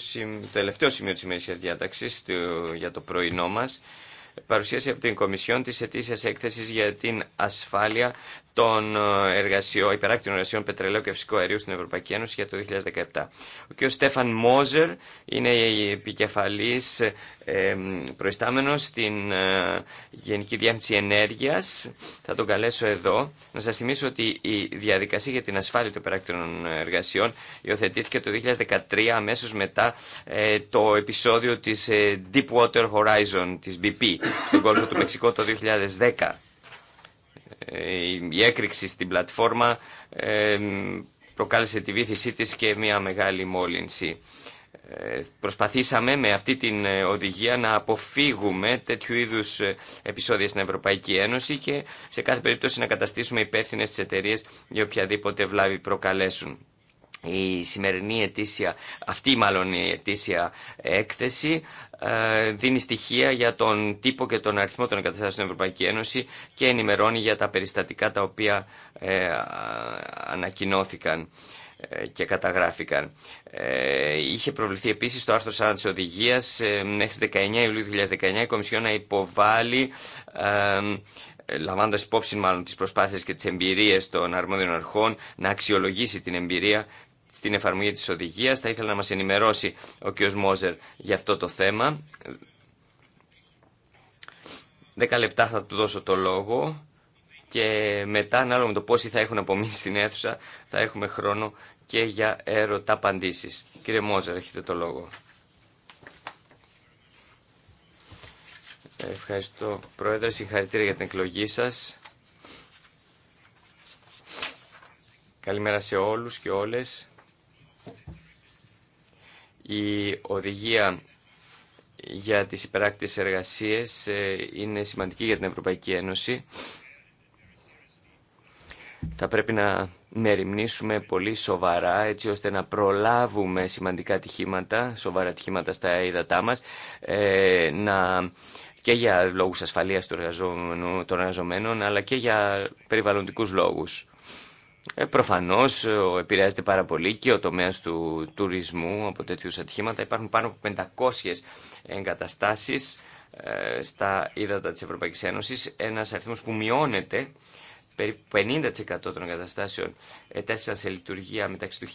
S2: τελευταίο σημείο της ημερησίας διάταξης για το πρωινό μας. Παρουσίαση από την Κομισιόν της ετήσιας έκθεσης για την ασφάλεια των ε, εργασιών, υπεράκτηνων εργασιών πετρελαίου και φυσικού αερίου στην Ευρωπαϊκή Ένωση για το 2017. Ο κ. Στέφαν Μόζερ είναι η επικεφαλή ε, στην ε, Γενική Διεύθυνση Ενέργεια. Θα τον καλέσω εδώ. Να σα θυμίσω ότι η διαδικασία για την ασφάλεια των υπεράκτηνων εργασιών υιοθετήθηκε το 2013 αμέσω μετά ε, το επεισόδιο της Deepwater Horizon, τη BP, στον κόλπο του Μεξικό το 2010. Ε, η έκρηξη στην πλατφόρμα ε, προκάλεσε τη βήθησή της και μια μεγάλη μόλυνση. Ε, προσπαθήσαμε με αυτή την οδηγία να αποφύγουμε τέτοιου είδους επεισόδια στην Ευρωπαϊκή Ένωση και σε κάθε περίπτωση να καταστήσουμε υπεύθυνε τις εταιρείες για οποιαδήποτε βλάβη προκαλέσουν η σημερινή ετήσια, αυτή μάλλον η ετήσια έκθεση ε, δίνει στοιχεία για τον τύπο και τον αριθμό των εγκαταστάσεων στην Ευρωπαϊκή Ένωση και ενημερώνει για τα περιστατικά τα οποία ε, ανακοινώθηκαν ε, και καταγράφηκαν. είχε προβληθεί επίσης το άρθρο 40 της οδηγίας μέχρι 19 Ιουλίου 2019 η Κομισιόν να υποβάλει λαμβάνοντα υπόψη μάλλον τι προσπάθειε και τι εμπειρίε των αρμόδιων αρχών, να αξιολογήσει την εμπειρία στην εφαρμογή της οδηγίας. Θα ήθελα να μας ενημερώσει ο κ. Μόζερ για αυτό το θέμα. Δέκα λεπτά θα του δώσω το λόγο και μετά, ανάλογα με το πόσοι θα έχουν απομείνει στην αίθουσα, θα έχουμε χρόνο και για έρωτα απαντήσεις. Κύριε Μόζερ, έχετε το λόγο. Ευχαριστώ, Πρόεδρε. Συγχαρητήρια για την εκλογή σας. Καλημέρα σε όλους και όλες. Η οδηγία για τις υπεράκτητες εργασίες ε, είναι σημαντική για την Ευρωπαϊκή Ένωση. Θα πρέπει να μεριμνήσουμε πολύ σοβαρά έτσι ώστε να προλάβουμε σημαντικά τυχήματα, σοβαρά τυχήματα στα ύδατά μας, ε, να και για λόγους ασφαλείας των εργαζομένων αλλά και για περιβαλλοντικούς λόγους. Ε, προφανώς ε, επηρεάζεται πάρα πολύ και ο τομέα του τουρισμού από τέτοιου ατυχήματα. Υπάρχουν πάνω από 500 εγκαταστάσεις ε, στα ύδατα της Ευρωπαϊκής Ένωση. ένας αριθμό που μειώνεται περίπου 50% των εγκαταστάσεων ε, τέθησαν σε λειτουργία μεταξύ του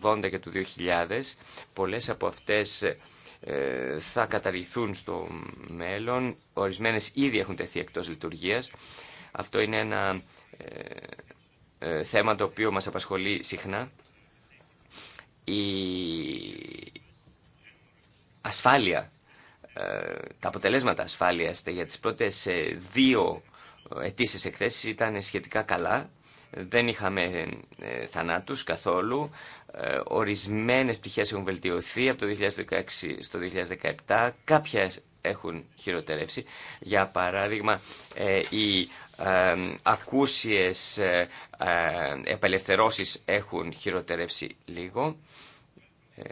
S2: 1980 και του 2000. Πολλέ από αυτές θα καταργηθούν στο μέλλον. Ορισμένες ήδη έχουν τεθεί εκτός λειτουργίας. Αυτό είναι ένα ε, θέμα το οποίο μας απασχολεί συχνά. Η ασφάλεια, ε, τα αποτελέσματα ασφάλειας για τις πρώτες ε, δύο ετήσιες εκθέσεις ήταν σχετικά καλά. Δεν είχαμε θανάτους καθόλου. Ορισμένες πτυχές έχουν βελτιωθεί από το 2016 στο 2017. Κάποιες έχουν χειροτερεύσει. Για παράδειγμα, η ακούσιες ε, ε, επελευθερώσεις έχουν χειροτερεύσει λίγο ε,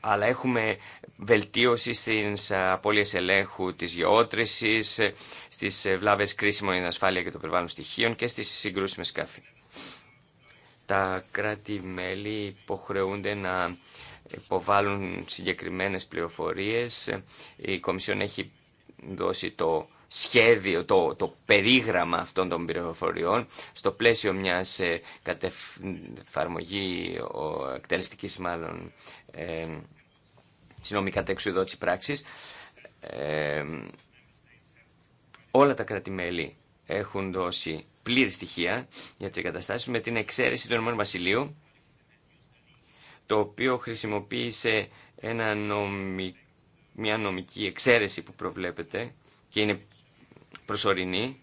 S2: αλλά έχουμε βελτίωση στις απώλειες ελέγχου της γεώτρησης, στις βλάβες κρίσιμων για την ασφάλεια και το περιβάλλον στοιχείων και στις με σκάφη. Τα κράτη-μέλη υποχρεούνται να υποβάλουν συγκεκριμένες πληροφορίες. Η Κομισιόν έχει δώσει το σχέδιο, το, το περίγραμμα αυτών των πληροφοριών στο πλαίσιο μιας ε, κατεφαρμογή ο, εκτελεστικής μάλλον ε, συνομικά τεξουδότηση πράξης ε, όλα τα κρατημέλη έχουν δώσει πλήρη στοιχεία για τις εγκαταστάσεις με την εξαίρεση του Ενωμένου Βασιλείου το οποίο χρησιμοποίησε ένα μια νομική εξαίρεση που προβλέπεται και είναι προσωρινή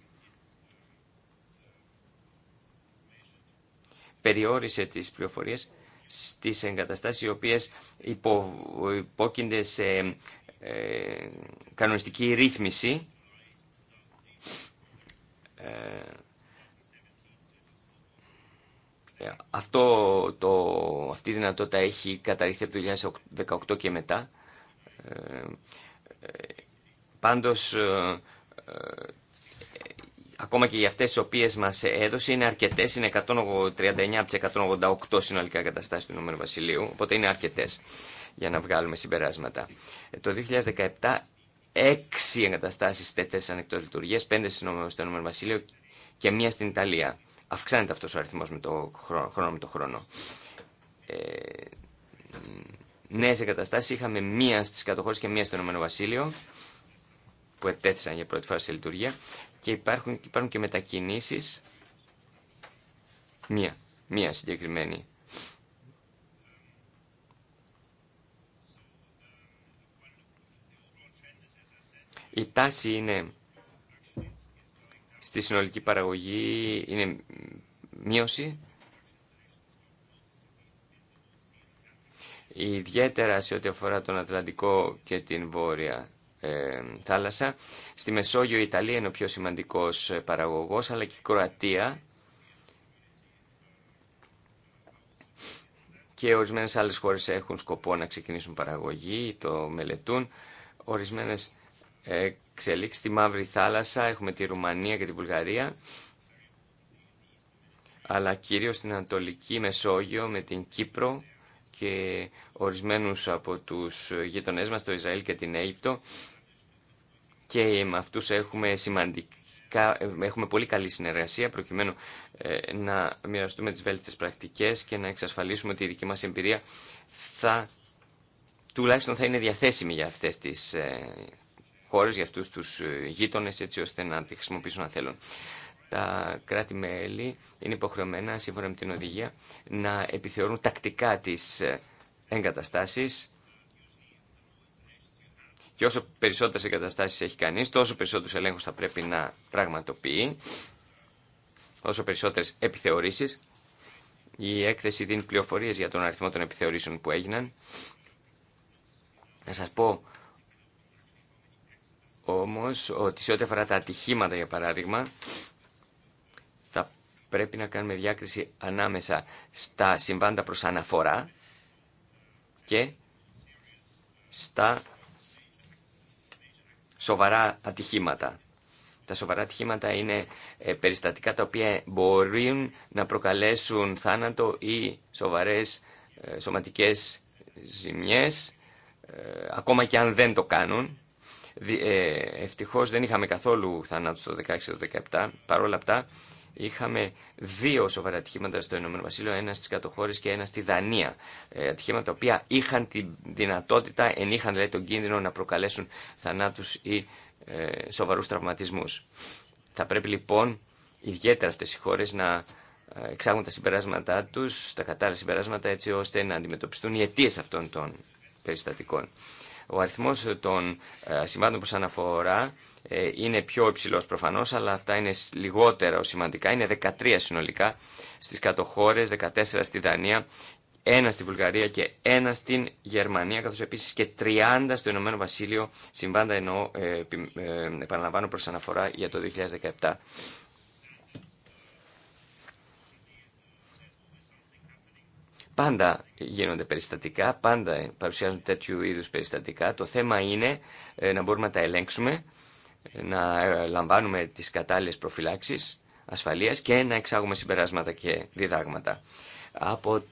S2: περιόρισε τις πληροφορίες στις εγκαταστάσεις οι οποίες υπο, υπόκεινται σε ε, κανονιστική ρύθμιση ε, ε αυτό το, αυτή η δυνατότητα έχει καταρριχθεί από το 2018 και μετά. Ε, ε πάντως ε, ε, ακόμα και για αυτές τις οποίες μας έδωσε είναι αρκετές, είναι 139 από τις 188 συνολικά καταστάσεις του Ηνωμένου Βασιλείου, οπότε είναι αρκετές για να βγάλουμε συμπεράσματα. Ε, το 2017 6 εγκαταστάσεις τέτοιες ανεκτός λειτουργίας, πέντε στο Ηνωμένο Βασιλείο και μία στην Ιταλία. Αυξάνεται αυτός ο αριθμός με το χρόνο με το χρόνο. Ε, νέες εγκαταστάσεις είχαμε μία στις κατοχώρες και μία στο Ηνωμένο Βασίλειο που ετέθησαν για πρώτη φορά σε λειτουργία και υπάρχουν, υπάρχουν και μετακινήσεις μία, μία συγκεκριμένη Η τάση είναι στη συνολική παραγωγή, είναι μείωση. Ιδιαίτερα σε ό,τι αφορά τον Ατλαντικό και την Βόρεια ε, θάλασσα. Στη Μεσόγειο η Ιταλία είναι ο πιο σημαντικός παραγωγός, αλλά και η Κροατία και ορισμένες άλλες χώρες έχουν σκοπό να ξεκινήσουν παραγωγή, το μελετούν. Ορισμένες εξελίξεις στη Μαύρη Θάλασσα, έχουμε τη Ρουμανία και τη Βουλγαρία, αλλά κυρίως στην Ανατολική Μεσόγειο με την Κύπρο και ορισμένους από τους γειτονές μας, το Ισραήλ και την Αίγυπτο και με αυτούς έχουμε σημαντικά, έχουμε πολύ καλή συνεργασία προκειμένου ε, να μοιραστούμε τις βέλτιστες πρακτικές και να εξασφαλίσουμε ότι η δική μας εμπειρία θα τουλάχιστον θα είναι διαθέσιμη για αυτές τις ε, χώρες, για αυτούς τους ε, γείτονες έτσι ώστε να τη χρησιμοποιήσουν αν θέλουν. Τα κράτη-μέλη είναι υποχρεωμένα σύμφωνα με την οδηγία να επιθεωρούν τακτικά τις εγκαταστάσεις και όσο περισσότερε εγκαταστάσει έχει κανεί, τόσο περισσότερου ελέγχου θα πρέπει να πραγματοποιεί, όσο περισσότερε επιθεωρήσει. Η έκθεση δίνει πληροφορίε για τον αριθμό των επιθεωρήσεων που έγιναν. Να σα πω όμω ότι σε ό,τι αφορά τα ατυχήματα, για παράδειγμα, θα πρέπει να κάνουμε διάκριση ανάμεσα στα συμβάντα προ αναφορά και στα σοβαρά ατυχήματα. Τα σοβαρά ατυχήματα είναι ε, περιστατικά τα οποία μπορούν να προκαλέσουν θάνατο ή σοβαρές ε, σωματικές ζημιές, ε, ακόμα και αν δεν το κάνουν. Ευτυχώς δεν είχαμε καθόλου θάνατο στο 16-17, παρόλα αυτά Είχαμε δύο σοβαρά ατυχήματα στο Ηνωμένο Βασίλειο, ένα στι κατοχώρε και ένα στη Δανία. Ε, ατυχήματα τα οποία είχαν τη δυνατότητα, ενήχαν δηλαδή τον κίνδυνο να προκαλέσουν θανάτου ή ε, σοβαρού τραυματισμού. Θα πρέπει λοιπόν ιδιαίτερα αυτέ οι χώρε να ε, εξάγουν τα συμπεράσματά του, τα κατάλληλα συμπεράσματα, έτσι ώστε να αντιμετωπιστούν οι αιτίε αυτών των περιστατικών. Ο αριθμό των ε, που σα αναφορά ε, είναι πιο υψηλό προφανώ, αλλά αυτά είναι λιγότερα σημαντικά. Είναι 13 συνολικά στις χώρε, 14 στη Δανία, ένα στη Βουλγαρία και ένα στην Γερμανία, καθώ επίση και 30 στο Ηνωμένο Βασίλειο, συμβάντα εννοώ, ε, ε, επαναλαμβάνω προ αναφορά για το 2017. Πάντα γίνονται περιστατικά, πάντα παρουσιάζουν τέτοιου είδους περιστατικά. Το θέμα είναι ε, να μπορούμε να τα ελέγξουμε να λαμβάνουμε τις κατάλληλες προφυλάξεις ασφαλείας και να εξάγουμε συμπεράσματα και διδάγματα. Από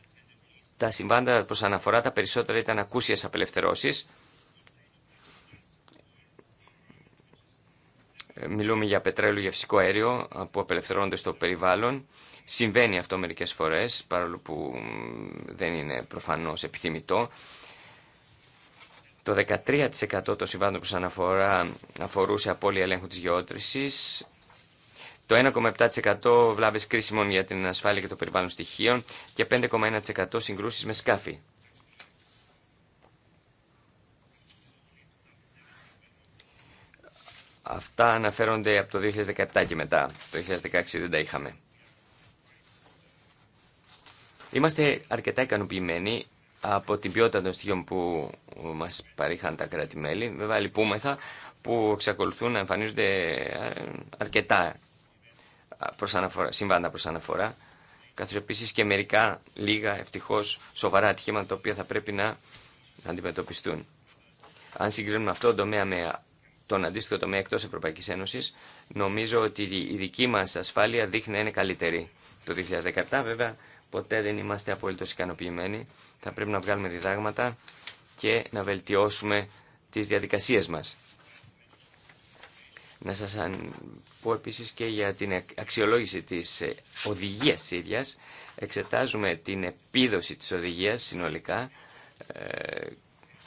S2: τα συμβάντα προς αναφορά τα περισσότερα ήταν ακούσιες απελευθερώσεις. Μιλούμε για πετρέλαιο, για φυσικό αέριο που απελευθερώνονται στο περιβάλλον. Συμβαίνει αυτό μερικές φορές, παρόλο που δεν είναι προφανώς επιθυμητό. Το 13% των συμβάντων που αναφορά αφορούσε απώλεια ελέγχου της γεώτρησης. Το 1,7% βλάβες κρίσιμων για την ασφάλεια και το περιβάλλον στοιχείων και 5,1% συγκρούσεις με σκάφη. Αυτά αναφέρονται από το 2017 και μετά. Το 2016 δεν τα είχαμε. Είμαστε αρκετά ικανοποιημένοι από την ποιότητα των στοιχείων που μας παρήχαν τα κράτη-μέλη. Βέβαια λυπούμεθα που εξακολουθούν να εμφανίζονται ε, αρκετά συμβάντα προς αναφορά, καθώς επίσης και μερικά λίγα ευτυχώς σοβαρά ατυχήματα τα οποία θα πρέπει να αντιμετωπιστούν. Αν συγκρίνουμε αυτό το τομέα με τον αντίστοιχο τομέα εκτός Ευρωπαϊκής Ένωσης, νομίζω ότι η δική μας ασφάλεια δείχνει να είναι καλύτερη. Το 2017 βέβαια ποτέ δεν είμαστε απολύτως ικανοποιημένοι. Θα πρέπει να βγάλουμε διδάγματα και να βελτιώσουμε τις διαδικασίες μας. Να σας πω επίσης και για την αξιολόγηση της ε, οδηγίας της ίδιας. Εξετάζουμε την επίδοση της οδηγίας συνολικά, ε,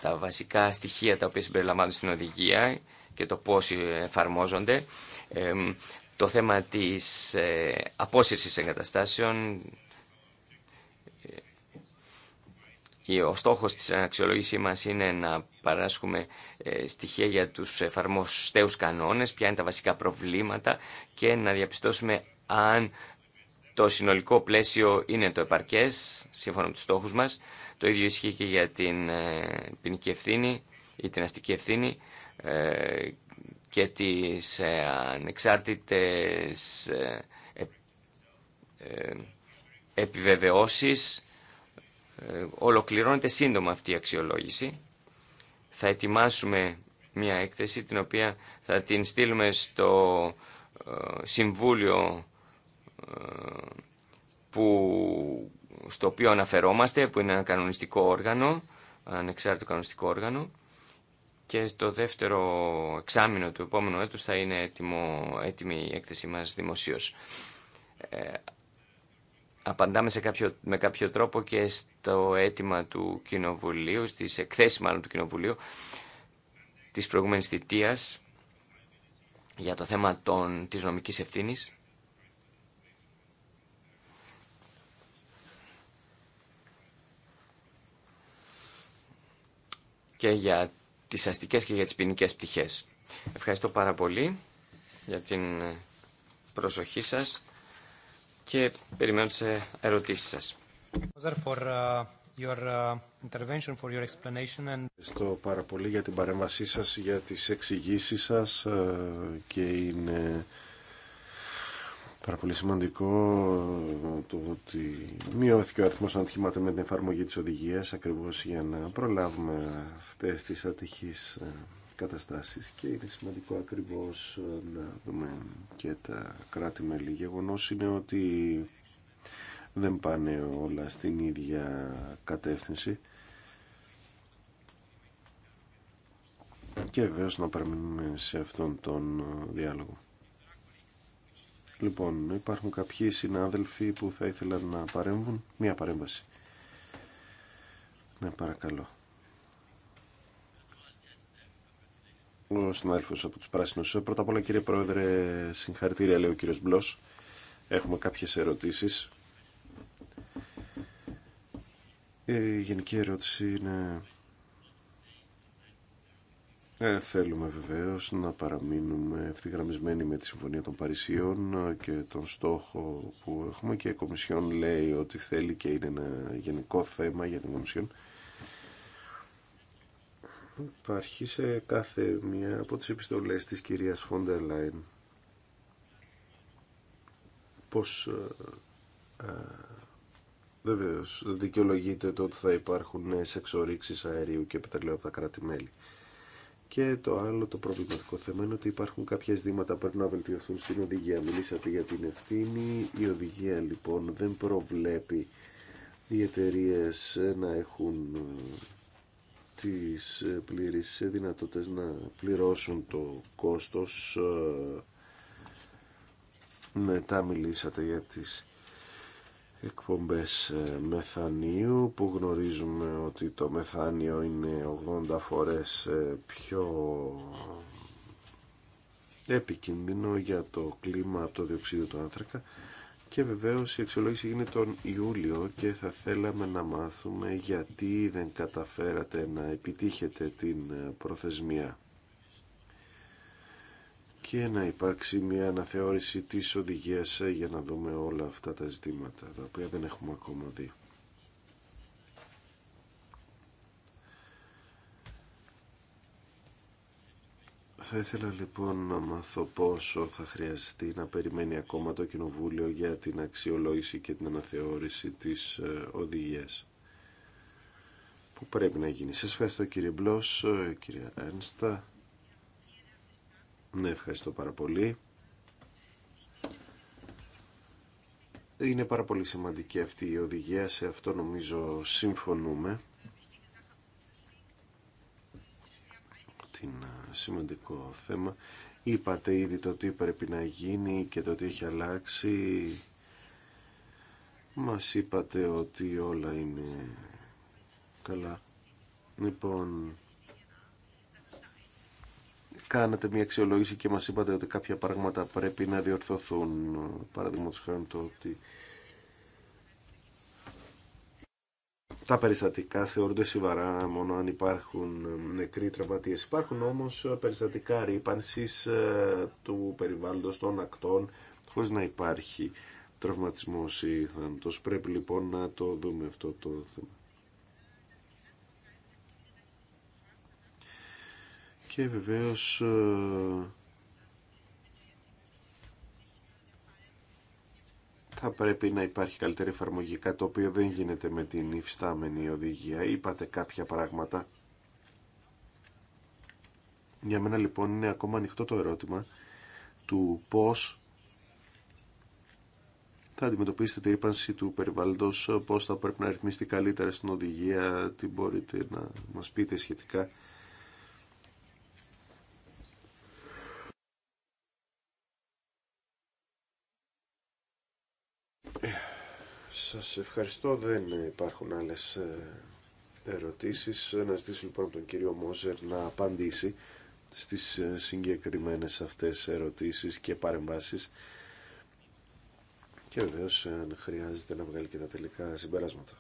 S2: τα βασικά στοιχεία τα οποία συμπεριλαμβάνονται στην οδηγία και το πώς ε, εφαρμόζονται, το θέμα της απόσυρσης εγκαταστάσεων, ο στόχος της αξιολόγησής μας είναι να παράσχουμε ε, στοιχεία για τους εφαρμοστέους κανόνες, ποια είναι τα βασικά προβλήματα και να διαπιστώσουμε αν το συνολικό πλαίσιο είναι το επαρκές, σύμφωνα με τους στόχους μας. Το ίδιο ισχύει και για την ε, ποινική ευθύνη ή την αστική ευθύνη ε, και τις ανεξάρτητες επιβεβαιώσεις ε, ολοκληρώνεται σύντομα αυτή η αξιολόγηση. Θα ετοιμάσουμε μια έκθεση την οποία θα την στείλουμε στο ε, Συμβούλιο ε, που, στο οποίο αναφερόμαστε, που είναι ένα κανονιστικό όργανο, ανεξάρτητο κανονιστικό όργανο και το δεύτερο εξάμεινο του επόμενου έτους θα είναι έτοιμο, έτοιμη η έκθεση μας δημοσίως απαντάμε σε κάποιο, με κάποιο τρόπο και στο αίτημα του Κοινοβουλίου, στις εκθέσεις μάλλον του Κοινοβουλίου της προηγούμενης θητείας για το θέμα των, της νομικής ευθύνης. και για τις αστικές και για τις ποινικές πτυχές. Ευχαριστώ πάρα πολύ για την προσοχή σας και περιμένω τις ε, ερωτήσεις σας. Uh, uh, Ευχαριστώ πάρα
S3: πολύ για την παρέμβασή σας, για τις εξηγήσεις σας ε, και είναι πάρα πολύ σημαντικό ε, το ότι μειώθηκε ο αριθμός των ατυχημάτων με την εφαρμογή της οδηγίας ακριβώς για να προλάβουμε αυτές τις ατυχείς καταστάσεις και είναι σημαντικό ακριβώς ε, να δούμε και τα κράτη-μέλη. Γεγονός είναι ότι δεν πάνε όλα στην ίδια κατεύθυνση και βέβαια να παραμείνουμε σε αυτόν τον ε, διάλογο. Λοιπόν, υπάρχουν κάποιοι συνάδελφοι που θα ήθελαν να παρέμβουν. Μία παρέμβαση. Ναι, παρακαλώ. ο συνάδελφος από τους Πράσινους. Ε, πρώτα απ' όλα κύριε Πρόεδρε, συγχαρητήρια λέει ο κύριο Μπλό. Έχουμε κάποιες ερωτήσεις. Η γενική ερώτηση είναι... Ε, θέλουμε βεβαίω να παραμείνουμε ευθυγραμμισμένοι με τη Συμφωνία των Παρισίων και τον στόχο που έχουμε και η Κομισιόν λέει ότι θέλει και είναι ένα γενικό θέμα για την Κομισιόν υπάρχει σε κάθε μία από τις επιστολές της κυρίας Φόντερ Λάιν πως ε, ε, Βεβαίω, δικαιολογείται το ότι θα υπάρχουν σε εξορίξεις αερίου και πετρελαίου από τα κράτη-μέλη. Και το άλλο το προβληματικό θέμα είναι ότι υπάρχουν κάποια ζητήματα που πρέπει να βελτιωθούν στην οδηγία. Μιλήσατε για την ευθύνη. Η οδηγία λοιπόν δεν προβλέπει οι εταιρείε να έχουν ε, τις ε, πλήρεις δυνατότητες να πληρώσουν το κόστος. Ε, μετά μιλήσατε για τις εκπομπές ε, μεθανίου που γνωρίζουμε ότι το μεθάνιο είναι 80 φορές πιο επικίνδυνο για το κλίμα από το διοξείδιο του άνθρακα και βεβαίως η αξιολόγηση γίνεται τον Ιούλιο και θα θέλαμε να μάθουμε γιατί δεν καταφέρατε να επιτύχετε την ε, προθεσμία και να υπάρξει μια αναθεώρηση της οδηγίας για να δούμε όλα αυτά τα ζητήματα τα οποία δεν έχουμε ακόμα δει. Θα ήθελα λοιπόν να μάθω πόσο θα χρειαστεί να περιμένει ακόμα το Κοινοβούλιο για την αξιολόγηση και την αναθεώρηση της ε, οδηγίας που πρέπει να γίνει. Σας ευχαριστώ κύριε Μπλός, ε, κύρια Ένστα. Ναι, ευχαριστώ πάρα πολύ. Είναι πάρα πολύ σημαντική αυτή η οδηγία, σε αυτό νομίζω συμφωνούμε. Την ε, σημαντικό θέμα. Είπατε ήδη το τι πρέπει να γίνει και το τι έχει αλλάξει. Μας είπατε ότι όλα είναι καλά. Λοιπόν, κάνατε μια αξιολόγηση και μας είπατε ότι κάποια πράγματα πρέπει να διορθωθούν. Παραδείγματος χάρη το ότι τα περιστατικά θεωρούνται σιβαρά μόνο αν υπάρχουν νεκροί τραυματίες. Υπάρχουν όμως ε, περιστατικά ρήπανσης ε, του περιβάλλοντος των ακτών χωρίς να υπάρχει τραυματισμός ή θάνατος. Πρέπει λοιπόν να το δούμε αυτό το θέμα. Και βεβαίως ε, θα πρέπει να υπάρχει καλύτερη εφαρμογή, κάτι το οποίο δεν γίνεται με την υφιστάμενη οδηγία. Είπατε κάποια πράγματα. Για μένα λοιπόν είναι ακόμα ανοιχτό το ερώτημα του πώς θα αντιμετωπίσετε τη ρήπανση του περιβάλλοντος, πώς θα πρέπει να ρυθμίσετε καλύτερα στην οδηγία, τι μπορείτε να μας πείτε σχετικά Σας ευχαριστώ. Δεν υπάρχουν άλλες ε, ερωτήσεις. Να ζητήσω λοιπόν τον κύριο Μόζερ να απαντήσει στις ε, συγκεκριμένες αυτές ερωτήσεις και παρεμβάσεις και βεβαίω ε, αν χρειάζεται να βγάλει και τα τελικά συμπεράσματα.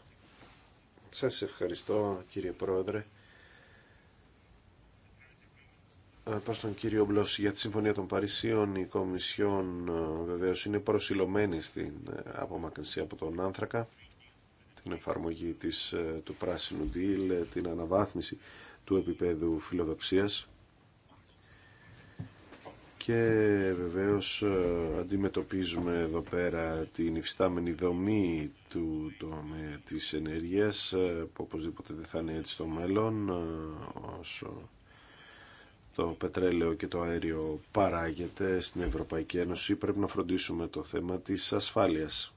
S3: Σας ευχαριστώ κύριε Πρόεδρε. Ε, προς τον κύριο Μπλώση για τη Συμφωνία των Παρισίων. Η Κομισιόν ε, βεβαίως είναι προσιλωμένη στην ε, απομακρυνσία από τον άνθρακα, την εφαρμογή της, του πράσινου deal, την αναβάθμιση του επίπεδου φιλοδοξίας και βεβαίως αντιμετωπίζουμε εδώ πέρα την υφιστάμενη δομή του τομέα της ενέργειας που οπωσδήποτε δεν θα είναι έτσι στο μέλλον όσο το πετρέλαιο και το αέριο παράγεται στην Ευρωπαϊκή Ένωση πρέπει να φροντίσουμε το θέμα της ασφάλειας.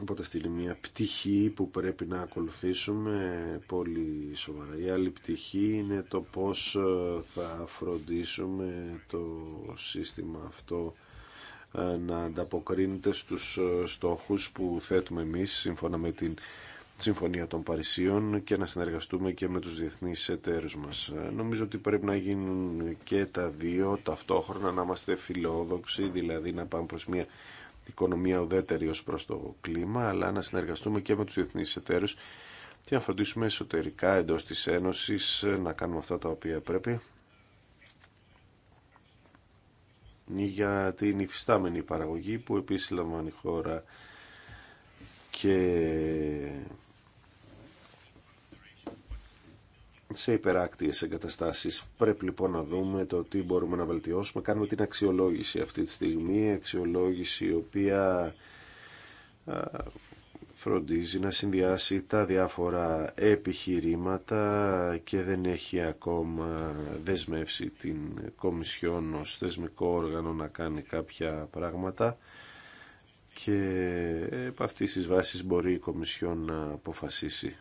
S3: Οπότε αυτή είναι μια πτυχή που πρέπει να ακολουθήσουμε πολύ σοβαρά. Η άλλη πτυχή είναι το πώς ε, θα φροντίσουμε το σύστημα αυτό ε, να ανταποκρίνεται στους ε, στόχους που θέτουμε εμείς σύμφωνα με την Συμφωνία των Παρισίων και να συνεργαστούμε και με τους διεθνείς εταίρους μας. Νομίζω ότι πρέπει να γίνουν και τα δύο ταυτόχρονα να είμαστε φιλόδοξοι, δηλαδή να πάμε προς μια οικονομία ουδέτερη ως προς το κλίμα, αλλά να συνεργαστούμε και με τους διεθνείς εταίρους και να φροντίσουμε εσωτερικά εντός της Ένωσης να κάνουμε αυτά τα οποία πρέπει για την υφιστάμενη παραγωγή που επίσης λαμβάνει η χώρα και σε υπεράκτιες εγκαταστάσεις. Πρέπει λοιπόν να δούμε το τι μπορούμε να βελτιώσουμε. Κάνουμε την αξιολόγηση αυτή τη στιγμή, αξιολόγηση η οποία φροντίζει να συνδυάσει τα διάφορα επιχειρήματα και δεν έχει ακόμα δεσμεύσει την Κομισιόν ως θεσμικό όργανο να κάνει κάποια πράγματα και από αυτής της βάσης μπορεί η Κομισιόν να αποφασίσει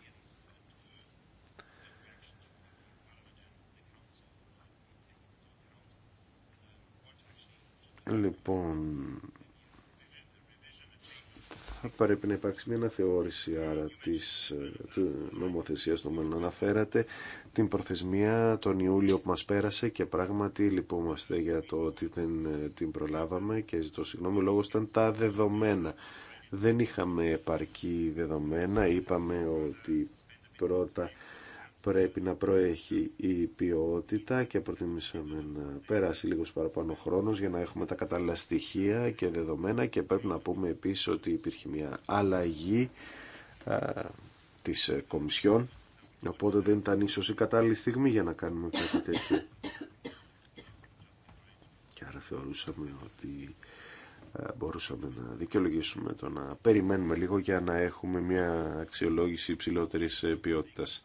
S3: Λοιπόν, θα πρέπει να υπάρξει μια αναθεώρηση άρα της, νομοθεσίας του μέλλον. Αναφέρατε την προθεσμία τον Ιούλιο που μας πέρασε και πράγματι λυπούμαστε για το ότι δεν ε, την προλάβαμε και ζητώ συγγνώμη λόγος ήταν τα δεδομένα. Δεν είχαμε επαρκή δεδομένα, είπαμε ότι πρώτα πρέπει να προέχει η ποιότητα και προτιμήσαμε να περάσει λίγο παραπάνω χρόνος για να έχουμε τα κατάλληλα στοιχεία και δεδομένα και πρέπει να πούμε επίσης ότι υπήρχε μια αλλαγή της ε, Κομισιόν οπότε δεν ήταν ίσως η κατάλληλη στιγμή για να κάνουμε κάτι τέτοιο. Και άρα θεωρούσαμε ότι μπορούσαμε να δικαιολογήσουμε το να περιμένουμε λίγο για να έχουμε μια αξιολόγηση υψηλότερης ε, ποιότητας.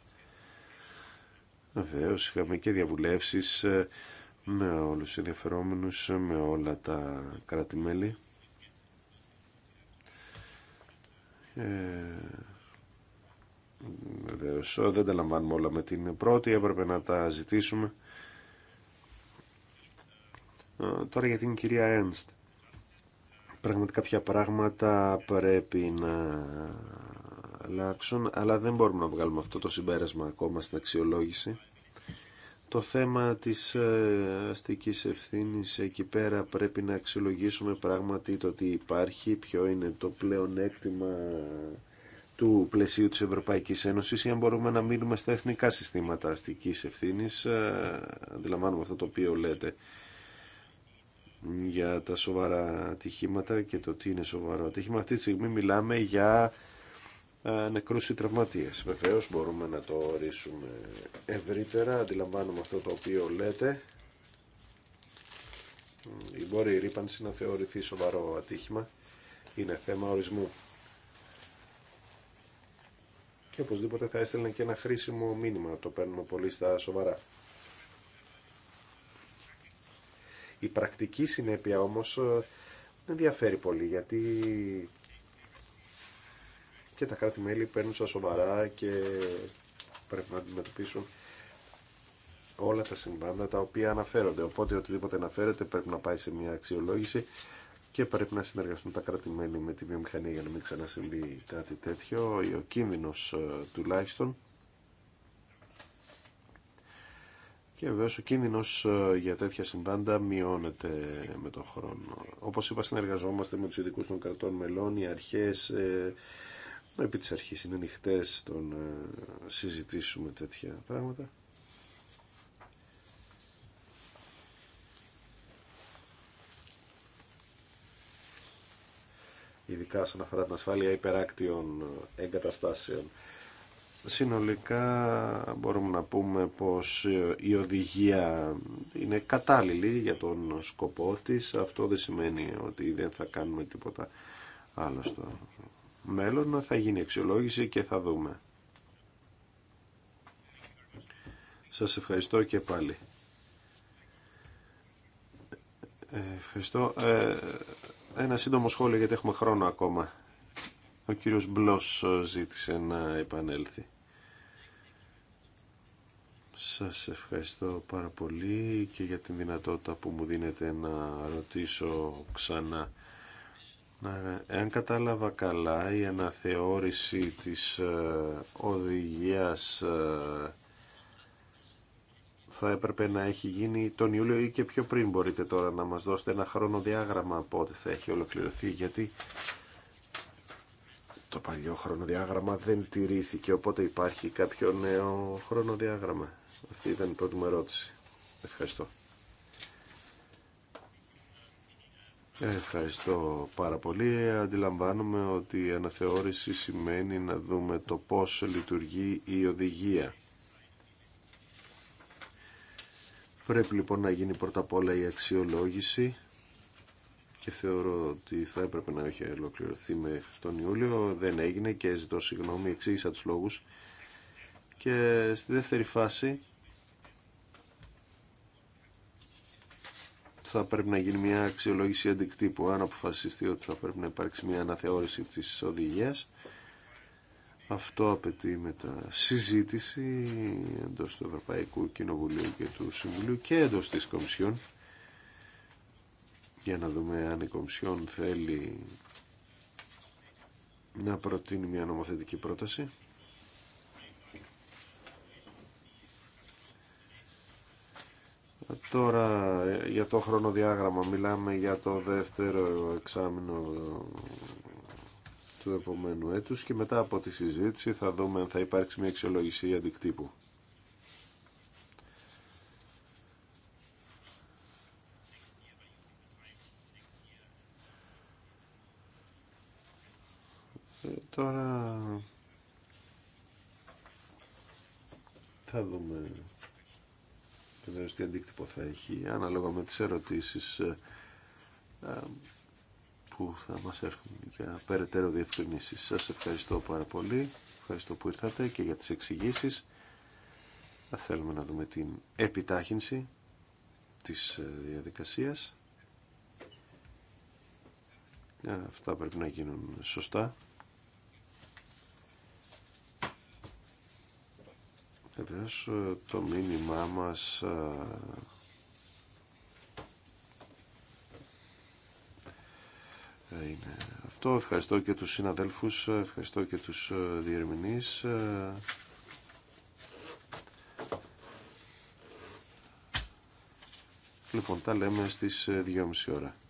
S3: Βεβαίω είχαμε και διαβουλεύσεις ε, με όλου τους ενδιαφερόμενους, με όλα τα κράτη-μέλη. Ε, Βεβαίω ε, δεν τα λαμβάνουμε όλα με την πρώτη, έπρεπε να τα ζητήσουμε. Ε, τώρα για την κυρία Έρνστ. Πραγματικά κάποια πράγματα πρέπει να αλλάξουν, αλλά δεν μπορούμε να βγάλουμε αυτό το συμπέρασμα ακόμα στην αξιολόγηση το θέμα της ε, αστικής ευθύνης εκεί πέρα πρέπει να αξιολογήσουμε πράγματι το τι υπάρχει, ποιο είναι το πλεονέκτημα του πλαισίου της Ευρωπαϊκής Ένωσης ή αν μπορούμε να μείνουμε στα εθνικά συστήματα αστικής ευθύνης. Ε, Αντιλαμβάνουμε αυτό το οποίο λέτε για τα σοβαρά ατυχήματα και το τι είναι σοβαρό ατύχημα. Αυτή τη στιγμή μιλάμε για ε, νεκρούς ή τραυματίες. Βεβαίως μπορούμε να το ορίσουμε ευρύτερα, αντιλαμβάνουμε αυτό το οποίο λέτε. Ή μπορεί η ρήπανση να θεωρηθεί σοβαρό ατύχημα, είναι θέμα ορισμού. Και οπωσδήποτε θα έστελνε και ένα χρήσιμο μήνυμα, το παίρνουμε πολύ στα σοβαρά. Η πρακτική συνέπεια όμως ε, δεν διαφέρει πολύ γιατί και τα κράτη-μέλη παίρνουν σοβαρά και πρέπει να αντιμετωπίσουν όλα τα συμβάντα τα οποία αναφέρονται. Οπότε οτιδήποτε αναφέρεται πρέπει να πάει σε μια αξιολόγηση και πρέπει να συνεργαστούν τα κράτη-μέλη με τη βιομηχανία για να μην ξανασυμβεί κάτι τέτοιο. ή Ο κίνδυνος ε, τουλάχιστον Και βεβαίω ο κίνδυνο ε, για τέτοια συμβάντα μειώνεται με τον χρόνο. Όπω είπα, συνεργαζόμαστε με του ειδικού των κρατών μελών, οι αρχέ, ε, επί της αρχής είναι ανοιχτέ να συζητήσουμε τέτοια πράγματα. Ειδικά όσον αφορά την ασφάλεια υπεράκτιων εγκαταστάσεων. Συνολικά μπορούμε να πούμε πως η οδηγία είναι κατάλληλη για τον σκοπό της. Αυτό δεν σημαίνει ότι δεν θα κάνουμε τίποτα άλλο στο μέλλον θα γίνει αξιολόγηση και θα δούμε. Σας ευχαριστώ και πάλι. Ε, ευχαριστώ. Ε, ένα σύντομο σχόλιο γιατί έχουμε χρόνο ακόμα. Ο κύριος Μπλος ε, ζήτησε να επανέλθει. Σας ευχαριστώ πάρα πολύ και για την δυνατότητα που μου δίνετε να ρωτήσω ξανά ε, εάν κατάλαβα καλά, η αναθεώρηση της ε, οδηγίας ε, θα έπρεπε να έχει γίνει τον Ιούλιο ή και πιο πριν μπορείτε τώρα να μας δώσετε ένα χρονοδιάγραμμα πότε θα έχει ολοκληρωθεί γιατί το παλιό χρονοδιάγραμμα δεν τηρήθηκε οπότε υπάρχει κάποιο νέο χρονοδιάγραμμα αυτή ήταν η πρώτη μου ερώτηση ευχαριστώ Ευχαριστώ πάρα πολύ. Αντιλαμβάνομαι ότι η αναθεώρηση σημαίνει να δούμε το πώς λειτουργεί η οδηγία. Πρέπει λοιπόν να γίνει πρώτα απ' όλα η αξιολόγηση και θεωρώ ότι θα έπρεπε να έχει ολοκληρωθεί με τον Ιούλιο. Δεν έγινε και ζητώ συγγνώμη, εξήγησα τους λόγους. Και στη δεύτερη φάση θα πρέπει να γίνει μια αξιολόγηση αντικτύπου. Αν αποφασιστεί ότι θα πρέπει να υπάρξει μια αναθεώρηση της οδηγίας, αυτό απαιτεί μετά συζήτηση εντός του Ευρωπαϊκού Κοινοβουλίου και του Συμβουλίου και εντός της Κομισιόν για να δούμε αν η Κομισιόν θέλει να προτείνει μια νομοθετική πρόταση. Τώρα για το χρονοδιάγραμμα μιλάμε για το δεύτερο εξάμεινο του επόμενου έτους και μετά από τη συζήτηση θα δούμε αν θα υπάρξει μια αξιολόγηση αντικτύπου. Ε, τώρα θα δούμε βεβαίως τι αντίκτυπο θα έχει ανάλογα με τις ερωτήσεις ε, ε, που θα μας έρχονται για περαιτέρω διευκρινήσεις. Σας ευχαριστώ πάρα πολύ. Ευχαριστώ που ήρθατε και για τις εξηγήσει. Θα θέλουμε να δούμε την επιτάχυνση της ε, διαδικασίας. Αυτά πρέπει να γίνουν σωστά. Βεβαίως ε, το μήνυμά μας ε, ε, είναι αυτό. Ευχαριστώ και τους συναδέλφους, ευχαριστώ και τους διερμηνείς. Λοιπόν, τα λέμε στις 2.30 ώρα.